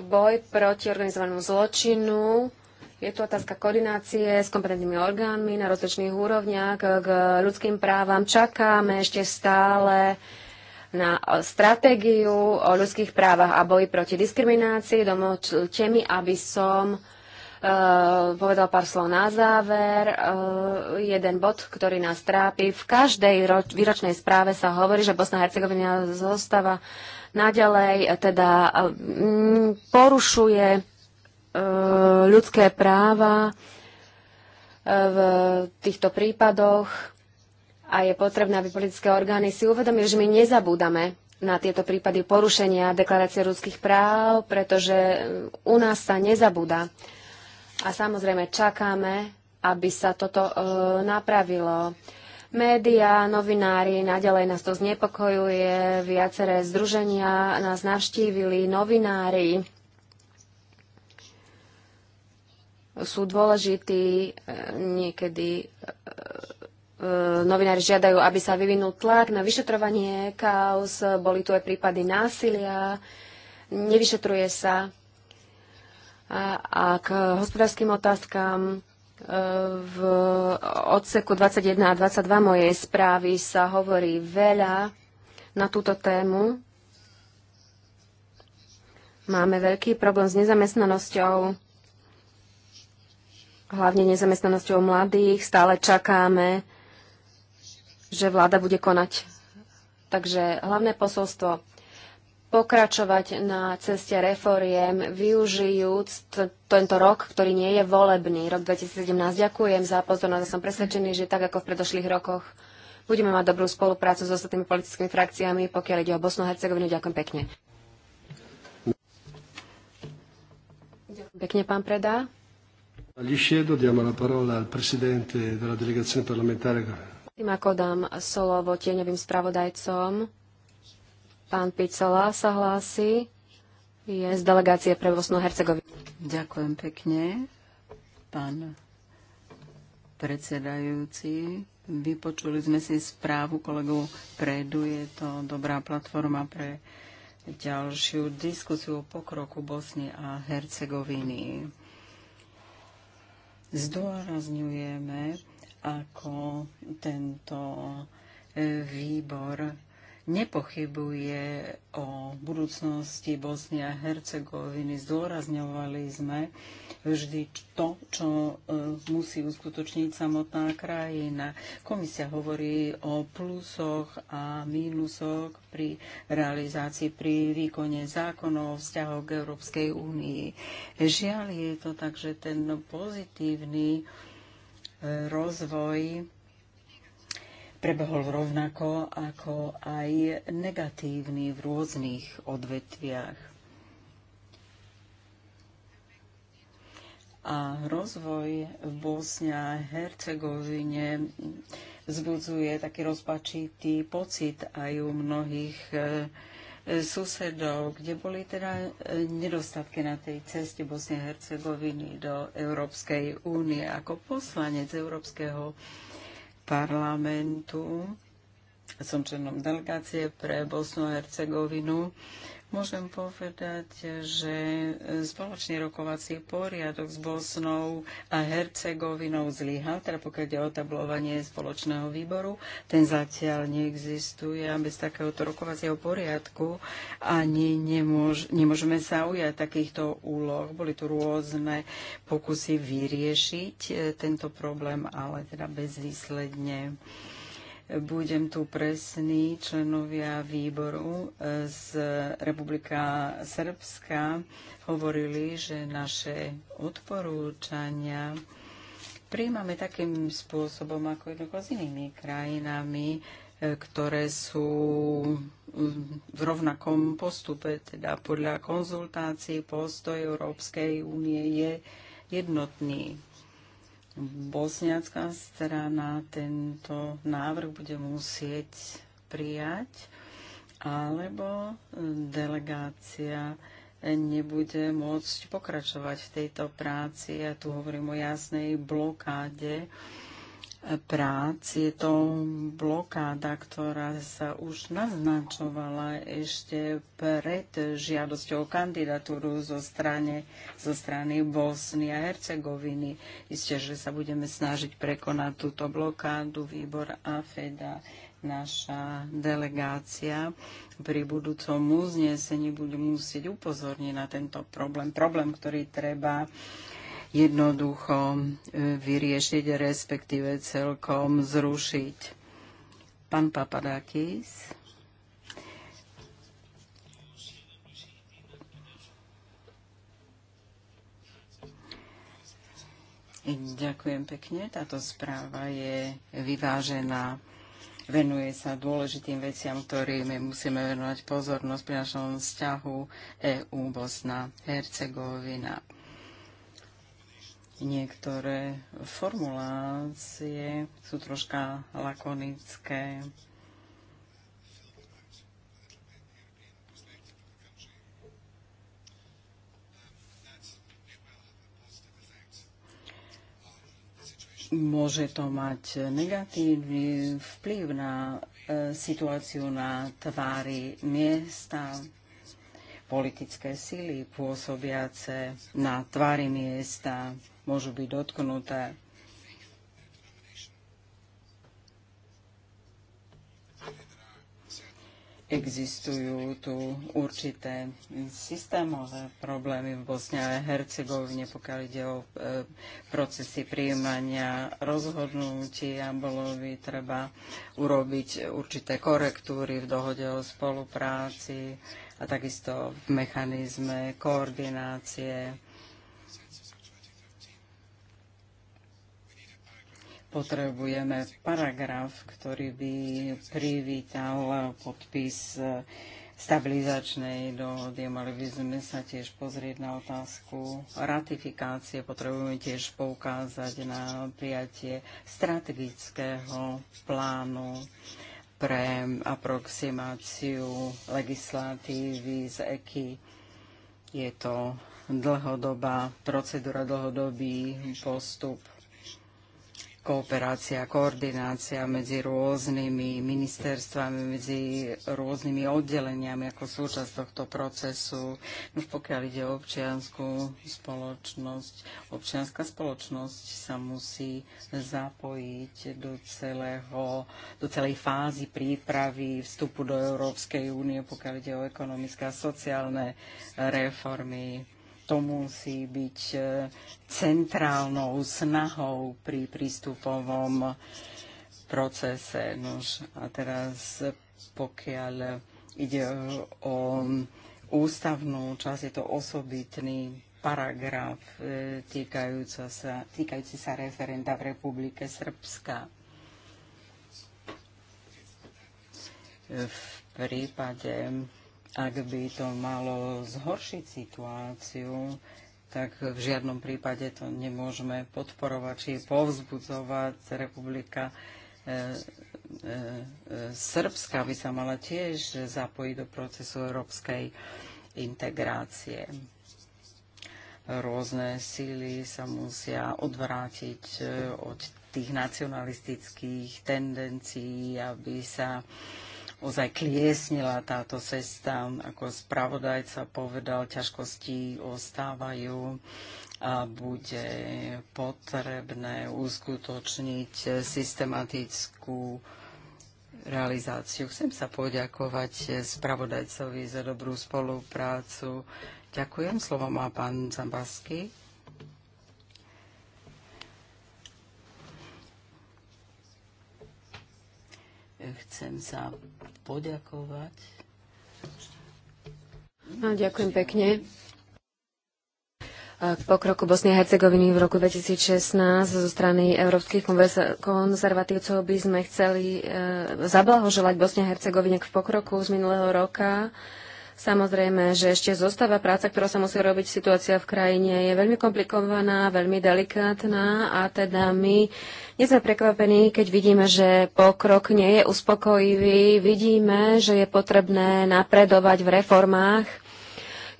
boj proti organizovanému zločinu, je tu otázka koordinácie s kompetentnými orgánmi na rozličných úrovniach k ľudským právam. Čakáme ešte stále na stratégiu o ľudských právach a boji proti diskriminácii. Domočte mi, aby som e, povedal pár slov na záver. E, jeden bod, ktorý nás trápi. V každej roč, výročnej správe sa hovorí, že Bosna Hercegovina zostáva naďalej, teda porušuje e, ľudské práva v týchto prípadoch a je potrebné, aby politické orgány si uvedomili, že my nezabúdame na tieto prípady porušenia deklarácie ľudských práv, pretože um, u nás sa nezabúda. A samozrejme čakáme, aby sa toto e, napravilo. Média, novinári, naďalej nás to znepokojuje, viaceré združenia nás navštívili, novinári sú dôležití, uh, niekedy e, E, novinári žiadajú, aby sa vyvinul tlak na vyšetrovanie kaos, boli tu aj prípady násilia, nevyšetruje sa. A, a k hospodárskym otázkam e, v odseku 21 a 22 mojej správy sa hovorí veľa na túto tému. Máme veľký problém s nezamestnanosťou, hlavne nezamestnanosťou mladých. Stále čakáme že vláda bude konať. Takže hlavné posolstvo pokračovať na ceste reforiem, využijúc tento rok, ktorý nie je volebný, rok 2017. Ďakujem za pozornosť. a Som presvedčený, že tak ako v predošlých rokoch budeme mať dobrú spoluprácu s ostatnými politickými frakciami, pokiaľ ide o Bosnu a Hercegovinu. Ďakujem pekne. Ďakujem pekne, pán Preda. Gli chiedo, diamo la parola al presidente della delegazione parlamentare tým ako dám slovo tieňovým spravodajcom, pán Picola sa hlási, je z delegácie pre Bosnu Hercegovinu. Ďakujem pekne, pán predsedajúci. Vypočuli sme si správu kolegu Predu, je to dobrá platforma pre ďalšiu diskusiu o pokroku Bosny a Hercegoviny. Zdôrazňujeme ako tento e, výbor nepochybuje o budúcnosti Bosny a Hercegoviny. Zdôrazňovali sme vždy to, čo e, musí uskutočniť samotná krajina. Komisia hovorí o plusoch a mínusoch pri realizácii, pri výkone zákonov vzťahov k Európskej únii. Žiaľ je to tak, že ten pozitívny rozvoj prebehol rovnako ako aj negatívny v rôznych odvetviach. A rozvoj v Bosne a Hercegovine vzbudzuje taký rozpačitý pocit aj u mnohých eh, susedov, kde boli teda e, nedostatky na tej ceste Bosne Hercegoviny do Európskej únie. Ako poslanec Európskeho parlamentu som členom delegácie pre Bosnu a Hercegovinu Môžem povedať, že spoločný rokovací poriadok s Bosnou a Hercegovinou zlyhal, teda pokiaľ ide o tablovanie spoločného výboru, ten zatiaľ neexistuje a bez takéhoto rokovacieho poriadku ani nemôž, nemôžeme sa ujať takýchto úloh. Boli tu rôzne pokusy vyriešiť e, tento problém, ale teda bezvýsledne budem tu presný, členovia výboru e, z Republika Srbska hovorili, že naše odporúčania príjmame takým spôsobom ako jednoducho s inými krajinami, e, ktoré sú v rovnakom postupe, teda podľa konzultácií postoj Európskej únie je jednotný bosniacká strana tento návrh bude musieť prijať, alebo e, delegácia nebude môcť pokračovať v tejto práci. Ja tu hovorím o jasnej blokáde prác. Je to blokáda, ktorá sa už naznačovala ešte pred žiadosťou kandidatúru zo, strane, zo strany Bosny a Hercegoviny. Isté, že sa budeme snažiť prekonať túto blokádu. Výbor AFEDA naša delegácia pri budúcom uznesení bude musieť upozorniť na tento problém. Problém, ktorý treba uh, jednoducho e, vyriešiť, respektíve celkom zrušiť. Pán Papadakis. Ďakujem pekne. Táto správa je vyvážená. Venuje sa dôležitým veciam, ktorým musíme venovať pozornosť pri našom vzťahu EU Bosna Hercegovina niektoré formulácie sú troška lakonické. Môže to mať negatívny vplyv na e, situáciu na tvári miesta, politické síly pôsobiace na tvári miesta môžu byť dotknuté. Existujú tu určité systémové problémy v Bosne a Hercegovine, pokiaľ ide o e, procesy príjmania rozhodnutí a bolo by treba urobiť určité korektúry v dohode o spolupráci a takisto v mechanizme koordinácie potrebujeme paragraf, ktorý by privítal podpis stabilizačnej dohody. Mali by sme sa tiež pozrieť na otázku ratifikácie. Potrebujeme tiež poukázať na prijatie strategického plánu pre aproximáciu legislatívy z EKI. Je to dlhodobá procedúra, dlhodobý postup kooperácia, koordinácia medzi rôznymi ministerstvami, medzi rôznymi oddeleniami ako súčasť tohto procesu. Už pokiaľ ide o občianskú spoločnosť, občianská spoločnosť sa musí zapojiť do, celého, do celej fázy prípravy vstupu do Európskej únie, pokiaľ ide o ekonomické a sociálne reformy to musí byť e, centrálnou snahou pri prístupovom procese. Nož a teraz pokiaľ ide o ústavnú časť, je to osobitný paragraf e, sa, týkajúci sa referenda v Republike Srbska. E, v prípade ak by to malo zhoršiť situáciu, tak v žiadnom prípade to nemôžeme podporovať či povzbudzovať. Republika e, e, e Srbska by sa mala tiež zapojiť do procesu európskej integrácie. Rôzne síly sa musia odvrátiť e, od tých nacionalistických tendencií, aby sa ozaj kliesnila táto cesta. Ako spravodajca povedal, ťažkosti ostávajú a bude potrebné uskutočniť systematickú realizáciu. Chcem sa poďakovať spravodajcovi za dobrú spoluprácu. Ďakujem. Slovo má pán Zambasky. Chcem sa poďakovať. No, ďakujem pekne. K pokroku Bosny a Hercegoviny v roku 2016 zo strany európskych konzervatívcov by sme chceli e, zablahoželať Bosne a Hercegovine k pokroku z minulého roka. E, Samozrejme, že ešte zostáva práca, ktorá sa musí robiť. Situácia v krajine je veľmi komplikovaná, veľmi delikátna a teda my nie sme prekvapení, keď vidíme, že pokrok nie je uspokojivý. Vidíme, že je potrebné napredovať v reformách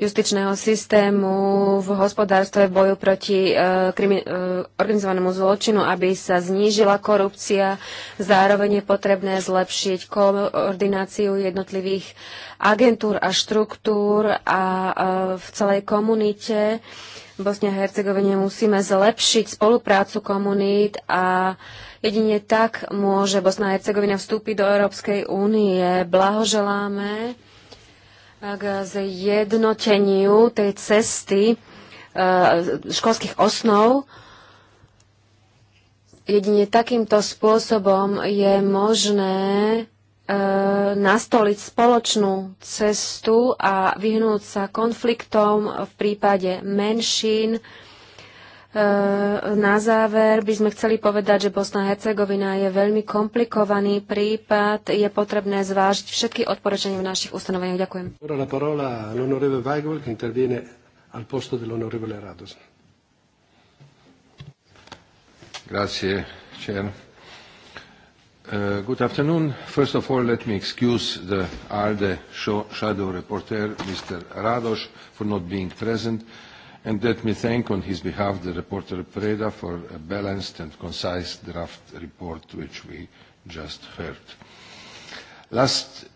justičného systému v hospodárstve v boju proti uh, krimi, uh, organizovanému zločinu, aby sa znížila korupcia. Zároveň je potrebné zlepšiť koordináciu jednotlivých agentúr a štruktúr a uh, v celej komunite. V Bosne a Hercegovine musíme zlepšiť spoluprácu komunít a jedine tak môže Bosna a Hercegovina vstúpiť do Európskej únie. Blahoželáme k zjednoteniu tej cesty e, školských osnov. Jedine takýmto spôsobom je možné e, nastoliť spoločnú cestu a vyhnúť sa konfliktom v prípade menšín, Eh, na záver by sme chceli povedať, že Bosna a Hercegovina je veľmi komplikovaný prípad. Je potrebné zvážiť všetky odporúčania v našich ustanoveniach. Ďakujem. Grazie, Chair. Uh, good afternoon. First of all, let me excuse the ALDE shadow reporter, Mr. Radoš, for not being present and let me thank on his behalf the reporter Preda for a balanced and concise draft report which we just heard. Last,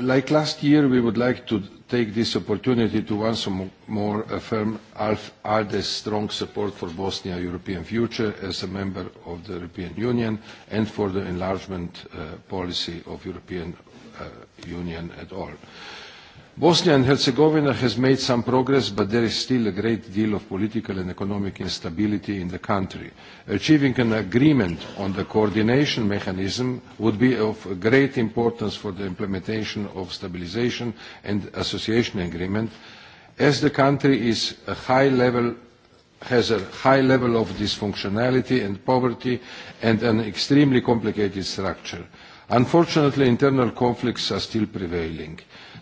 like last year, we would like to take this opportunity to once more affirm ALDE's strong support for Bosnia's European future as a member of the European Union and for the enlargement uh, policy of European uh, Union at all. Bosnia and Herzegovina has made some progress, but there is still a great deal of political and economic instability in the country. Achieving an agreement on the coordination mechanism would be of great importance for the implementation of stabilization and association agreement, as the country is a high level has a high level of dysfunctionality and poverty and an extremely complicated structure. Unfortunately, internal conflicts are still prevailing.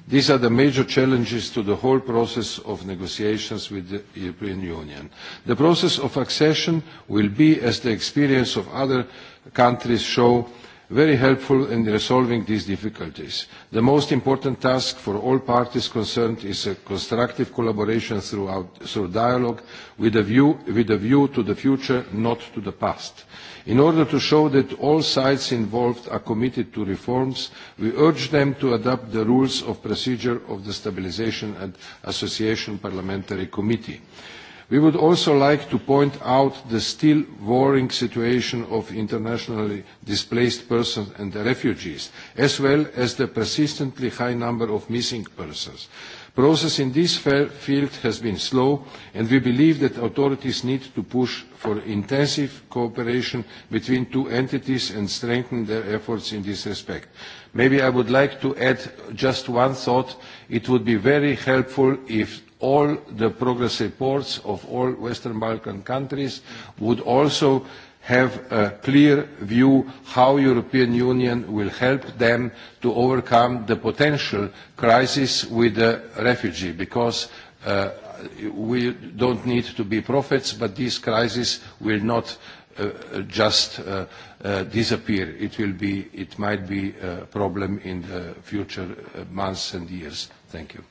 These are the major challenges to the whole process of negotiations with the European Union. The process of accession will be, as the experience of other countries show, very helpful in resolving these difficulties. The most important task for all parties concerned is a constructive collaboration throughout, through dialogue with a, view, with a view to the future, not to the past. In order to show that all sides involved are committed to reforms, we urge them to adopt the rules of procedure of the Stabilisation and Association Parliamentary Committee. We would also like to point out the still worrying situation of internationally displaced persons and refugees, as well as the persistently high number of missing persons. Process in this field has been slow, and we believe that authorities need to push for intensive cooperation between two entities and strengthen their efforts in this respect. Maybe I would like to add just one thought. It would be very helpful if all the progress reports of all Western Balkan countries would also have a clear view how the European Union will help them to overcome the potential crisis with the refugee because uh, we don't need to be prophets but this crisis will not uh, just uh, uh, disappear. It will be, it might be a problem in the future uh, months and years. Thank you.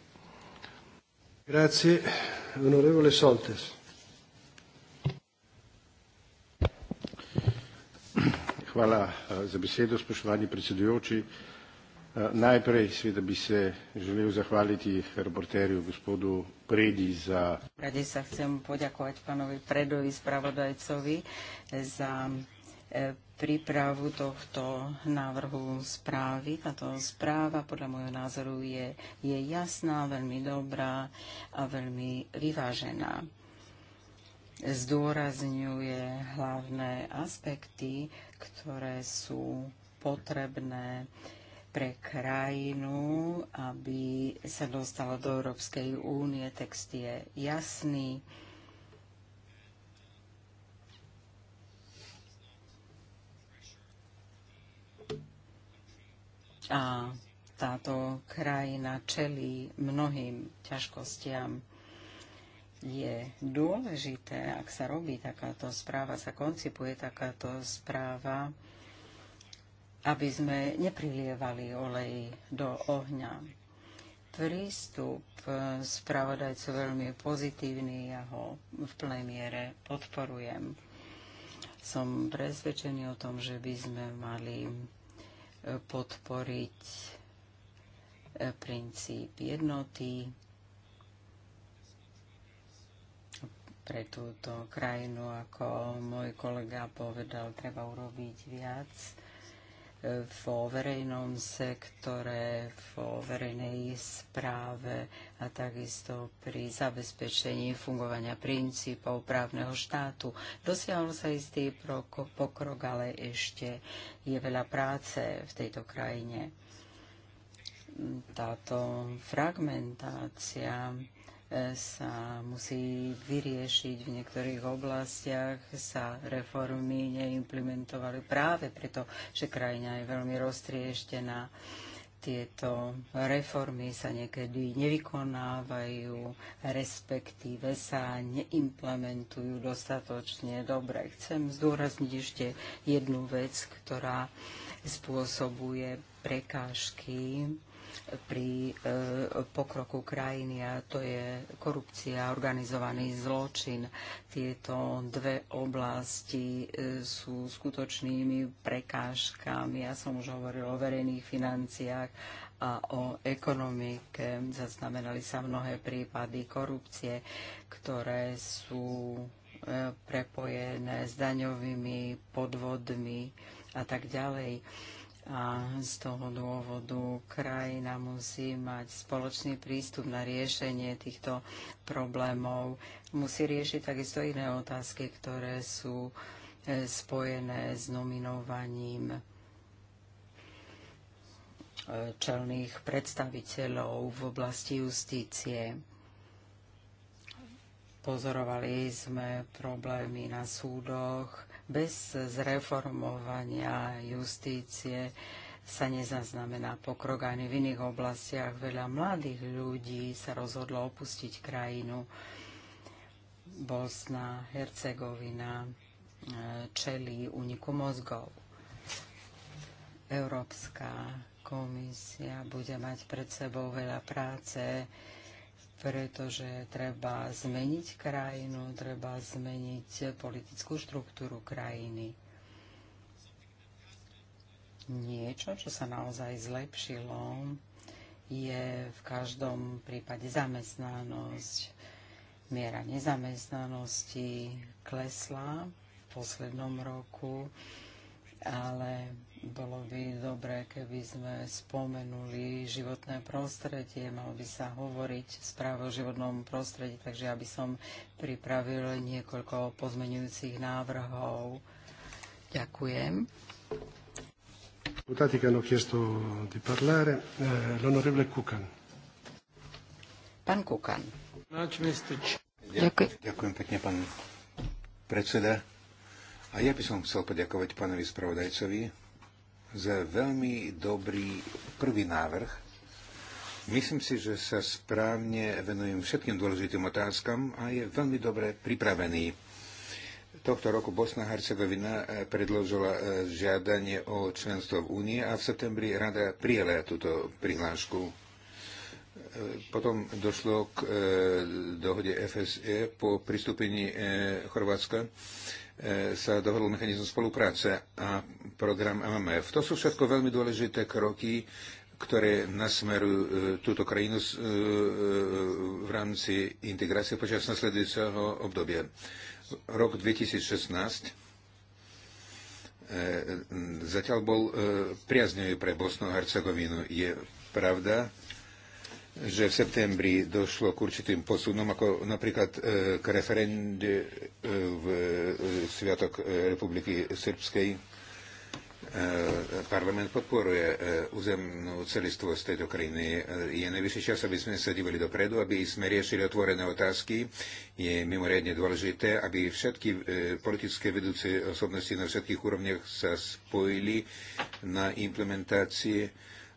Grazie, onorevole Soltes. Hvala eh, za besedo, spoštovani predsedujoči. Eh, najprej seveda bi se želel zahvaliti reporterju gospodu Predi za... Radi sa chcem poďakovať pánovi Predovi, spravodajcovi, za eh, prípravu tohto návrhu správy. Táto správa podľa môjho názoru je, je jasná, veľmi dobrá a veľmi vyvážená zdôrazňuje hlavné aspekty, ktoré sú potrebné pre krajinu, aby sa dostala do Európskej únie. Text je jasný. A táto krajina čelí mnohým ťažkostiam je dôležité, ak sa robí takáto správa, sa koncipuje takáto správa, aby sme neprilievali olej do ohňa. Prístup spravodajcu veľmi pozitívny, ja ho v plnej miere podporujem. Som presvedčený o tom, že by sme mali e, podporiť e, princíp jednoty, pre túto krajinu, ako môj kolega povedal, treba urobiť viac e, vo verejnom sektore, vo verejnej správe a takisto pri zabezpečení fungovania princípov právneho štátu. Dosiahol sa istý pokrok, ale ešte je veľa práce v tejto krajine. Táto fragmentácia sa musí vyriešiť. V niektorých oblastiach sa reformy neimplementovali práve preto, že krajina je veľmi roztrieštená. Tieto reformy sa niekedy nevykonávajú, respektíve sa neimplementujú dostatočne dobre. Chcem zdôrazniť ešte jednu vec, ktorá spôsobuje prekážky pri e, pokroku krajiny a to je korupcia, a organizovaný zločin. Tieto dve oblasti e, sú skutočnými prekážkami. Ja som už hovoril o verejných financiách a o ekonomike. Zaznamenali sa mnohé prípady korupcie, ktoré sú e, prepojené s daňovými podvodmi a tak ďalej a z toho dôvodu krajina musí mať spoločný prístup na riešenie týchto problémov. Musí riešiť takisto iné otázky, ktoré sú e, spojené s nominovaním e, čelných predstaviteľov v oblasti justície. Pozorovali sme problémy na súdoch, bez zreformovania justície sa nezaznamená pokrok ani v iných oblastiach. Veľa mladých ľudí sa rozhodlo opustiť krajinu. Bosna, Hercegovina e, čelí uniku mozgov. Európska komisia bude mať pred sebou veľa práce pretože treba zmeniť krajinu, treba zmeniť politickú štruktúru krajiny. Niečo, čo sa naozaj zlepšilo, je v každom prípade zamestnanosť. Miera nezamestnanosti klesla v poslednom roku ale bolo by dobré, keby sme spomenuli životné prostredie, malo by sa hovoriť správe o životnom prostredí, takže ja by som pripravil niekoľko pozmenujúcich návrhov. Ďakujem. Deputati che hanno chiesto di parlare, eh, l'onorevole Kukan. Pán Kukan. Ďakujem, ďakujem pekne, pán predseda a ja by som chcel poďakovať pánovi spravodajcovi za veľmi dobrý prvý návrh. Myslím si, že sa správne venujem všetkým dôležitým otázkam a je veľmi dobre pripravený. Tohto roku Bosna Hercegovina eh, predložila eh, žiadanie o členstvo v Únie a v septembri rada prijela túto prihlášku. Eh, potom došlo k dohode FSE po pristúpení Chorvátska E, sa dohodol mechanizmus spolupráce a program MMF. To sú všetko veľmi dôležité kroky, ktoré nasmerujú e, túto krajinu e, v rámci integrácie počas nasledujúceho obdobia. Rok 2016 zatiaľ bol priaznivý pre Bosnu a Hercegovinu. Je pravda, že v septembri došlo k určitým posunom, ako napríklad e, k referende e, v e, Sviatok Republiky Srbskej. Parlament podporuje územnú celistvosť tejto krajiny. Je najvyšší čas, aby sme sa divali dopredu, aby sme riešili otvorené otázky. Je mimoriadne dôležité, aby všetky politické vedúce osobnosti na všetkých úrovniach sa spojili na implementácii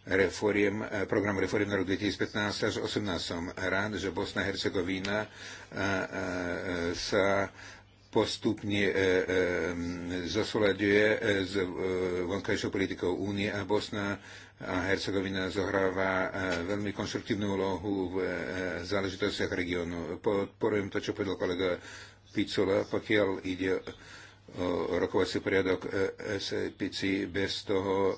reforiem, eh, program reforiem na rok 2015 až 2018. Som rád, že Bosna a Hercegovina eh, eh, sa postupne zosúľaduje s vonkajšou politikou Únie a Bosna a Hercegovina zohráva veľmi konstruktívnu úlohu v záležitostiach regiónu. Podporujem to, čo povedal kolega Picola, pokiaľ ide o rokovací poriadok SPC bez toho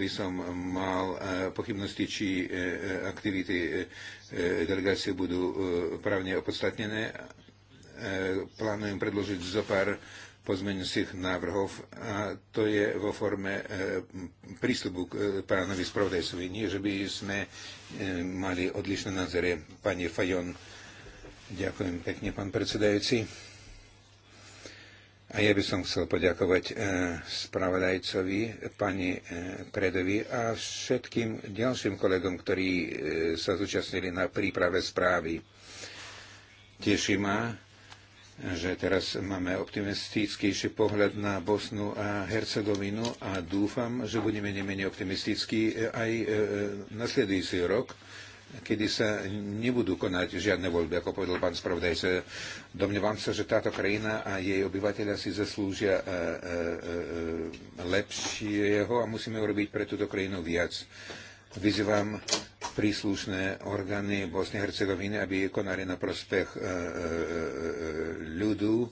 by som mal pochybnosti, či e, e, aktivity e, delegácie budú právne opodstatnené. Plánujem predložiť zo pár pozmeňujúcich návrhov a to je vo forme prístupu k pánovi spravodajcovi. Nie, že by sme mali odlišné názory. Pani Fajon, ďakujem pekne, pán predsedajúci. A ja by som chcel poďakovať e, spravodajcovi, pani e, Predovi a všetkým ďalším kolegom, ktorí e, sa zúčastnili na príprave správy. Teší ma, že teraz máme optimistickejší pohľad na Bosnu a Hercegovinu a dúfam, že budeme nemenej optimistickí aj nasledujúci rok kedy sa nebudú konať žiadne voľby, ako povedal pán spravodajca. Domnievam sa, že táto krajina a jej obyvateľia si zaslúžia e, e, e, lepšieho a musíme urobiť pre túto krajinu viac. Vyzývam príslušné orgány Bosnej Hercegoviny, aby konali na prospech ľudu,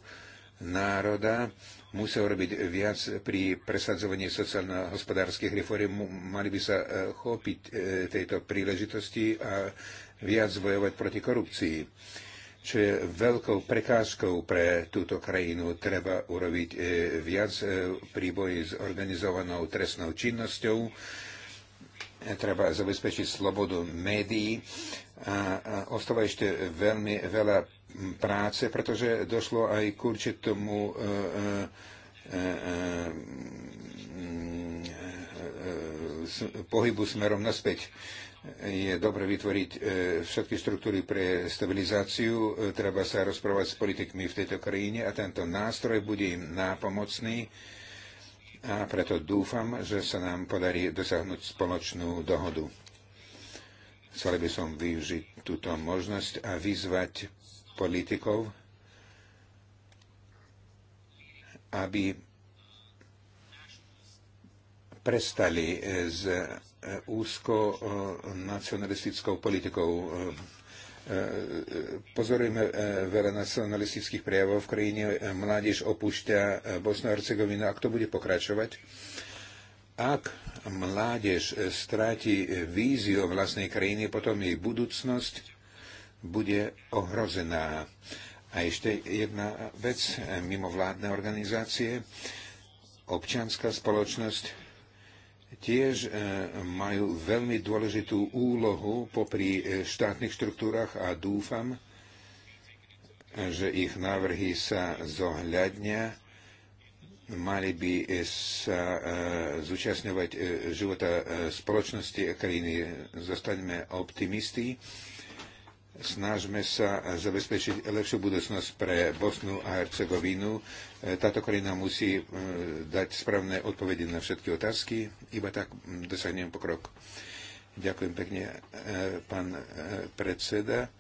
národa musel robiť viac pri presadzovaní sociálno-hospodárskych reform. Mali by sa e, chopiť e, tejto príležitosti a viac bojovať proti korupcii čo je veľkou prekážkou pre túto krajinu. Treba urobiť e, viac pri boji s organizovanou trestnou činnosťou, treba zabezpečiť slobodu médií a ostáva ešte veľmi veľa práce, pretože došlo aj k určitému e, e, e, pohybu smerom naspäť. Je dobre vytvoriť všetky štruktúry pre stabilizáciu, treba sa rozprávať s politikmi v tejto krajine a tento nástroj bude im nápomocný a preto dúfam, že sa nám podarí dosiahnuť spoločnú dohodu. Chcel by som využiť túto možnosť a vyzvať politikov, aby prestali s e, úzko e, nacionalistickou politikou. E, pozorujeme veľa nacionalistických prejavov v krajine. Mládež opúšťa Bosnu a Hercegovinu. Ak to bude pokračovať, ak mládež stráti víziu vlastnej krajiny, potom jej budúcnosť bude ohrozená. A ešte jedna vec, eh, mimovládne organizácie, občianská spoločnosť tiež eh, majú veľmi dôležitú úlohu popri eh, štátnych štruktúrach a dúfam, že ich návrhy sa zohľadnia mali by sa zúčastňovať života spoločnosti a krajiny. Zostaňme optimisti snažme sa zabezpečiť lepšiu budúcnosť pre Bosnu a Hercegovinu. E, táto krajina musí e, dať správne odpovede na všetky otázky, iba tak dosahnem pokrok. Ďakujem pekne, e, pán predseda.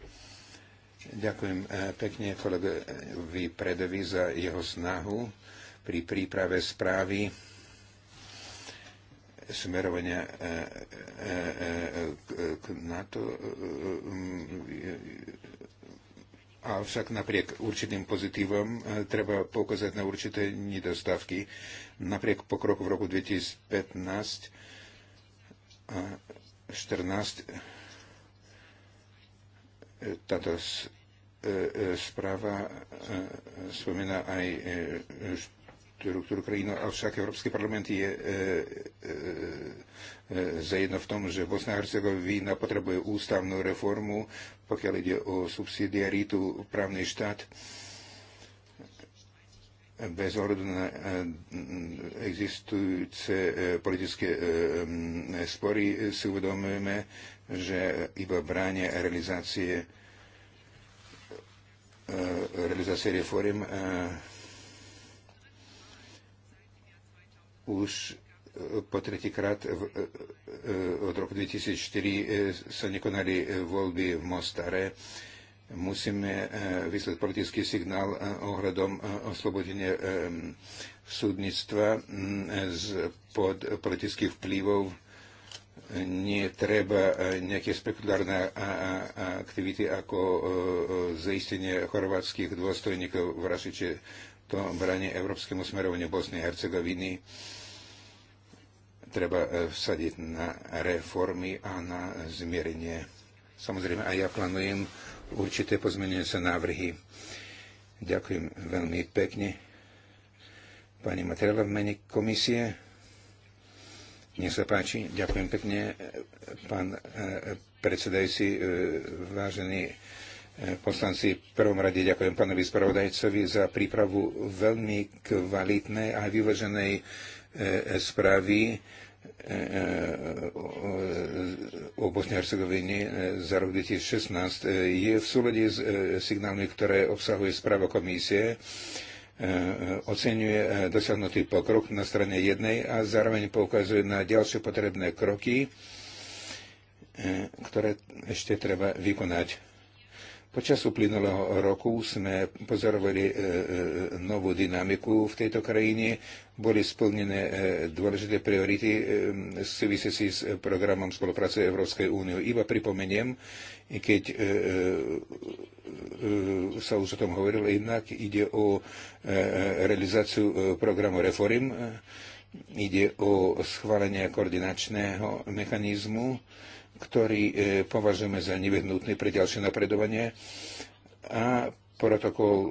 Ďakujem pekne kolegovi Predovi za jeho snahu pri príprave správy smerovania e, e, e, k NATO. Avšak napriek určitým pozitívom treba poukázať na určité nedostávky. Napriek pokroku v roku 2015 a 14 táto správa spomína aj ktorú, ktorú krajinu, avšak Európsky parlament je e, e, e, e zajedno v tom, že Bosna a Hercegovina potrebuje ústavnú reformu, pokiaľ ide o subsidiaritu právny štát bez ohľadu na e, existujúce politické spory si uvedomujeme, že iba bráne realizácie realizácie reform už e, po tretíkrát e, e, od roku 2004 sa nekonali voľby v Mostare. Musíme vyslať politický signál ohľadom oslobodenia súdnictva z pod politických vplyvov. Nie treba nejaké spekulárne aktivity ako zaistenie chorvátskych dôstojníkov v Rasiče to branie európskemu smerovaniu Bosnej a Hercegoviny treba e, vsadiť na reformy a na zmierenie. Samozrejme, aj ja plánujem určité sa návrhy. Ďakujem veľmi pekne. Pani Matrela v mene komisie. Nech sa páči. Ďakujem pekne, e, pán e, predsedajúci, vážený E, poslanci, v prvom rade ďakujem pánovi spravodajcovi za prípravu veľmi kvalitnej a vyvoženej e, e, správy o Bosne Hercegovine za rok 2016 je v súlede s signálmi, ktoré obsahuje správa komisie oceňuje dosiahnutý pokrok na strane jednej a zároveň poukazuje na ďalšie potrebné kroky, ktoré ešte treba vykonať Počas uplynulého roku sme pozorovali e, e, novú dynamiku v tejto krajine. Boli splnené e, dôležité priority súvisiaci s programom spolupráce Európskej únie. Iba pripomeniem, keď sa už o tom hovorilo, jednak ide o realizáciu programu Reform, ide o schválenie koordinačného mechanizmu, ktorý e, považujeme za nevyhnutný pre ďalšie napredovanie a protokol, e, e,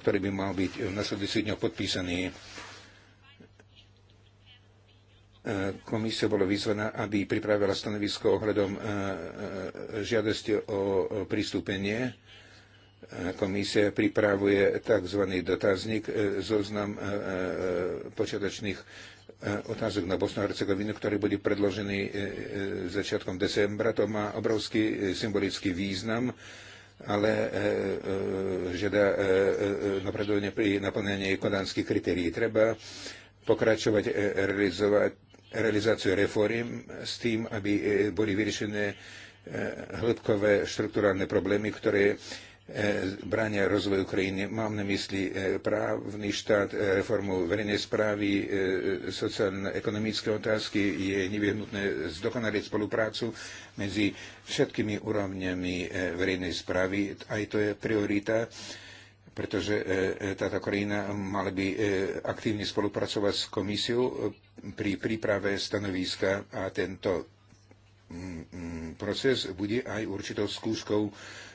ktorý by mal byť v nasledujúcich dňoch podpísaný. Komisia bola vyzvaná, aby pripravila stanovisko ohľadom žiadosti o pristúpenie. Komisia pripravuje tzv. dotazník, zoznam počiatočných E, otázok na Bosnu a Hercegovinu, ktorý bude predložený e, e, začiatkom decembra. To má obrovský symbolický význam, ale žiada napredovanie pri naplnení kodanských kritérií. Treba pokračovať realizovať realizáciu reforiem s tým, aby boli vyriešené hĺbkové štruktúrálne problémy, ktoré E, zbrania rozvoju krajiny. Mám na mysli e, právny štát, e, reformu verejnej správy, sociálno-ekonomické otázky. Je nevyhnutné zdokonaliť spoluprácu medzi všetkými úrovňami verejnej správy. Aj to je priorita pretože táto krajina mala by aktívne spolupracovať s komisiou pri príprave stanoviska a tento mm, mm, proces bude aj určitou skúškou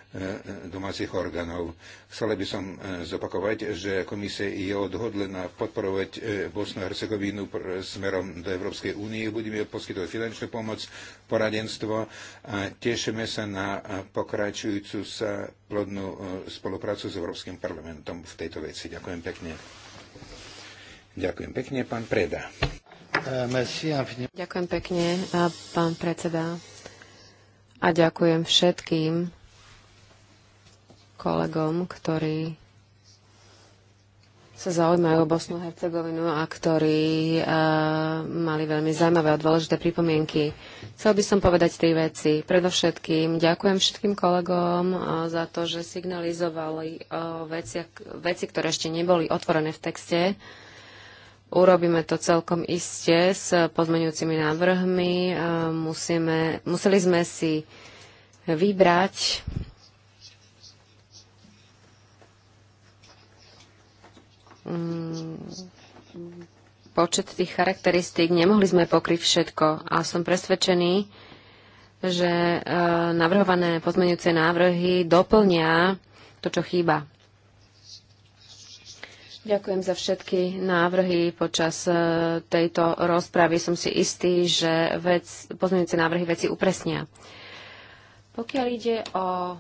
E, e, domácich orgánov. Chcela by som e, zopakovať, že komisia je odhodlená podporovať Bosnu a Hercegovinu smerom do Európskej únie. Budeme poskytovať finančnú pomoc, poradenstvo a tešíme sa na pokračujúcu sa plodnú spoluprácu s Európskym parlamentom v tejto veci. Ďakujem pekne. Ďakujem pekne, pán Preda. Ďakujem pekne, pán predseda. A ďakujem všetkým, kolegom, ktorí sa zaujímajú o Bosnu a Hercegovinu a ktorí uh, mali veľmi zaujímavé a dôležité pripomienky. Chcel by som povedať tri veci. Predovšetkým ďakujem všetkým kolegom uh, za to, že signalizovali uh, veci, veci, ktoré ešte neboli otvorené v texte. Urobíme to celkom iste s pozmeňujúcimi návrhmi. Uh, musíme, museli sme si vybrať Mm, počet tých charakteristík, nemohli sme pokryť všetko a som presvedčený, že e, navrhované pozmeňujúce návrhy doplnia to, čo chýba. Ďakujem za všetky návrhy počas e, tejto rozpravy. Som si istý, že vec, pozmeňujúce návrhy veci upresnia. Pokiaľ ide o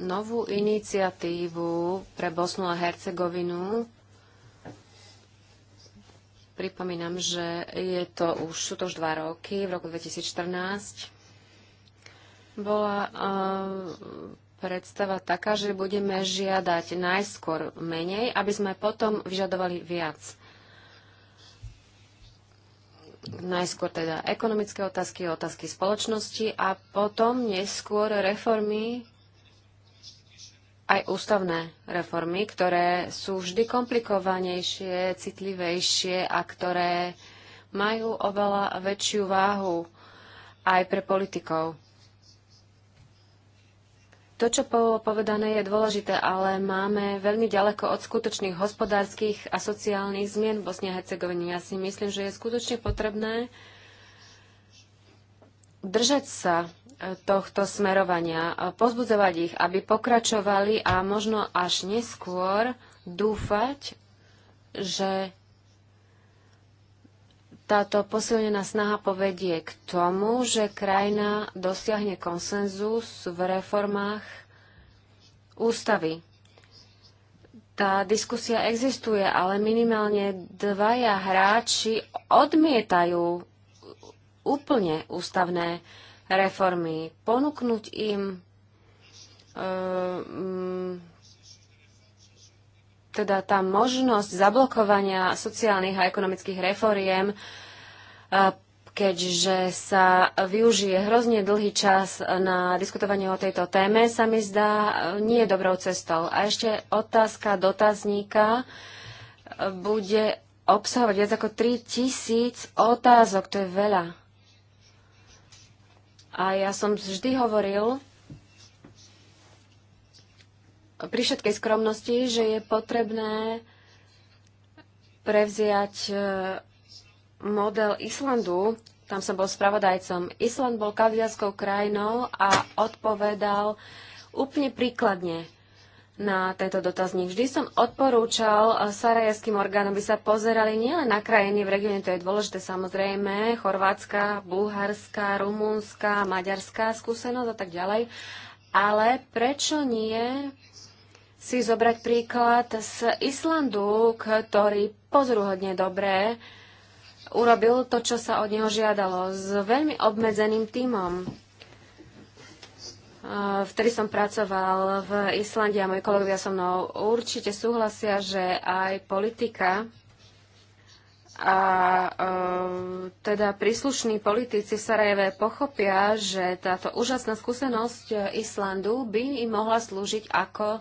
novú iniciatívu pre Bosnu a Hercegovinu, Pripomínam, že je to už, sú to už dva roky, v roku 2014 bola uh, predstava taká, že budeme žiadať najskôr menej, aby sme potom vyžadovali viac. Najskôr teda ekonomické otázky, otázky spoločnosti a potom neskôr reformy aj ústavné reformy, ktoré sú vždy komplikovanejšie, citlivejšie a ktoré majú oveľa väčšiu váhu aj pre politikov. To, čo bolo povedané, je dôležité, ale máme veľmi ďaleko od skutočných hospodárskych a sociálnych zmien v Bosne a Hercegovine. Ja si myslím, že je skutočne potrebné držať sa tohto smerovania, pozbudzovať ich, aby pokračovali a možno až neskôr dúfať, že táto posilnená snaha povedie k tomu, že krajina dosiahne konsenzus v reformách ústavy. Tá diskusia existuje, ale minimálne dvaja hráči odmietajú úplne ústavné uh, reformy, ponúknuť im e, mm, teda tá možnosť zablokovania sociálnych a ekonomických reforiem, e, keďže sa využije hrozne dlhý čas na diskutovanie o tejto téme, sa mi zdá e, nie je dobrou cestou. A ešte otázka dotazníka bude obsahovať viac ako 3000 otázok, to je veľa. A ja som vždy hovoril pri všetkej skromnosti, že je potrebné prevziať e, model Islandu. Tam som bol spravodajcom. Island bol kaviarskou krajinou a odpovedal úplne príkladne na tento dotazník. Vždy som odporúčal e, sarajevským orgánom, aby sa pozerali nielen na krajiny v regióne, to je dôležité samozrejme, Chorvátska, Bulharská, Rumúnska, Maďarská skúsenosť a tak ďalej, ale prečo nie si zobrať príklad z Islandu, ktorý pozruhodne dobre urobil to, čo sa od neho žiadalo, s veľmi obmedzeným týmom Eh, vtedy som pracoval v Islande a moji kolegovia so mnou určite súhlasia, že aj politika a eh, teda príslušní politici Sarajeve pochopia, že táto úžasná skúsenosť Islandu by im mohla slúžiť ako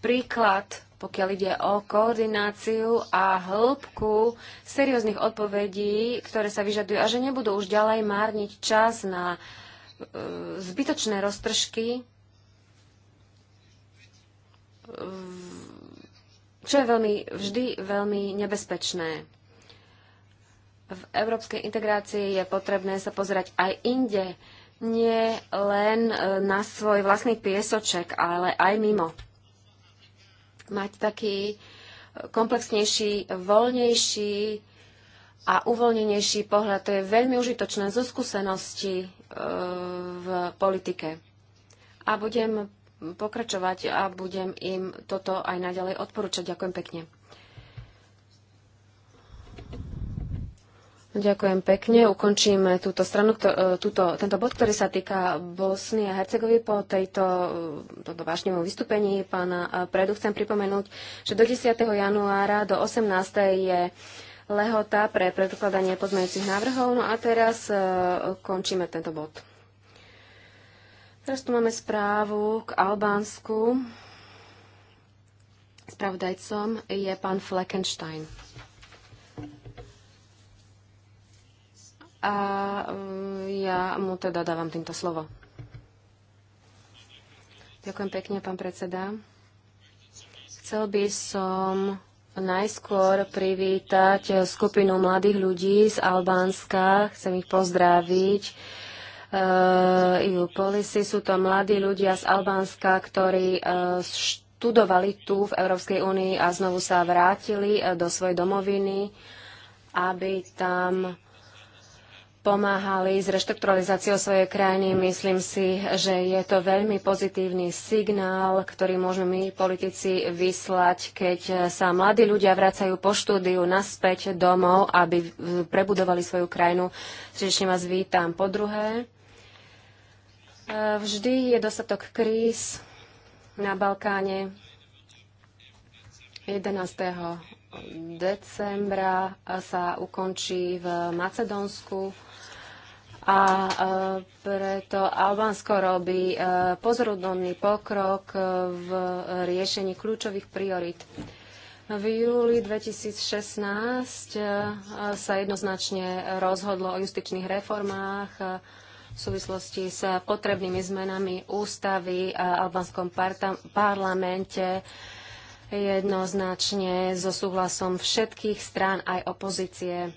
príklad, pokiaľ ide o koordináciu a hĺbku serióznych odpovedí, ktoré sa vyžadujú a že nebudú už ďalej márniť čas na uh, E, zbytočné roztržky, e, čo je veľmi, vždy veľmi nebezpečné. V európskej integrácii je potrebné sa pozerať aj inde, nie len e, na svoj vlastný piesoček, ale aj mimo. Mať taký komplexnejší, voľnejší a uvoľnenejší pohľad. To je veľmi užitočné zo skúsenosti v politike. A budem pokračovať a budem im toto aj naďalej odporúčať. Ďakujem pekne. Ďakujem pekne. ukončím túto stranu, e, túto, tento bod, ktorý sa týka Bosny a Hercegovy. Po tejto, e, tomto vášnevom vystúpení pána Predu chcem pripomenúť, že do 10. januára do 18. je lehota pre predkladanie pozmeňujúcich návrhov. No a teraz e, končíme tento bod. Teraz tu máme správu k Albánsku. Spravodajcom je pán Fleckenstein. A e, ja mu teda dávam týmto slovo. Ďakujem pekne, pán predseda. Chcel by som najskôr privítať skupinu mladých ľudí z Albánska. Chcem ich pozdraviť. EU eh, Policy sú to mladí ľudia z Albánska, ktorí eh, študovali tu v Európskej únii a znovu sa vrátili eh, do svojej domoviny, aby tam pomáhali s reštrukturalizáciou svojej krajiny. Myslím si, že je to veľmi pozitívny signál, ktorý môžeme my politici vyslať, keď sa mladí ľudia vracajú po štúdiu naspäť domov, aby prebudovali svoju krajinu. Srdečne vás vítam. Po druhé, e, vždy je dostatok kríz na Balkáne. 11. decembra sa ukončí v Macedónsku a e, preto Albánsko robí e, pozorodný pokrok e, v riešení kľúčových priorit. V júli 2016 sa jednoznačne rozhodlo o justičných reformách v súvislosti s potrebnými zmenami ústavy a albánskom parlamente jednoznačne so súhlasom všetkých strán aj opozície.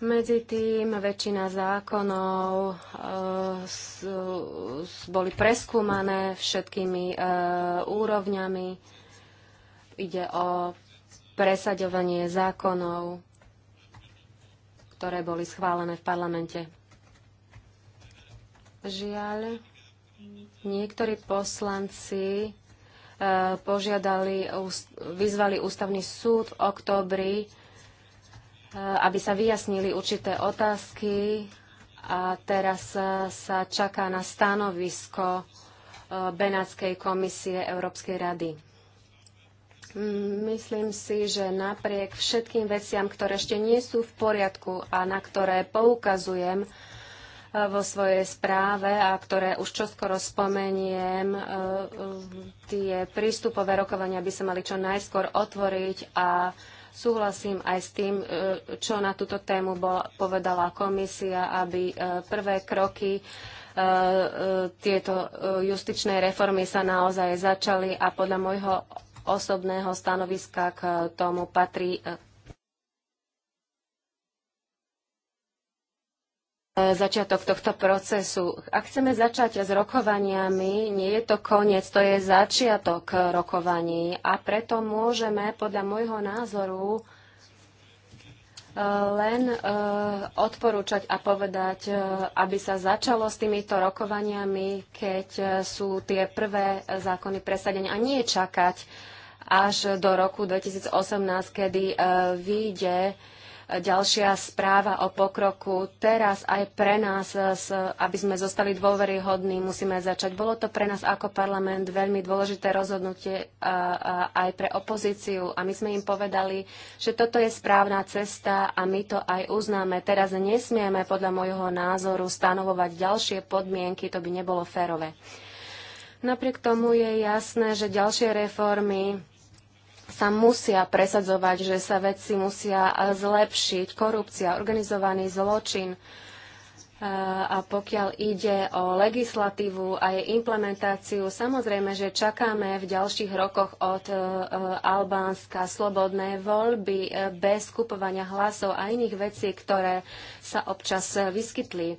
Medzi tým väčšina zákonov eh, s, boli preskúmané všetkými e, úrovňami. Ide o presaďovanie zákonov, ktoré boli schválené v parlamente. Žiaľ, niektorí poslanci eh, požiadali, vyzvali ústavný súd v oktobri Eh, aby sa vyjasnili určité otázky a teraz eh, sa čaká na stanovisko eh, Benátskej komisie Európskej rady. Myslím si, že napriek všetkým veciam, ktoré ešte nie sú v poriadku a na ktoré poukazujem vo svojej správe a ktoré už čoskoro spomeniem, tie prístupové rokovania by sa mali čo najskôr otvoriť a Súhlasím aj s tým, e, čo na túto tému povedala komisia, aby e, prvé kroky e, tieto justičné reformy sa naozaj začali a podľa môjho osobného stanoviska k tomu patrí E, začiatok tohto procesu. Ak chceme začať s rokovaniami, nie je to koniec, to je začiatok rokovaní a preto môžeme podľa môjho názoru e, len e, odporúčať a povedať, aby sa začalo s týmito rokovaniami, keď sú tie prvé zákony presadenia a nie čakať až do roku 2018, kedy vyjde ďalšia správa o pokroku. Teraz aj pre nás, aby sme zostali dôveryhodní, musíme začať. Bolo to pre nás ako parlament veľmi dôležité rozhodnutie aj pre opozíciu a my sme im povedali, že toto je správna cesta a my to aj uznáme. Teraz nesmieme podľa môjho názoru stanovovať ďalšie podmienky, to by nebolo férové. Napriek tomu je jasné, že ďalšie reformy sa musia presadzovať, že sa veci musia eh, zlepšiť. Korupcia, organizovaný zločin. Eh, a pokiaľ ide o legislatívu a jej implementáciu, samozrejme, že čakáme v ďalších rokoch od eh, Albánska slobodné voľby bez kupovania hlasov a iných vecí, ktoré sa občas vyskytli.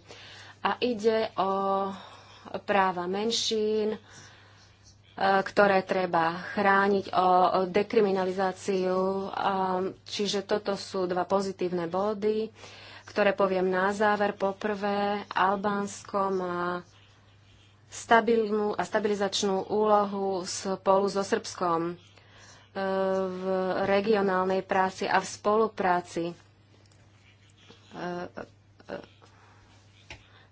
A ide o práva menšín, ktoré treba chrániť, o dekriminalizáciu. Čiže toto sú dva pozitívne body, ktoré poviem na záver. Poprvé, Albánsko má stabilnú a stabilizačnú úlohu spolu so Srbskom e, v regionálnej práci a v spolupráci e, e,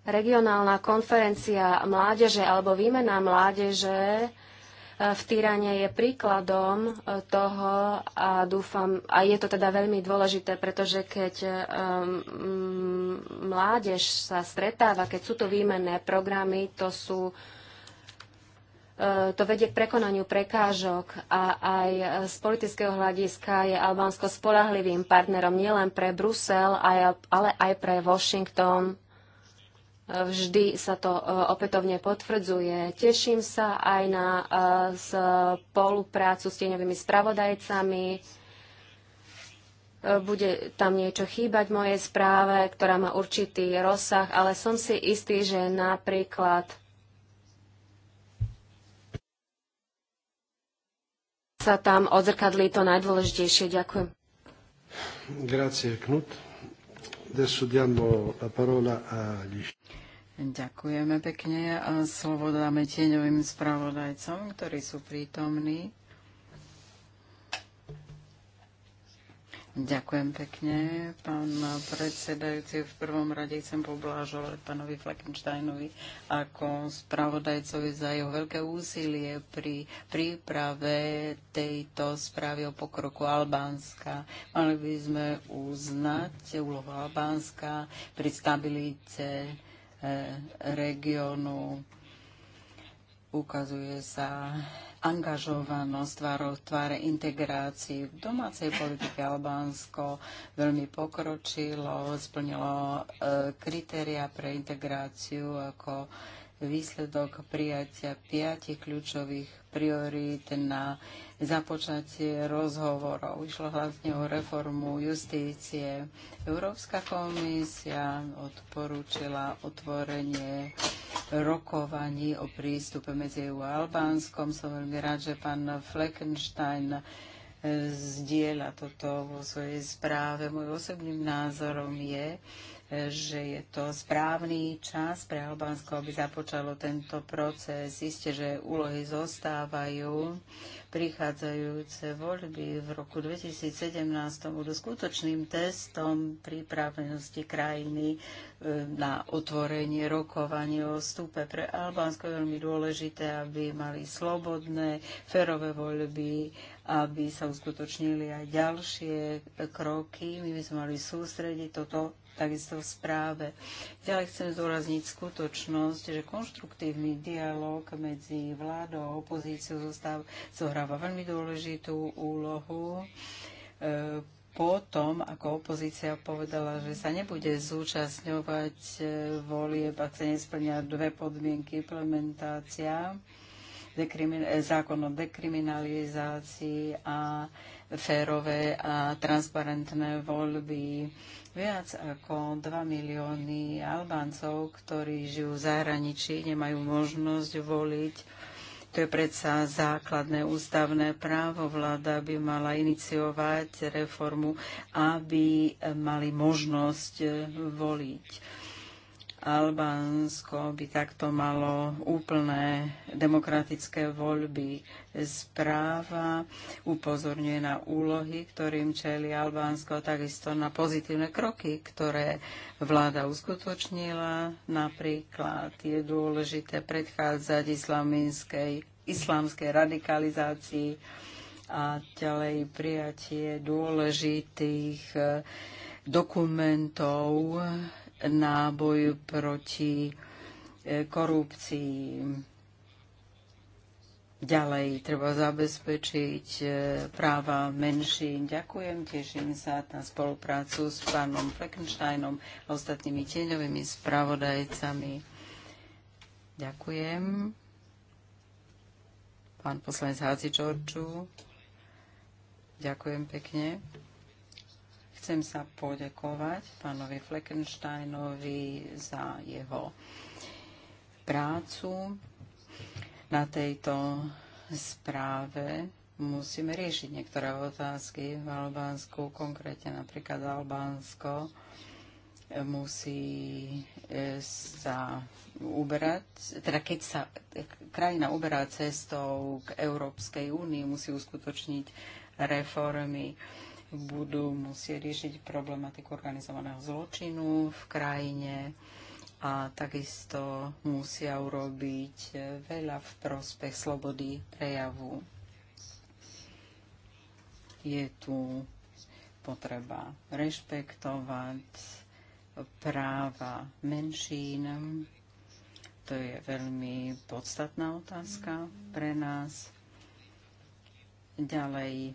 regionálna konferencia mládeže alebo výmena mládeže v Tyrane je príkladom e, toho a dúfam, a je to teda veľmi dôležité, pretože keď um, mládež sa stretáva, keď sú to výmenné programy, to sú e, to vedie k prekonaniu prekážok a aj z politického hľadiska je Albánsko spolahlivým partnerom nielen pre Brusel, ale aj pre Washington, Vždy sa to e, opätovne potvrdzuje. Teším sa aj na e, spoluprácu s tieňovými spravodajcami. E, bude tam niečo chýbať v mojej správe, ktorá má určitý rozsah, ale som si istý, že napríklad sa tam odzrkadlí to najdôležitejšie. Ďakujem. Grazie, Knut. Ďakujeme pekne. a Slovo dáme tieňovým spravodajcom, ktorí sú prítomní. Ďakujem pekne, pán predsedajúci. V prvom rade chcem poblážovať pánovi Fleckensteinovi ako spravodajcovi za jeho veľké úsilie pri príprave tejto správy o pokroku Albánska. Mali by sme uznať úlohu Albánska pri stabilite regionu. Eh, regiónu ukazuje sa angažovanosť tvárov tváre integrácii v domácej politike Albánsko veľmi pokročilo, splnilo e, kritéria pre integráciu ako e, výsledok prijatia piatich kľúčových priorít na započatie rozhovorov. Išlo hlavne o reformu justície. Európska komisia odporúčila otvorenie rokovaní o prístupe medzi EU a Albánskom. Som veľmi rád, že pán Fleckenstein eh, zdieľa toto vo svojej správe. Môj osobným názorom je, že je to správny čas pre Albánsko, aby započalo tento proces. Isté, že úlohy zostávajú. Prichádzajúce voľby v roku 2017 budú skutočným testom pripravenosti krajiny e, na otvorenie rokovania o vstupe. Pre Albánsko je veľmi dôležité, aby mali slobodné, férové voľby, aby sa uskutočnili aj ďalšie kroky. My by sme mali sústrediť toto takisto v správe. Ďalej chcem zdôrazniť skutočnosť, že konštruktívny dialog medzi vládou a opozíciou zostáv, zohráva veľmi dôležitú úlohu. E, potom, ako opozícia povedala, že sa nebude zúčastňovať e, volieb, ak sa nesplnia dve podmienky, implementácia e, zákon o dekriminalizácii a férové a transparentné voľby. Viac ako 2 milióny Albáncov, ktorí žijú v zahraničí, nemajú možnosť voliť. To je predsa základné ústavné právo. Vláda by mala iniciovať reformu, aby mali možnosť voliť Albánsko by takto malo úplné demokratické voľby. Správa upozorňuje na úlohy, ktorým čeli Albánsko, takisto na pozitívne kroky, ktoré vláda uskutočnila. Napríklad je dôležité predchádzať islamskej, islamskej radikalizácii a ďalej prijatie dôležitých eh, dokumentov náboj proti e, korupcii. Ďalej treba zabezpečiť e, práva menšín. Ďakujem, teším sa na spoluprácu s pánom Fleckensteinom a ostatnými tieňovými spravodajcami. Ďakujem. Pán poslanec Háci Čorču. Ďakujem pekne. Chcem sa podekovať pánovi Fleckensteinovi za jeho prácu na tejto správe. Musíme riešiť niektoré otázky v Albánsku, konkrétne napríklad Albánsko musí e, sa uberať, teda keď sa krajina uberá cestou k Európskej únii, musí uskutočniť reformy budú musieť riešiť problematiku organizovaného zločinu v krajine a takisto musia urobiť veľa v prospech slobody prejavu. Je tu potreba rešpektovať práva menšín. To je veľmi podstatná otázka pre nás. Ďalej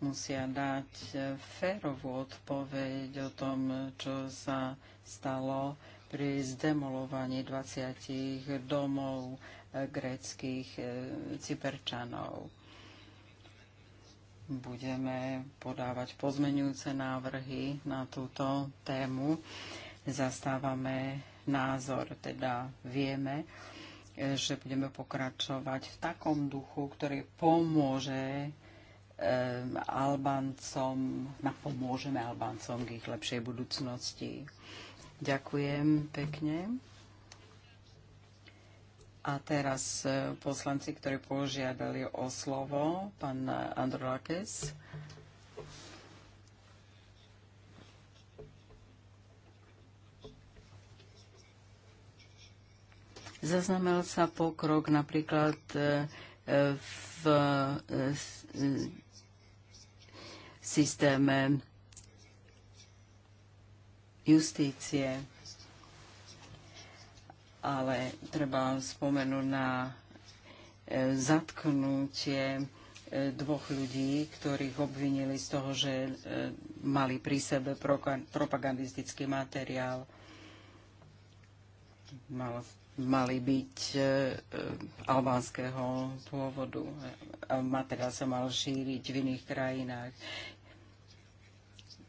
musia dať e, férovú odpoveď o tom, čo sa stalo pri zdemolovaní 20 domov e, gréckých e, cyperčanov. Budeme podávať pozmenujúce návrhy na túto tému. Zastávame názor, teda vieme, že budeme pokračovať v takom duchu, ktorý pomôže Albáncom, napomôžeme Albáncom k ich lepšej budúcnosti. Ďakujem pekne. A teraz e, poslanci, ktorí požiadali o slovo, pán Androlakes. Zaznamenal sa pokrok napríklad e, e, v v systéme justície. Ale treba spomenúť na e, zatknutie e, dvoch ľudí, ktorých obvinili z toho, že e, mali pri sebe propagandistický materiál. Mal, mali byť albánskeho pôvodu. Materiál sa mal šíriť v iných krajinách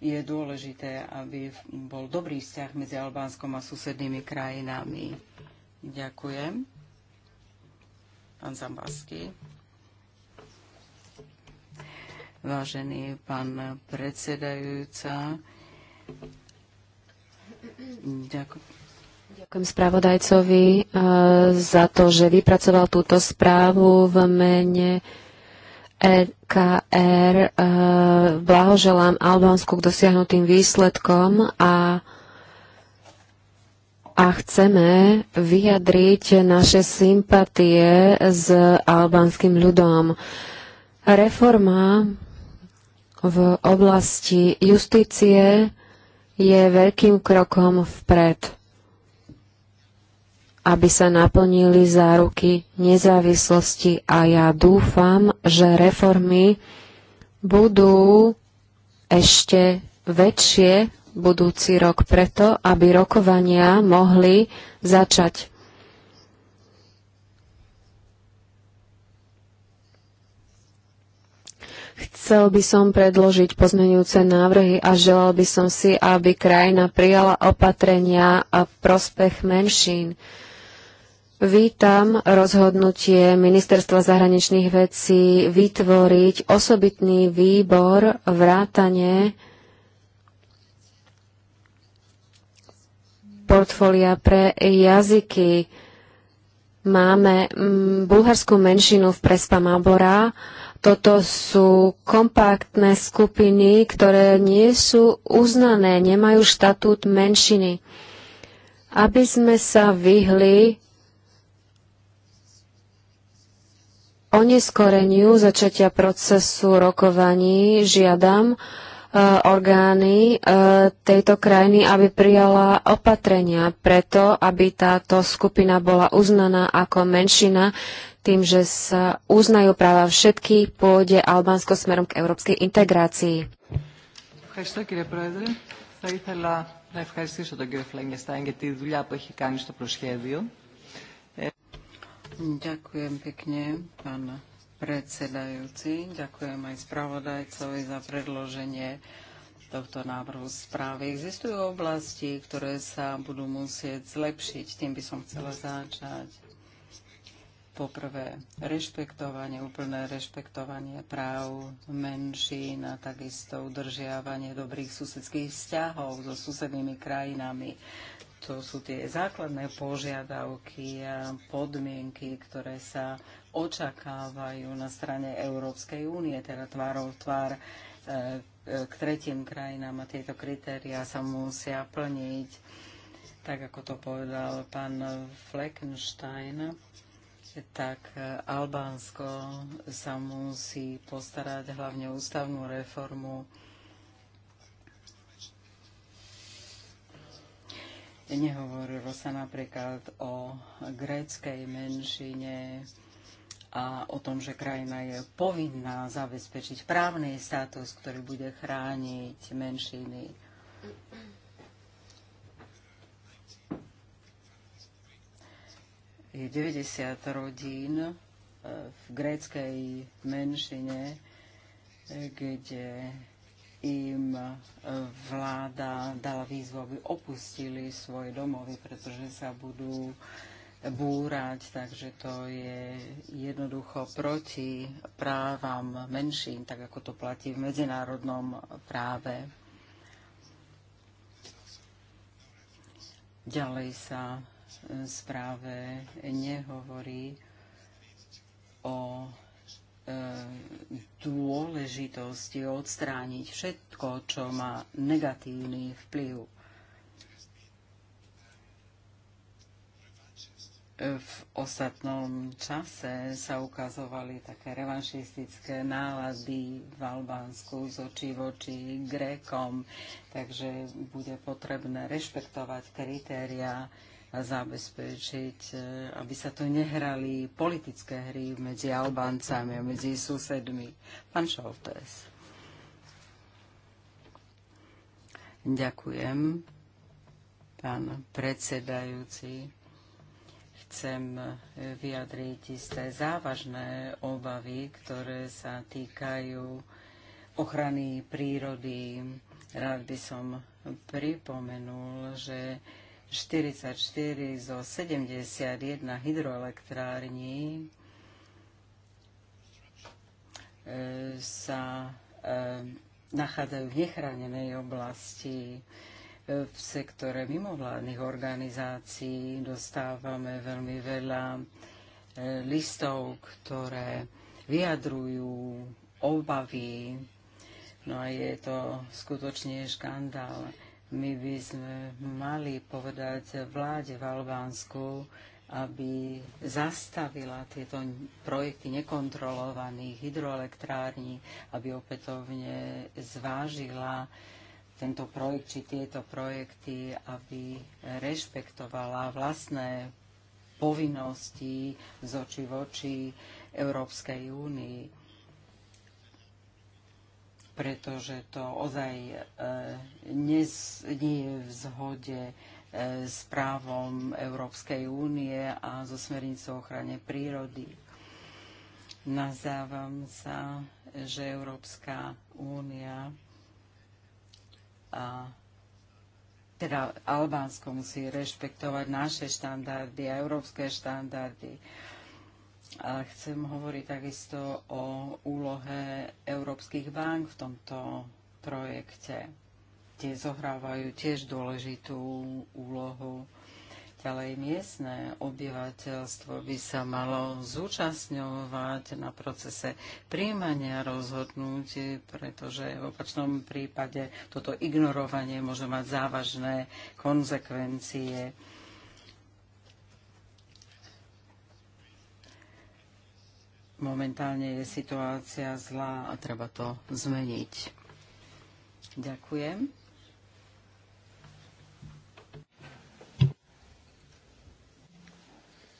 je dôležité, aby bol dobrý vzťah medzi Albánskom a susednými krajinami. Ďakujem. Pán Zambasky. Vážený pán predsedajúca, ďakujem. Ďakujem spravodajcovi eh, za to, že vypracoval túto správu v mene EKR e, blahoželám Albánsku k dosiahnutým výsledkom a a chceme vyjadriť naše sympatie s albánskym ľudom. Reforma v oblasti justície je veľkým krokom vpred aby sa naplnili záruky nezávislosti a ja dúfam, že reformy budú ešte väčšie budúci rok preto, aby rokovania mohli začať. Chcel by som predložiť pozmenujúce návrhy a želal by som si, aby krajina prijala opatrenia a prospech menšín. Vítam rozhodnutie Ministerstva zahraničných vecí vytvoriť osobitný výbor vrátane portfólia pre jazyky. Máme mm, bulharskú menšinu v Prespa Mabora. Toto sú kompaktné skupiny, ktoré nie sú uznané, nemajú štatút menšiny. Aby sme sa vyhli oneskoreniu začatia procesu rokovaní žiadam, e, orgány e, tejto krajiny, aby prijala opatrenia preto, aby táto skupina bola uznaná ako menšina tým, že sa uznajú práva všetkých pôjde Albánsko smerom k európskej integrácii. Ευχαριστώ, Θα ήθελα να ευχαριστήσω τον κύριο Φλέγκεστάιν για τη δουλειά που έχει κάνει στο προσχέδιο. Ďakujem pekne, pán predsedajúci. Ďakujem aj spravodajcovi za predloženie tohto návrhu správy. Existujú oblasti, ktoré sa budú musieť zlepšiť. Tým by som chcela začať. Poprvé, rešpektovanie, úplné rešpektovanie práv menšín a takisto udržiavanie dobrých susedských vzťahov so susednými krajinami. To sú tie základné požiadavky a podmienky, ktoré sa očakávajú na strane Európskej únie, teda tvárov tvár e, e, k tretím krajinám a tieto kritéria sa musia plniť, tak ako to povedal pán Fleckenstein tak Albánsko sa musí postarať hlavne ústavnú reformu Nehovorilo sa napríklad o gréckej menšine a o tom, že krajina je povinná zabezpečiť právny status, ktorý bude chrániť menšiny. Je 90 rodín eh, v gréckej menšine, eh, kde im e, vláda dala výzvu, aby opustili svoje domovy, pretože sa budú búrať, takže to je jednoducho proti právam menšín, tak ako to platí v medzinárodnom práve. Ďalej sa e, správe nehovorí o E, dôležitosti odstrániť všetko, čo má negatívny vplyv. E, v ostatnom čase sa ukazovali také revanšistické nálady v Albánsku z očí voči Grékom, takže bude potrebné rešpektovať kritéria zabezpečiť, e, aby sa tu nehrali politické hry medzi Albáncami a medzi susedmi. Pán Šoltes. Ďakujem, pán predsedajúci. Chcem e, vyjadriť isté závažné obavy, ktoré sa týkajú ochrany prírody. Rád by som pripomenul, že 44 zo 71 hydroelektrární e, sa e, nachádzajú v nechránenej oblasti. E, v sektore mimovládnych organizácií dostávame veľmi veľa listov, ktoré vyjadrujú obavy. No a je to skutočne škandál. My by sme mali povedať vláde v Albánsku, aby zastavila tieto projekty nekontrolovaných hydroelektrární, aby opätovne zvážila tento projekt či tieto projekty, aby rešpektovala vlastné povinnosti z oči v oči Európskej únii pretože to ozaj e, nie je v zhode e, s právom Európskej únie a so smernicou ochrane prírody. Nazávam sa, že Európska únia a teda Albánsko musí rešpektovať naše štandardy a európske štandardy. A chcem hovoriť takisto o úlohe európskych bank v tomto projekte. Tie zohrávajú tiež dôležitú úlohu. Ďalej miestne obyvateľstvo by sa malo zúčastňovať na procese príjmania rozhodnutí, pretože v opačnom prípade toto ignorovanie môže mať závažné konzekvencie Momentálne je situácia zlá a treba to zmeniť. Ďakujem.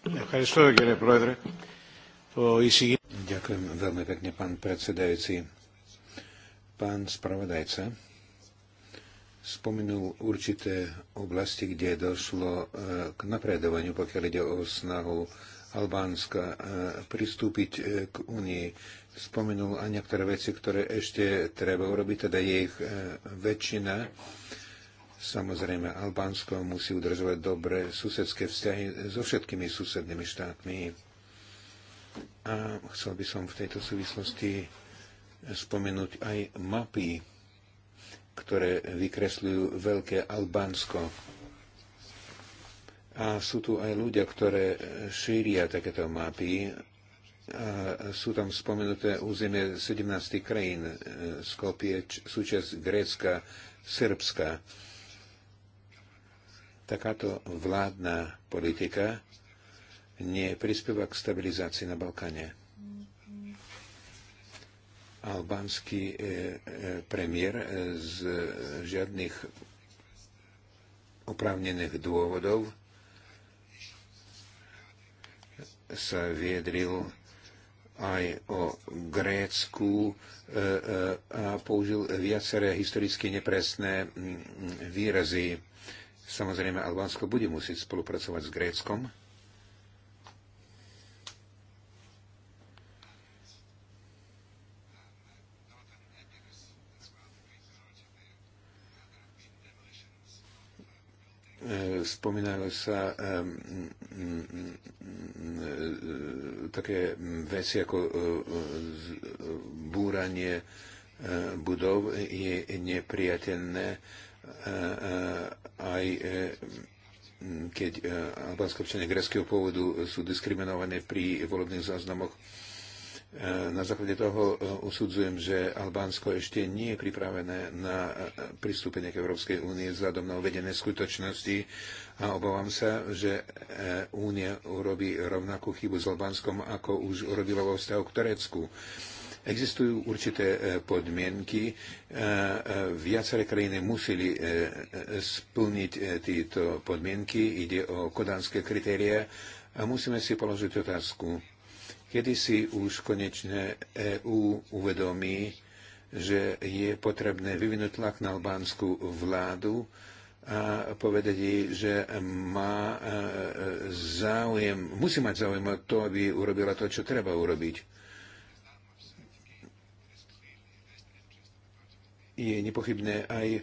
Ďakujem veľmi pekne, pán predsedajúci. Pán spravodajca spomenul určité oblasti, kde došlo eh, k napredovaniu, pokiaľ ide o snahu Albánska e, pristúpiť e, k Unii. Spomenul aj niektoré veci, ktoré ešte treba urobiť, teda je ich e, väčšina. Samozrejme, Albánsko musí udržovať dobré susedské vzťahy so všetkými susednými štátmi. A chcel by som v tejto súvislosti spomenúť aj mapy, ktoré vykresľujú Veľké Albánsko a sú tu aj ľudia, ktoré šíria takéto mapy. A sú tam spomenuté územie 17 krajín, e, Skopie, súčasť Grécka, Srbska. Takáto vládna politika neprispieva k stabilizácii na Balkáne. Albánsky e, e, premiér z žiadnych oprávnených dôvodov sa viedril aj o Grécku e, e, a použil viaceré historicky nepresné výrazy. Samozrejme, Albánsko bude musieť spolupracovať s Gréckom. E, spomínajú sa e, e, také veci ako búranie budov je nepriateľné aj keď albánske občania greckého pôvodu sú diskriminované pri volebných záznamoch E, na základe toho e, usudzujem, že Albánsko ešte nie je pripravené na e, pristúpenie k Európskej únie vzhľadom na uvedené skutočnosti a obávam sa, že únia urobí rovnakú chybu s Albánskom, ako už urobila vo vzťahu k Turecku. Existujú určité podmienky. Viaceré krajiny museli splniť tieto podmienky. Ide o kodánske kritéria a musíme si položiť otázku, Kedy si už konečne EÚ uvedomí, že je potrebné vyvinúť tlak na albánsku vládu a povedať jej, že má e, e, záujem, musí mať záujem o to, aby urobila to, čo treba urobiť je nepochybné aj e,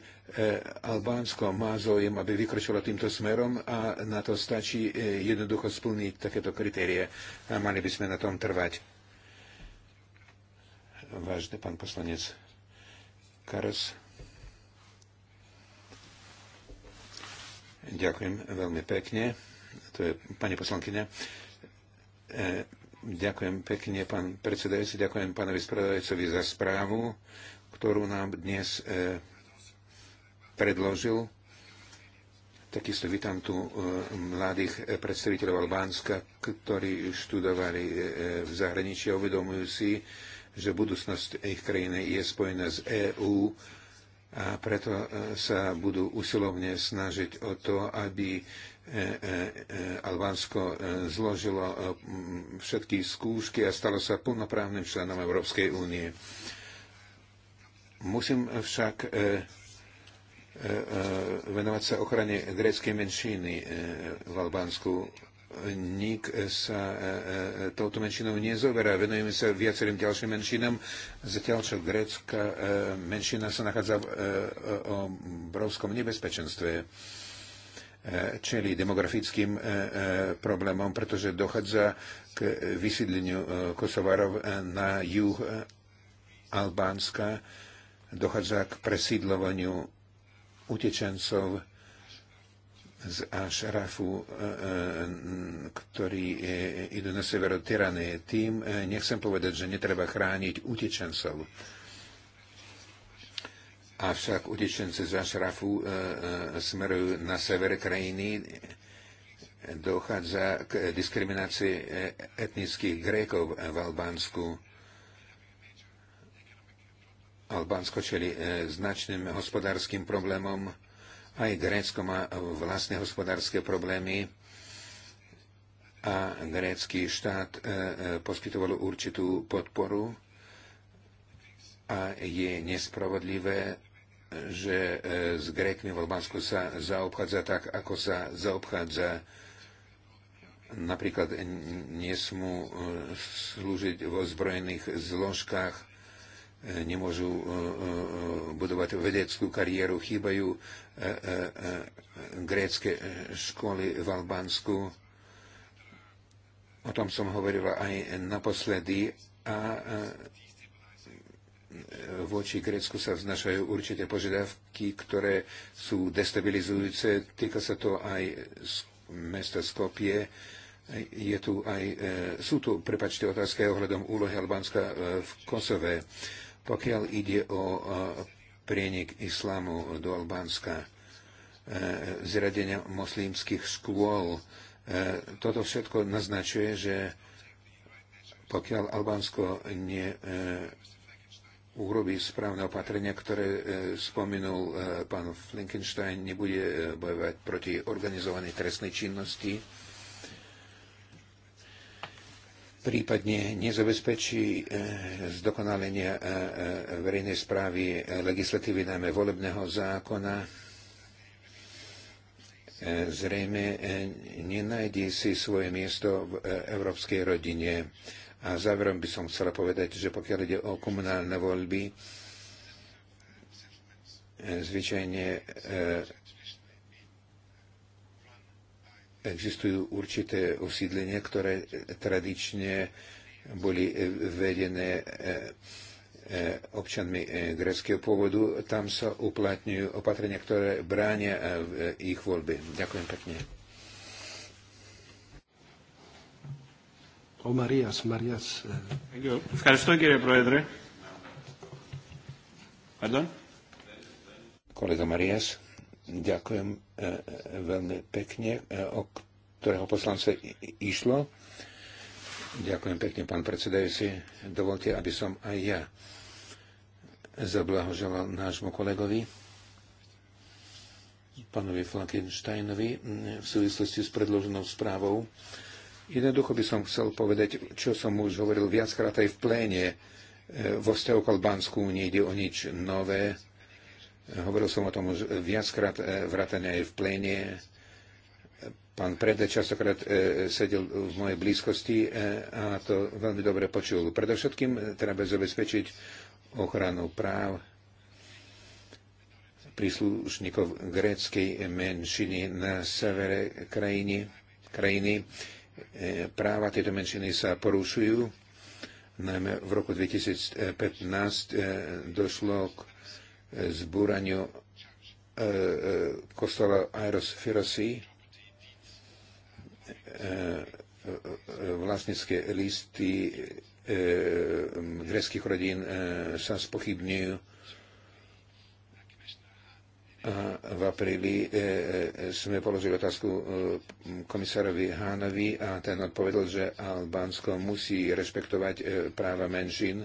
Albánsko má záujem, aby vykročilo týmto smerom a na to stačí e, jednoducho splniť takéto kritérie a mali by sme na tom trvať. Vážne pán poslanec Karas. Ďakujem veľmi pekne. To je pani poslankyňa. E, Ďakujem pekne, pán predsedajúci, ďakujem pánovi spravodajcovi za správu ktorú nám dnes e, predložil. Takisto vítam tu e, mladých e, predstaviteľov Albánska, ktorí študovali v zahraničí a uvedomujú si, že budúcnosť ich krajiny je spojená s EÚ a preto sa budú usilovne snažiť o to, aby Albánsko zložilo všetky skúšky a stalo sa plnoprávnym členom Európskej únie. Musím však e, e, e, venovať sa ochrane gréckej menšiny v Albánsku. Nik sa touto menšinou nezoberá. Venujeme sa viacerým ďalším menšinám, zatiaľ čo grécka menšina sa nachádza v obrovskom nebezpečenstve čeli demografickým problémom, pretože dochádza k vysídleniu Kosovarov na juh Albánska dochádza k presídlovaniu utečencov z Ašrafu, e, e, ktorí e, idú na sever od Tyrany. Tým nechcem povedať, že netreba chrániť utečencov. Avšak utečenci z Ašrafu smerujú na sever krajiny. Dochádza k diskriminácii etnických Grékov v Albánsku Albánsko čeli e, značným hospodárskym problémom, aj Grécko má vlastné hospodárske problémy a grécky štát e, e, poskytoval určitú podporu a je nespravodlivé, že s Grékmi v Albánsku sa zaobchádza tak, ako sa zaobchádza napríklad nesmú slúžiť vo zbrojených zložkách nemôžu e, e, e, budovať vedeckú kariéru, chýbajú grécké školy v Albánsku. O tom som hovorila aj naposledy a voči Grécku sa vznašajú určité požiadavky, ktoré sú destabilizujúce. Týka sa to aj mesta Skopie. Je tu aj, sú tu, prepačte, otázky ohľadom úlohy Albánska v Kosove pokiaľ ide o prienik islamu do Albánska, e, zradenia moslímskych škôl, e, toto všetko naznačuje, že pokiaľ Albánsko ne, e, urobí správne opatrenia, ktoré spomenul pán Flinkenstein, nebude bojovať proti organizovanej trestnej činnosti, prípadne nezabezpečí e, zdokonalenie e, e, verejnej správy legislatívy, najmä volebného zákona, zrejme nenájde si svoje miesto v európskej rodine. A záverom by som chcela povedať, že pokiaľ ide o komunálne voľby, zvyčajne Existujú určité osídlenia, ktoré tradične boli vedené e, e, občanmi e, greckého pôvodu. Tam sa uplatňujú opatrenia, ktoré bránia ich voľby. Ďakujem pekne. O Marias, Marias. Ευχαριστώ κύριε Πρόεδρε. Pardon? Kolega Marias. Ďakujem e, e, veľmi pekne, e, o ktorého poslance išlo. Ďakujem pekne, pán predsedajúci. Dovolte, aby som aj ja zablahoželal nášmu kolegovi, pánovi Flankensteinovi, v súvislosti s predloženou správou. Jednoducho by som chcel povedať, čo som už hovoril viackrát aj v pléne. Vo vzťahu k Albánsku nejde o nič nové Hovoril som o tom už viackrát e, vrátane aj v pléne. Pán Prede častokrát e, sedel v mojej blízkosti e, a to veľmi dobre počul. Predovšetkým treba zabezpečiť ochranu práv príslušníkov gréckej menšiny na severe krajiny. krajiny. Práva tejto menšiny sa porušujú. Najmä v roku 2015 došlo k zbúraniu e, e, kostola Aeros Firosi e, vlastnické listy greckých rodín sa spochybňujú a v apríli sme položili otázku komisárovi Hánovi a ten odpovedal, že Albánsko musí rešpektovať práva menšín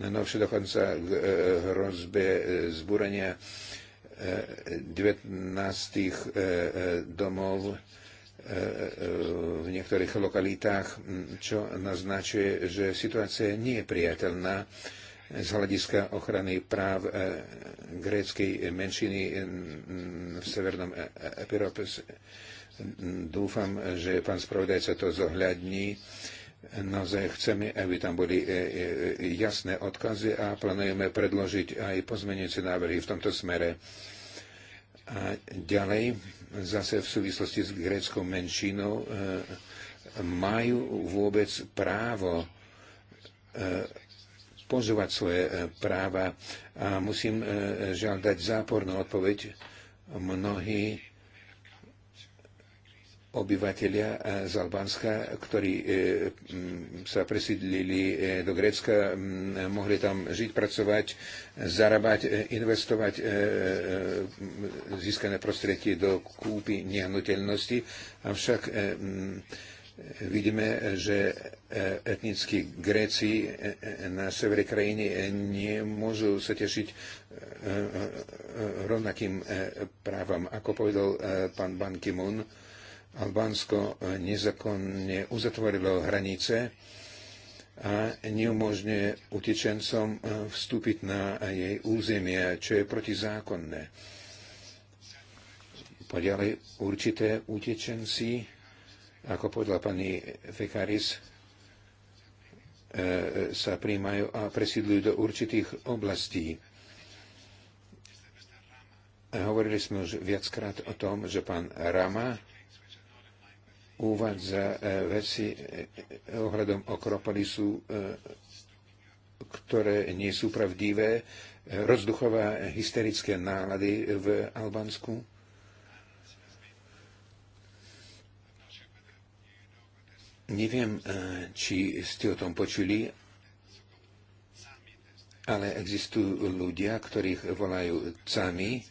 najnovšie no, dokonca k e, e, hrozbe e, zbúrania 19 domov v niektorých lokalitách, čo naznačuje, že situácia nie je priateľná z hľadiska ochrany práv gréckej menšiny v Severnom Európe. Dúfam, že pán spravodajca to zohľadní Naozaj chceme, aby tam boli e, e, e, jasné odkazy a plánujeme predložiť aj pozmenujúce návrhy v tomto smere. A ďalej, zase v súvislosti s gréckou menšinou, majú vôbec právo požívať svoje práva. A musím žiaľ dať zápornú odpoveď. Mnohí obyvateľia eh, z Albánska, ktorí eh, sa presídlili eh, do Grécka, mohli tam žiť, pracovať, zarábať, investovať získané prostriedky do kúpy nehnuteľnosti. Avšak vidíme, že etnickí Gréci na severe krajiny nemôžu sa tešiť rovnakým právam. Ako povedal pán Ban Ki-moon, Albánsko e, nezakonne uzatvorilo hranice a neumožňuje utečencom e, vstúpiť na jej územie, čo je protizákonné. Poďalej určité utečenci, ako podľa pani Fekaris, e, sa príjmajú a presídľujú do určitých oblastí. Hovorili sme už viackrát o tom, že pán Rama uvádza e, veci e, e, ohľadom Akropolisu, ktoré nie sú pravdivé, rozduchová hysterické nálady v Albánsku. Neviem, či ste o tom počuli, ale existujú ľudia, ktorých volajú cami,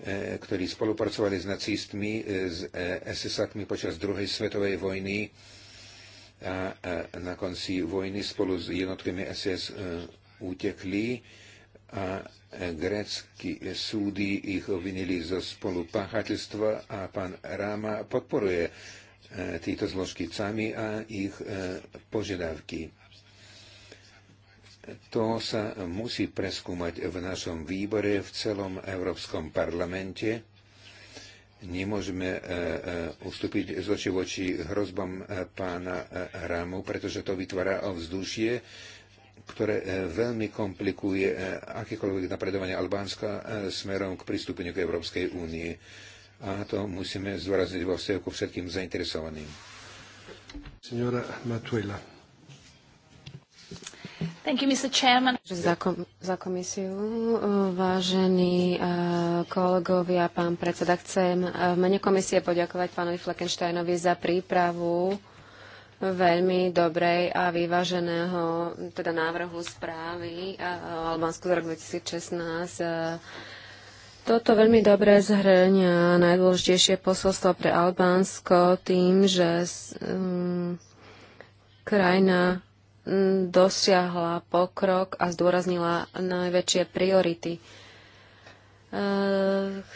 E, ktorí spolupracovali s nacistmi, e, s e, SS-akmi počas druhej svetovej vojny a na konci vojny spolu s jednotkami SS utekli a grécky súdy ich obvinili zo spolupáchateľstva a pán Ráma podporuje títo zložky sami a ich požiadavky. To sa musí preskúmať v našom výbore, v celom Európskom parlamente. Nemôžeme e, e, ustúpiť z oči voči hrozbom e, pána Ramu, pretože to vytvára ovzdušie, ktoré veľmi komplikuje akékoľvek napredovanie Albánska smerom k pristúpeniu k Európskej únie. A to musíme zdôrazniť vo vzťahu všetkým zainteresovaným. Signora Matuela. Thank you, Mr. Chairman. Za, kom- za komisiu, vážení eh, kolegovia, pán predseda, chcem eh, v mene komisie poďakovať pánovi Fleckensteinovi za prípravu veľmi dobrej a vyváženého teda návrhu správy eh, o Albánsku za rok 2016. Toto veľmi dobre zhrňa najdôležitejšie posolstvo pre Albánsko tým, že um, krajina dosiahla pokrok a zdôraznila najväčšie priority. E,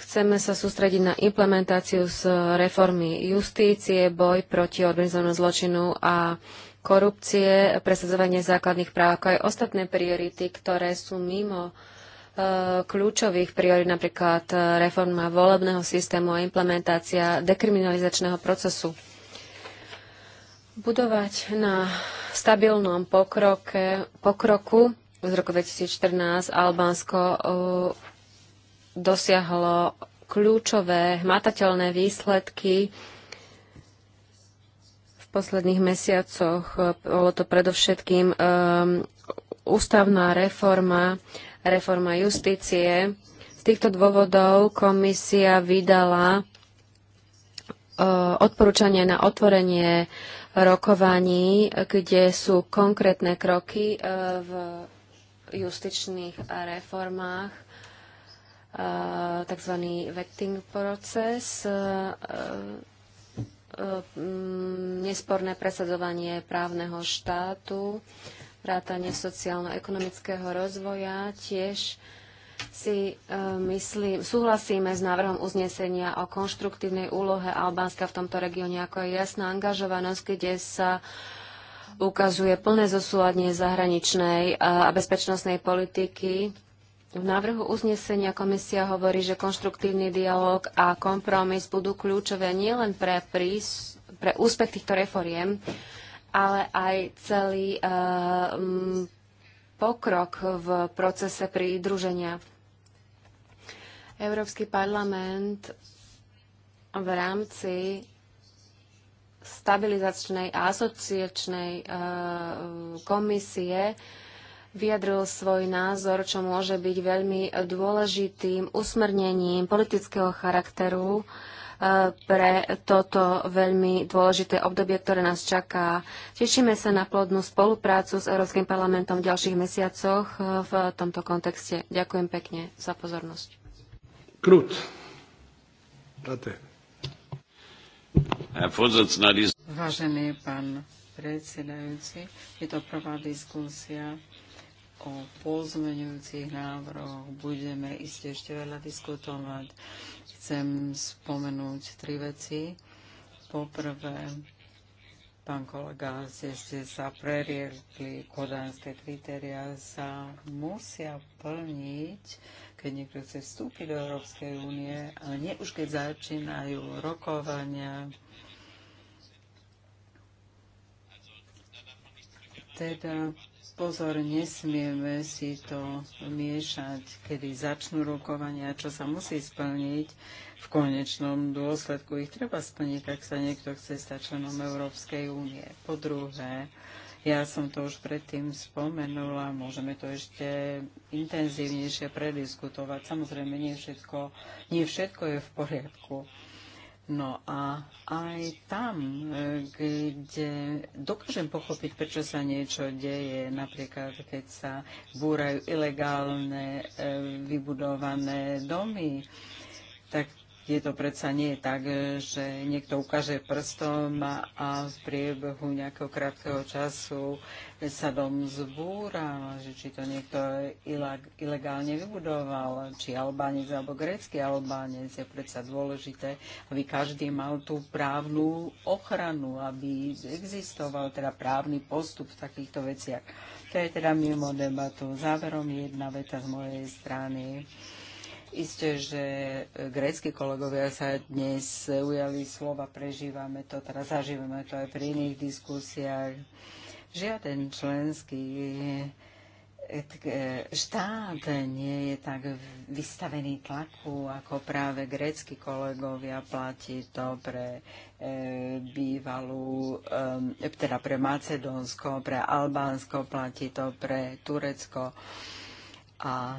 chceme sa sústrediť na implementáciu z reformy justície, boj proti organizovanému zločinu a korupcie, presadzovanie základných práv, ako aj ostatné priority, ktoré sú mimo e, kľúčových priorit, napríklad e, reforma volebného systému a implementácia dekriminalizačného procesu budovať na stabilnom pokroke, pokroku. Z roku 2014 Albánsko uh, dosiahlo kľúčové, hmatateľné výsledky v posledných mesiacoch. Uh, bolo to predovšetkým um, ústavná reforma, reforma justície. Z týchto dôvodov komisia vydala uh, odporúčanie na otvorenie rokovaní, kde sú konkrétne kroky e, v justičných reformách, e, tzv. vetting proces, e, nesporné presadzovanie právneho štátu, vrátanie sociálno-ekonomického rozvoja, tiež si e, myslím, súhlasíme s návrhom uznesenia o konštruktívnej úlohe Albánska v tomto regióne, ako je jasná angažovanosť, kde sa ukazuje plné zosúladenie zahraničnej e, a bezpečnostnej politiky. V návrhu uznesenia komisia hovorí, že konštruktívny dialog a kompromis budú kľúčové nielen pre, prís, pre úspech týchto reforiem, ale aj celý uh, pokrok v procese pridruženia. Európsky parlament v rámci stabilizačnej a asociačnej e, komisie vyjadril svoj názor, čo môže byť veľmi dôležitým usmernením politického charakteru pre toto veľmi dôležité obdobie, ktoré nás čaká. Tešíme sa na plodnú spoluprácu s Európskym parlamentom v ďalších mesiacoch eh, v tomto kontexte. Ďakujem pekne za pozornosť. Krut. Vážený pán predsedajúci, je to prvá diskusia o pozmeňujúcich návrhoch budeme iste ešte veľa diskutovať. Chcem spomenúť tri veci. Poprvé, pán kolega, ste, ste sa preriekli, kodánske kritéria sa musia plniť, keď niekto chce vstúpiť do Európskej únie, ale nie už keď začínajú rokovania, teda pozor, nesmieme si to miešať, kedy začnú rokovania, čo sa musí splniť. V konečnom dôsledku ich treba splniť, ak sa niekto chce stať členom Európskej únie. Po druhé, ja som to už predtým spomenula, môžeme to ešte intenzívnejšie prediskutovať. Samozrejme, nie všetko, nie všetko je v poriadku. No a aj tam, e, kde dokážem pochopiť, prečo sa niečo deje, napríklad keď sa búrajú ilegálne e, vybudované domy, tak je to predsa nie tak, e, že niekto ukáže prstom a v priebehu nejakého krátkeho času sa dom zbúra, že či to niekto ilegálne vybudoval, či Albánec alebo grécky Albánec je predsa dôležité, aby každý mal tú právnu ochranu, aby existoval teda právny postup v takýchto veciach. To je teda mimo debatu. Záverom jedna veta z mojej strany. Isté, že e, grécky kolegovia sa dnes ujali slova, prežívame to, teraz zažívame to aj pri iných diskusiách. Žiaden členský e, e, štát nie je tak vystavený tlaku ako práve grécky kolegovia. Platí to pre e, bývalú, e, teda pre Macedónsko, pre Albánsko, platí to pre Turecko. A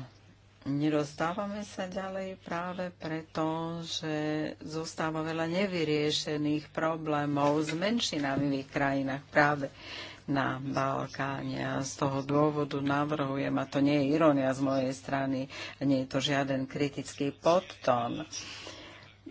Nerozdávame sa ďalej práve preto, že zostáva veľa nevyriešených problémov s menšinami v krajinách práve na Balkáne a z toho dôvodu navrhujem, a to nie je ironia z mojej strany, nie je to žiaden kritický podton,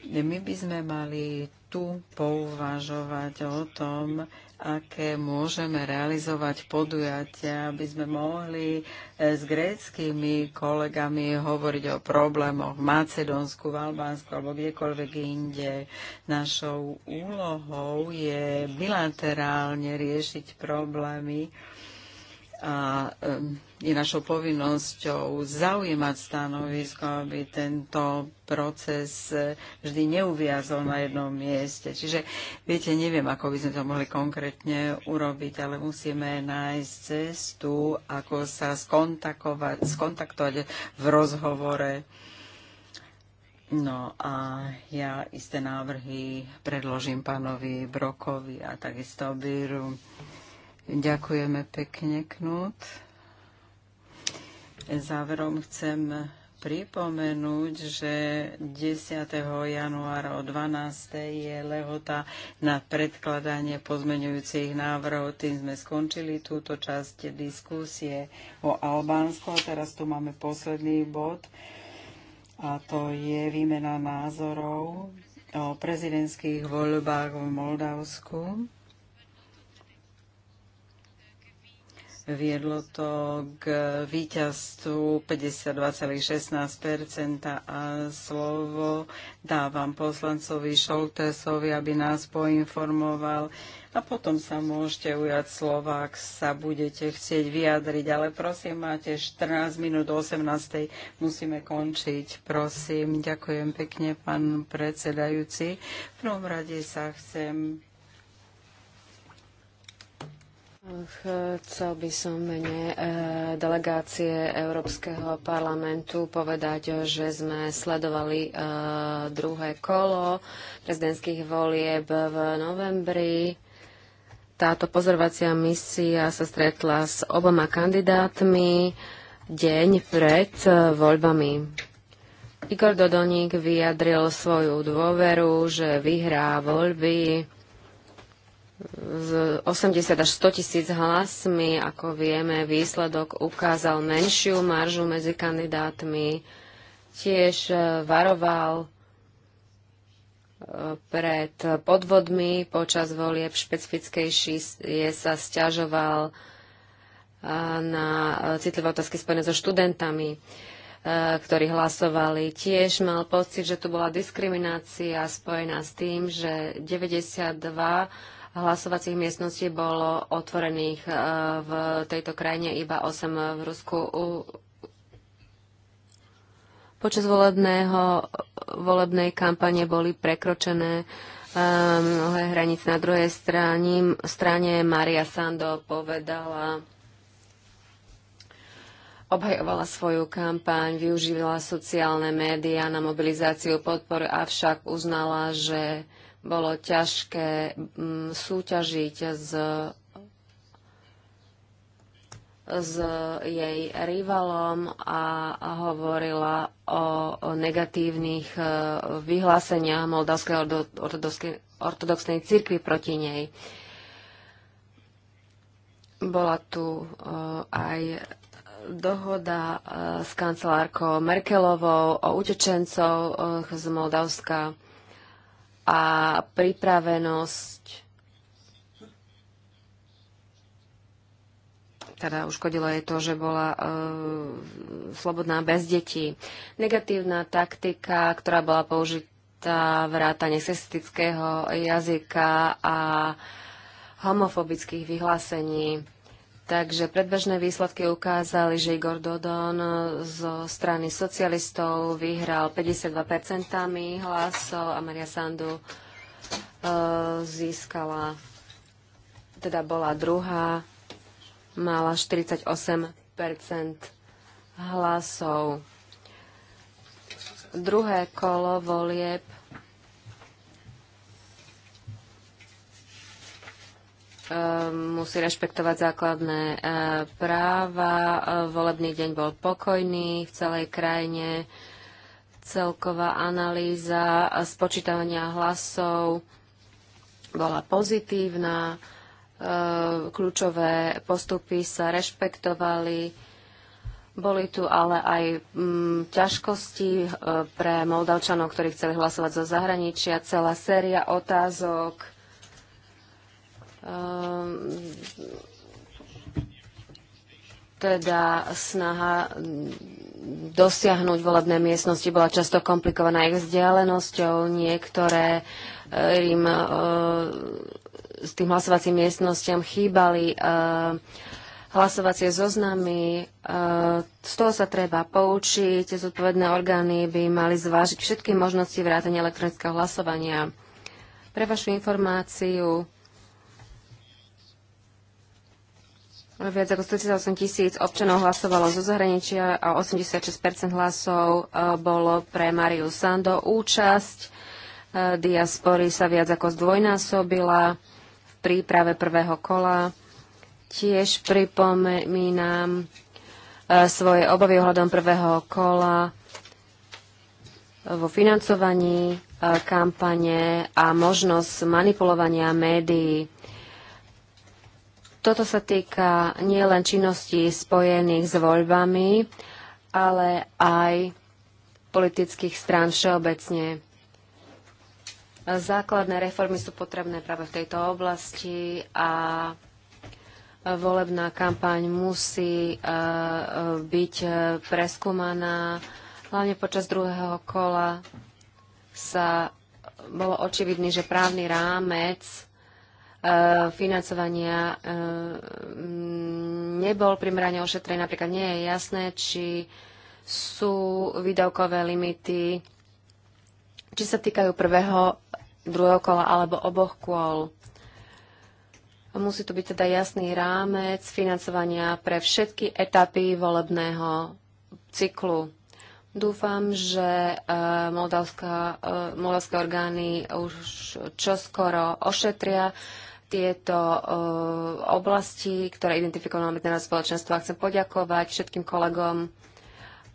My by sme mali tu pouvažovať o tom, aké môžeme realizovať podujatia, aby sme mohli e, s gréckými kolegami hovoriť o problémoch v Macedónsku, v Albánsku alebo kdekoľvek inde. Našou úlohou je bilaterálne riešiť problémy, a je našou povinnosťou zaujímať stanovisko, aby tento proces e, vždy neuviazol na jednom mieste. Čiže, viete, neviem, ako by sme to mohli konkrétne urobiť, ale musíme nájsť cestu, ako sa skontakovať, skontaktovať v rozhovore. No a ja isté návrhy predložím pánovi Brokovi a takisto Bíru. Ďakujeme pekne, Knut. Záverom chcem pripomenúť, že 10. januára o 12. je lehota na predkladanie pozmeňujúcich návrhov. Tým sme skončili túto časť diskusie o Albánsku a teraz tu máme posledný bod a to je výmena názorov o prezidentských voľbách v Moldavsku. Viedlo to k víťazstvu 52,16 a slovo dávam poslancovi Šoltesovi, aby nás poinformoval a potom sa môžete ujať slova, ak sa budete chcieť vyjadriť. Ale prosím, máte 14 minút 18. Musíme končiť. Prosím, ďakujem pekne, pán predsedajúci. V prvom rade sa chcem Chcel by som mene e, delegácie Európskeho parlamentu povedať, že sme sledovali e, druhé kolo prezidentských volieb v novembri. Táto pozorovacia misia sa stretla s oboma kandidátmi deň pred e, voľbami. Igor Dodoník vyjadril svoju dôveru, že vyhrá voľby z 80 až 100 tisíc hlasmi, ako vieme, výsledok ukázal menšiu maržu medzi kandidátmi, tiež e, varoval e, pred podvodmi počas volieb špecifickejší je sa stiažoval e, na citlivé otázky spojené so študentami, ktorí hlasovali. Tiež mal pocit, že tu bola diskriminácia spojená s tým, že 92 hlasovacích miestností bolo otvorených e, v tejto krajine iba 8 v Rusku. Počas volebného, volebnej kampane boli prekročené e, mnohé hranice. Na druhej strane, strane Maria Sando povedala, obhajovala svoju kampaň, využívala sociálne médiá na mobilizáciu podpory, avšak uznala, že bolo ťažké mm, súťažiť s, s jej rivalom a hovorila o, o negatívnych e, vyhláseniach Moldavskej ortodoxnej cirkvi proti nej. Bola tu e, aj dohoda e, s kancelárkou Merkelovou o utečencov z Moldavska a pripravenosť teda uškodilo jej to, že bola e, slobodná bez detí. Negatívna taktika, ktorá bola použitá vrátane sexistického jazyka a homofobických vyhlásení Takže predbežné výsledky ukázali, že Igor Dodon eh, zo strany socialistov vyhral 52% hlasov a Maria Sandu eh, získala, teda bola druhá, mala 48% hlasov. Druhé kolo volieb Ehm, musí rešpektovať základné eh, práva. Eh, volebný deň bol pokojný v celej krajine. Celková analýza eh, spočítavania hlasov bola pozitívna. Kľúčové postupy sa rešpektovali. Boli tu ale aj mm, ťažkosti pre Moldavčanov, ktorí chceli hlasovať zo zahraničia, celá séria otázok Ehm, teda snaha dosiahnuť volebné miestnosti bola často komplikovaná ich vzdialenosťou. Niektoré eh, im eh, s tým hlasovacím miestnostiam chýbali eh, hlasovacie zoznamy. z toho sa treba poučiť. Zodpovedné orgány by mali zvážiť všetky možnosti vrátania elektronického hlasovania. Pre vašu informáciu, Viac ako 138 tisíc občanov hlasovalo zo zahraničia a 86 hlasov e, bolo pre Mariu Sando. Účasť e, diaspory sa viac ako zdvojnásobila v príprave prvého kola. Tiež pripomínam e, svoje obavy ohľadom prvého kola vo financovaní kampane a možnosť manipulovania médií. Toto sa týka nielen činností spojených s voľbami, ale aj politických strán všeobecne. Základné reformy sú potrebné práve v tejto oblasti a volebná kampaň musí e, byť e, preskúmaná. Hlavne počas druhého kola sa bolo očividný, že právny rámec Eh, financovania eh, nebol primerane ošetrený. Napríklad nie je jasné, či sú výdavkové limity, či sa týkajú prvého, druhého kola alebo oboch kôl. Musí tu byť teda jasný rámec financovania pre všetky etapy volebného cyklu. Dúfam, že eh, moldavské orgány už čoskoro ošetria tieto eh, oblasti, ktoré identifikovala medzinárodné spoločenstvo. A chcem poďakovať všetkým kolegom,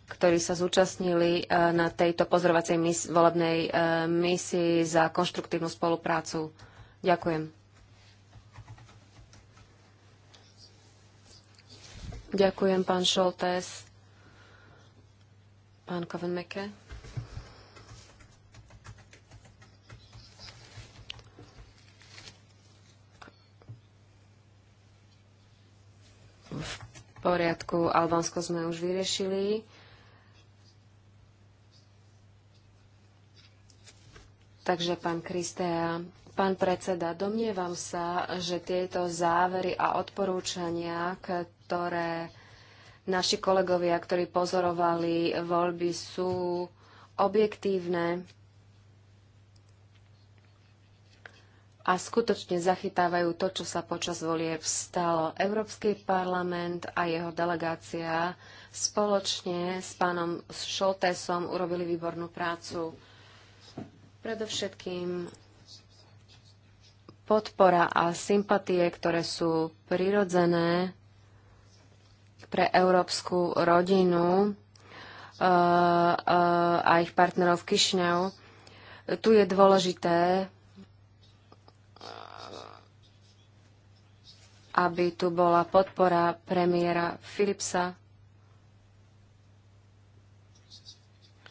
ktorí sa zúčastnili eh, na tejto pozorovacej mis- volebnej eh, misii za konštruktívnu spoluprácu. Ďakujem. Ďakujem, pán Šoltes. Pán Kovenmeke. V poriadku, Albánsko sme už vyriešili. Takže pán Kristea, pán predseda, domnievam sa, že tieto závery a odporúčania, ktoré naši kolegovia, ktorí pozorovali voľby, sú objektívne a skutočne zachytávajú to, čo sa počas volie vstalo. Európsky parlament a jeho delegácia spoločne s pánom Šoltésom urobili výbornú prácu. Predovšetkým podpora a sympatie, ktoré sú prirodzené pre európsku rodinu e, e, a ich partnerov v Tu je dôležité aby tu bola podpora premiéra Philipsa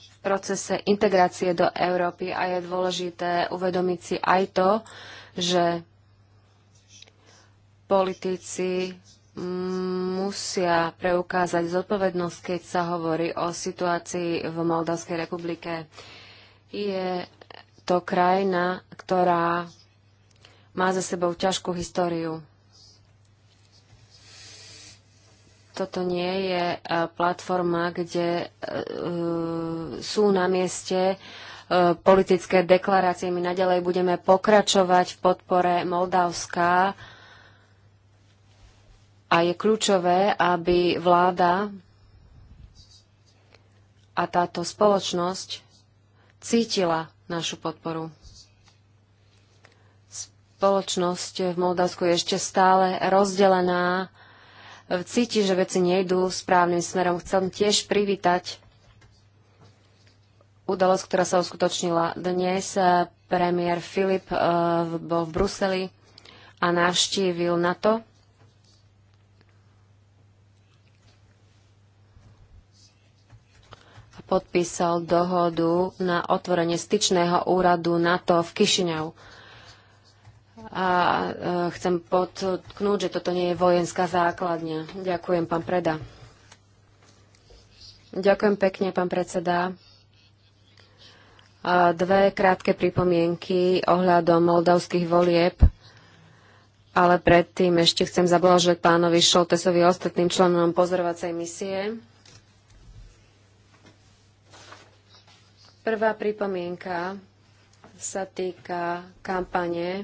v procese integrácie do Európy a je dôležité uvedomiť si aj to, že politici musia preukázať zodpovednosť, keď sa hovorí o situácii v Moldavskej republike. Je to krajina, ktorá má za sebou ťažkú históriu. toto nie je e, platforma, kde e, e, sú na mieste politické deklarácie. My naďalej budeme pokračovať v podpore Moldavska a je kľúčové, aby vláda a táto spoločnosť cítila našu podporu. Spoločnosť v Moldavsku je ešte stále rozdelená cíti, že veci nejdú správnym smerom. Chcem tiež privítať udalosť, ktorá sa uskutočnila dnes. Premiér Filip eh, bol v Bruseli a navštívil NATO. podpísal dohodu na otvorenie styčného úradu NATO v Kišiňau. A e, chcem podknúť, že toto nie je vojenská základňa. Ďakujem, pán Preda. Ďakujem pekne, pán predseda. Dve krátke pripomienky ohľadom moldavských volieb. Ale predtým ešte chcem zablažovať pánovi Šoltesovi a ostatným členom pozorovacej misie. Prvá pripomienka sa týka kampane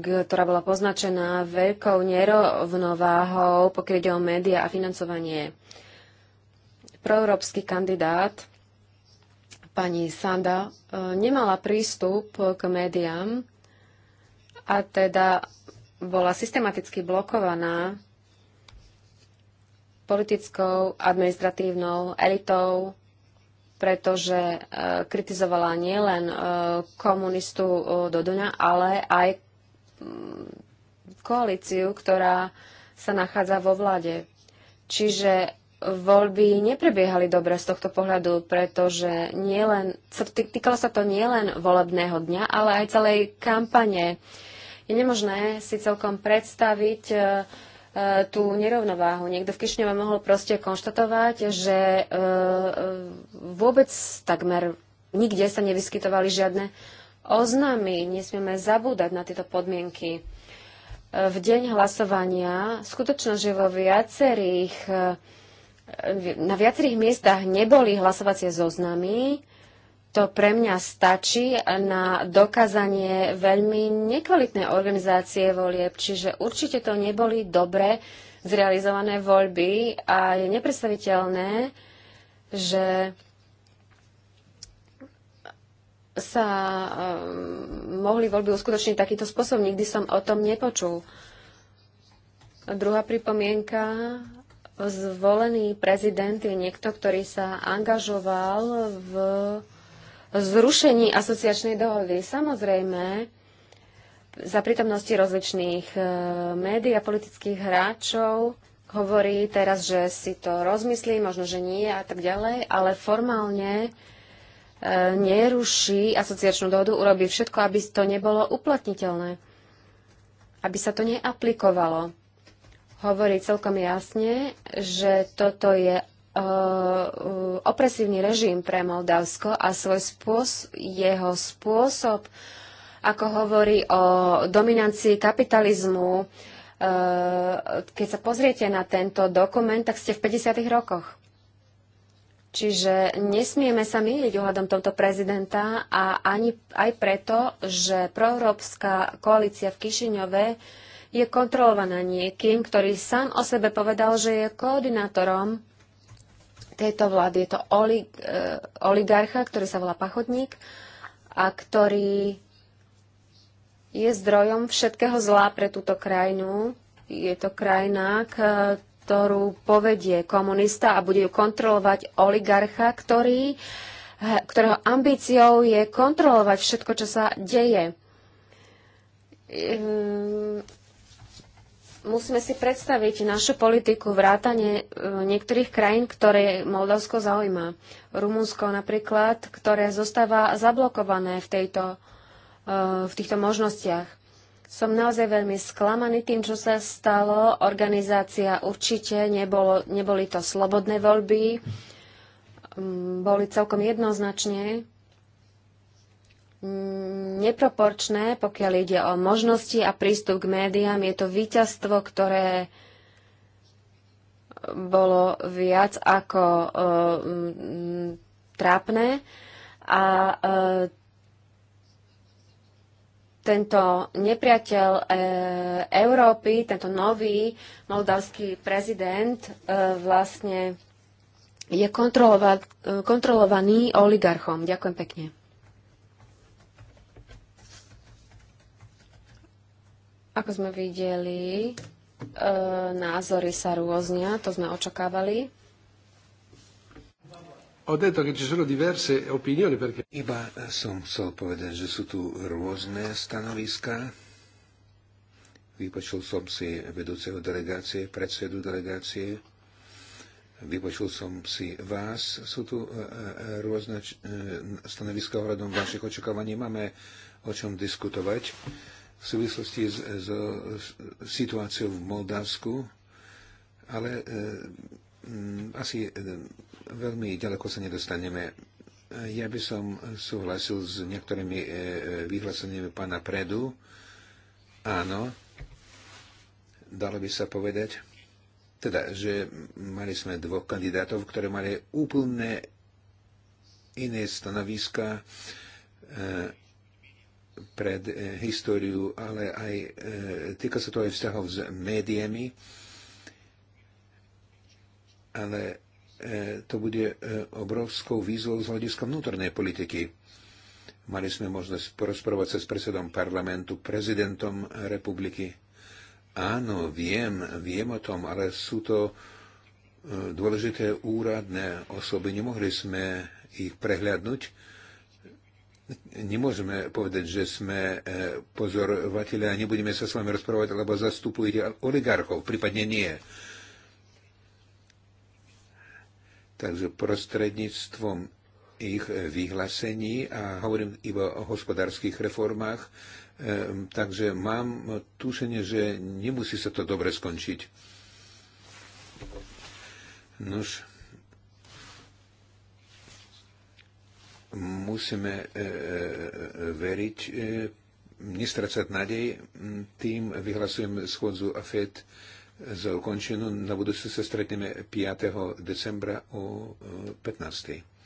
ktorá bola poznačená veľkou nerovnováhou, pokiaľ ide o médiá a financovanie. Proeurópsky kandidát pani Sanda e, nemala prístup k médiám a teda bola systematicky blokovaná politickou, administratívnou elitou, pretože e, kritizovala nielen e, komunistu Dodona, ale aj koalíciu, ktorá sa nachádza vo vláde. Čiže voľby neprebiehali dobre z tohto pohľadu, pretože nielen, týkalo sa to nielen volebného dňa, ale aj celej kampane. Je nemožné si celkom predstaviť e, e, tú nerovnováhu. Niekto v Kišňove mohol proste konštatovať, že e, vôbec takmer nikde sa nevyskytovali žiadne oznámi, Nesmieme zabúdať na tieto podmienky. V deň hlasovania skutočno, že vo viacerých, na viacerých miestach neboli hlasovacie zoznamy, to pre mňa stačí na dokázanie veľmi nekvalitnej organizácie volieb, čiže určite to neboli dobre zrealizované voľby a je nepredstaviteľné, že sa ehm, mohli voľby uskutočniť takýto spôsob. Nikdy som o tom nepočul. A druhá pripomienka. Zvolený prezident je niekto, ktorý sa angažoval v zrušení asociačnej dohody. Samozrejme, za prítomnosti rozličných ehm, médií a politických hráčov hovorí teraz, že si to rozmyslí, možno, že nie a tak ďalej, ale formálne E, neruší asociačnú dohodu, urobí všetko, aby to nebolo uplatniteľné, aby sa to neaplikovalo. Hovorí celkom jasne, že toto je e, e, opresívny režim pre Moldavsko a svoj spôsob, jeho spôsob, ako hovorí o dominancii kapitalizmu, keď sa pozriete na tento dokument, tak ste v 50. rokoch. Čiže nesmieme sa myliť ohľadom tohto prezidenta a ani aj preto, že proeurópska koalícia v Kišiňove je kontrolovaná niekým, ktorý sám o sebe povedal, že je koordinátorom tejto vlády. Je to olig, eh, oligarcha, ktorý sa volá Pachodník a ktorý je zdrojom všetkého zla pre túto krajinu. Je to krajina, ktorú povedie komunista a bude ju kontrolovať oligarcha, ktorý, ktorého ambíciou je kontrolovať všetko, čo sa deje. Ehm, musíme si predstaviť našu politiku vrátane e, niektorých krajín, ktoré Moldavsko zaujíma. Rumunsko napríklad, ktoré zostáva zablokované v, tejto, e, v týchto možnostiach som naozaj veľmi sklamaný tým, čo sa stalo. Organizácia určite nebolo, neboli to slobodné voľby. Mm, boli celkom jednoznačne mm, neproporčné, pokiaľ ide o možnosti a prístup k médiám. Je to víťazstvo, ktoré bolo viac ako uh, trápne a eh, tento nepriateľ e, Európy, tento nový moldavský prezident e, vlastne je kontrolova- kontrolovaný oligarchom. Ďakujem pekne. Ako sme videli, e, názory sa rôznia, to sme očakávali. Ho detto che ci sono diverse opinioni perché... Iba som chcel povedať, že sú tu rôzne stanoviska. Vypočul som si vedúceho delegácie, predsedu delegácie. Vypočul som si vás. Sú tu e, e, rôzne e, stanoviská ohľadom vašich očakávaní. Máme o čom diskutovať v súvislosti s situáciou v Moldavsku, ale Mm, asi eh, veľmi ďaleko sa nedostaneme. Eh, ja by som súhlasil s niektorými eh, vyhláseniami pána Predu. Áno, dalo by sa povedať, teda, že mali sme dvoch kandidátov, ktoré mali úplne iné stanoviska pred históriu, ale aj týka sa to aj vzťahov s médiami ale e, to bude e, obrovskou výzvou z hľadiska vnútornej politiky. Mali sme možnosť porozprávať sa s predsedom parlamentu, prezidentom republiky. Áno, viem, viem o tom, ale sú to e, dôležité úradné osoby. Nemohli sme ich prehľadnúť. Nemôžeme povedať, že sme pozorovateľi a nebudeme sa s vami rozprávať, lebo zastupujete oligarchov, prípadne nie. Takže prostredníctvom ich eh, vyhlásení a hovorím iba o hospodárskych reformách, eh, takže mám tušenie, že nemusí sa to dobre skončiť. Nož, musíme e, veriť, e, nestracať nádej, hm, tým vyhlasujem schôdzu AFED za ukončenú. Na budúce sa stretneme 5. decembra o 15.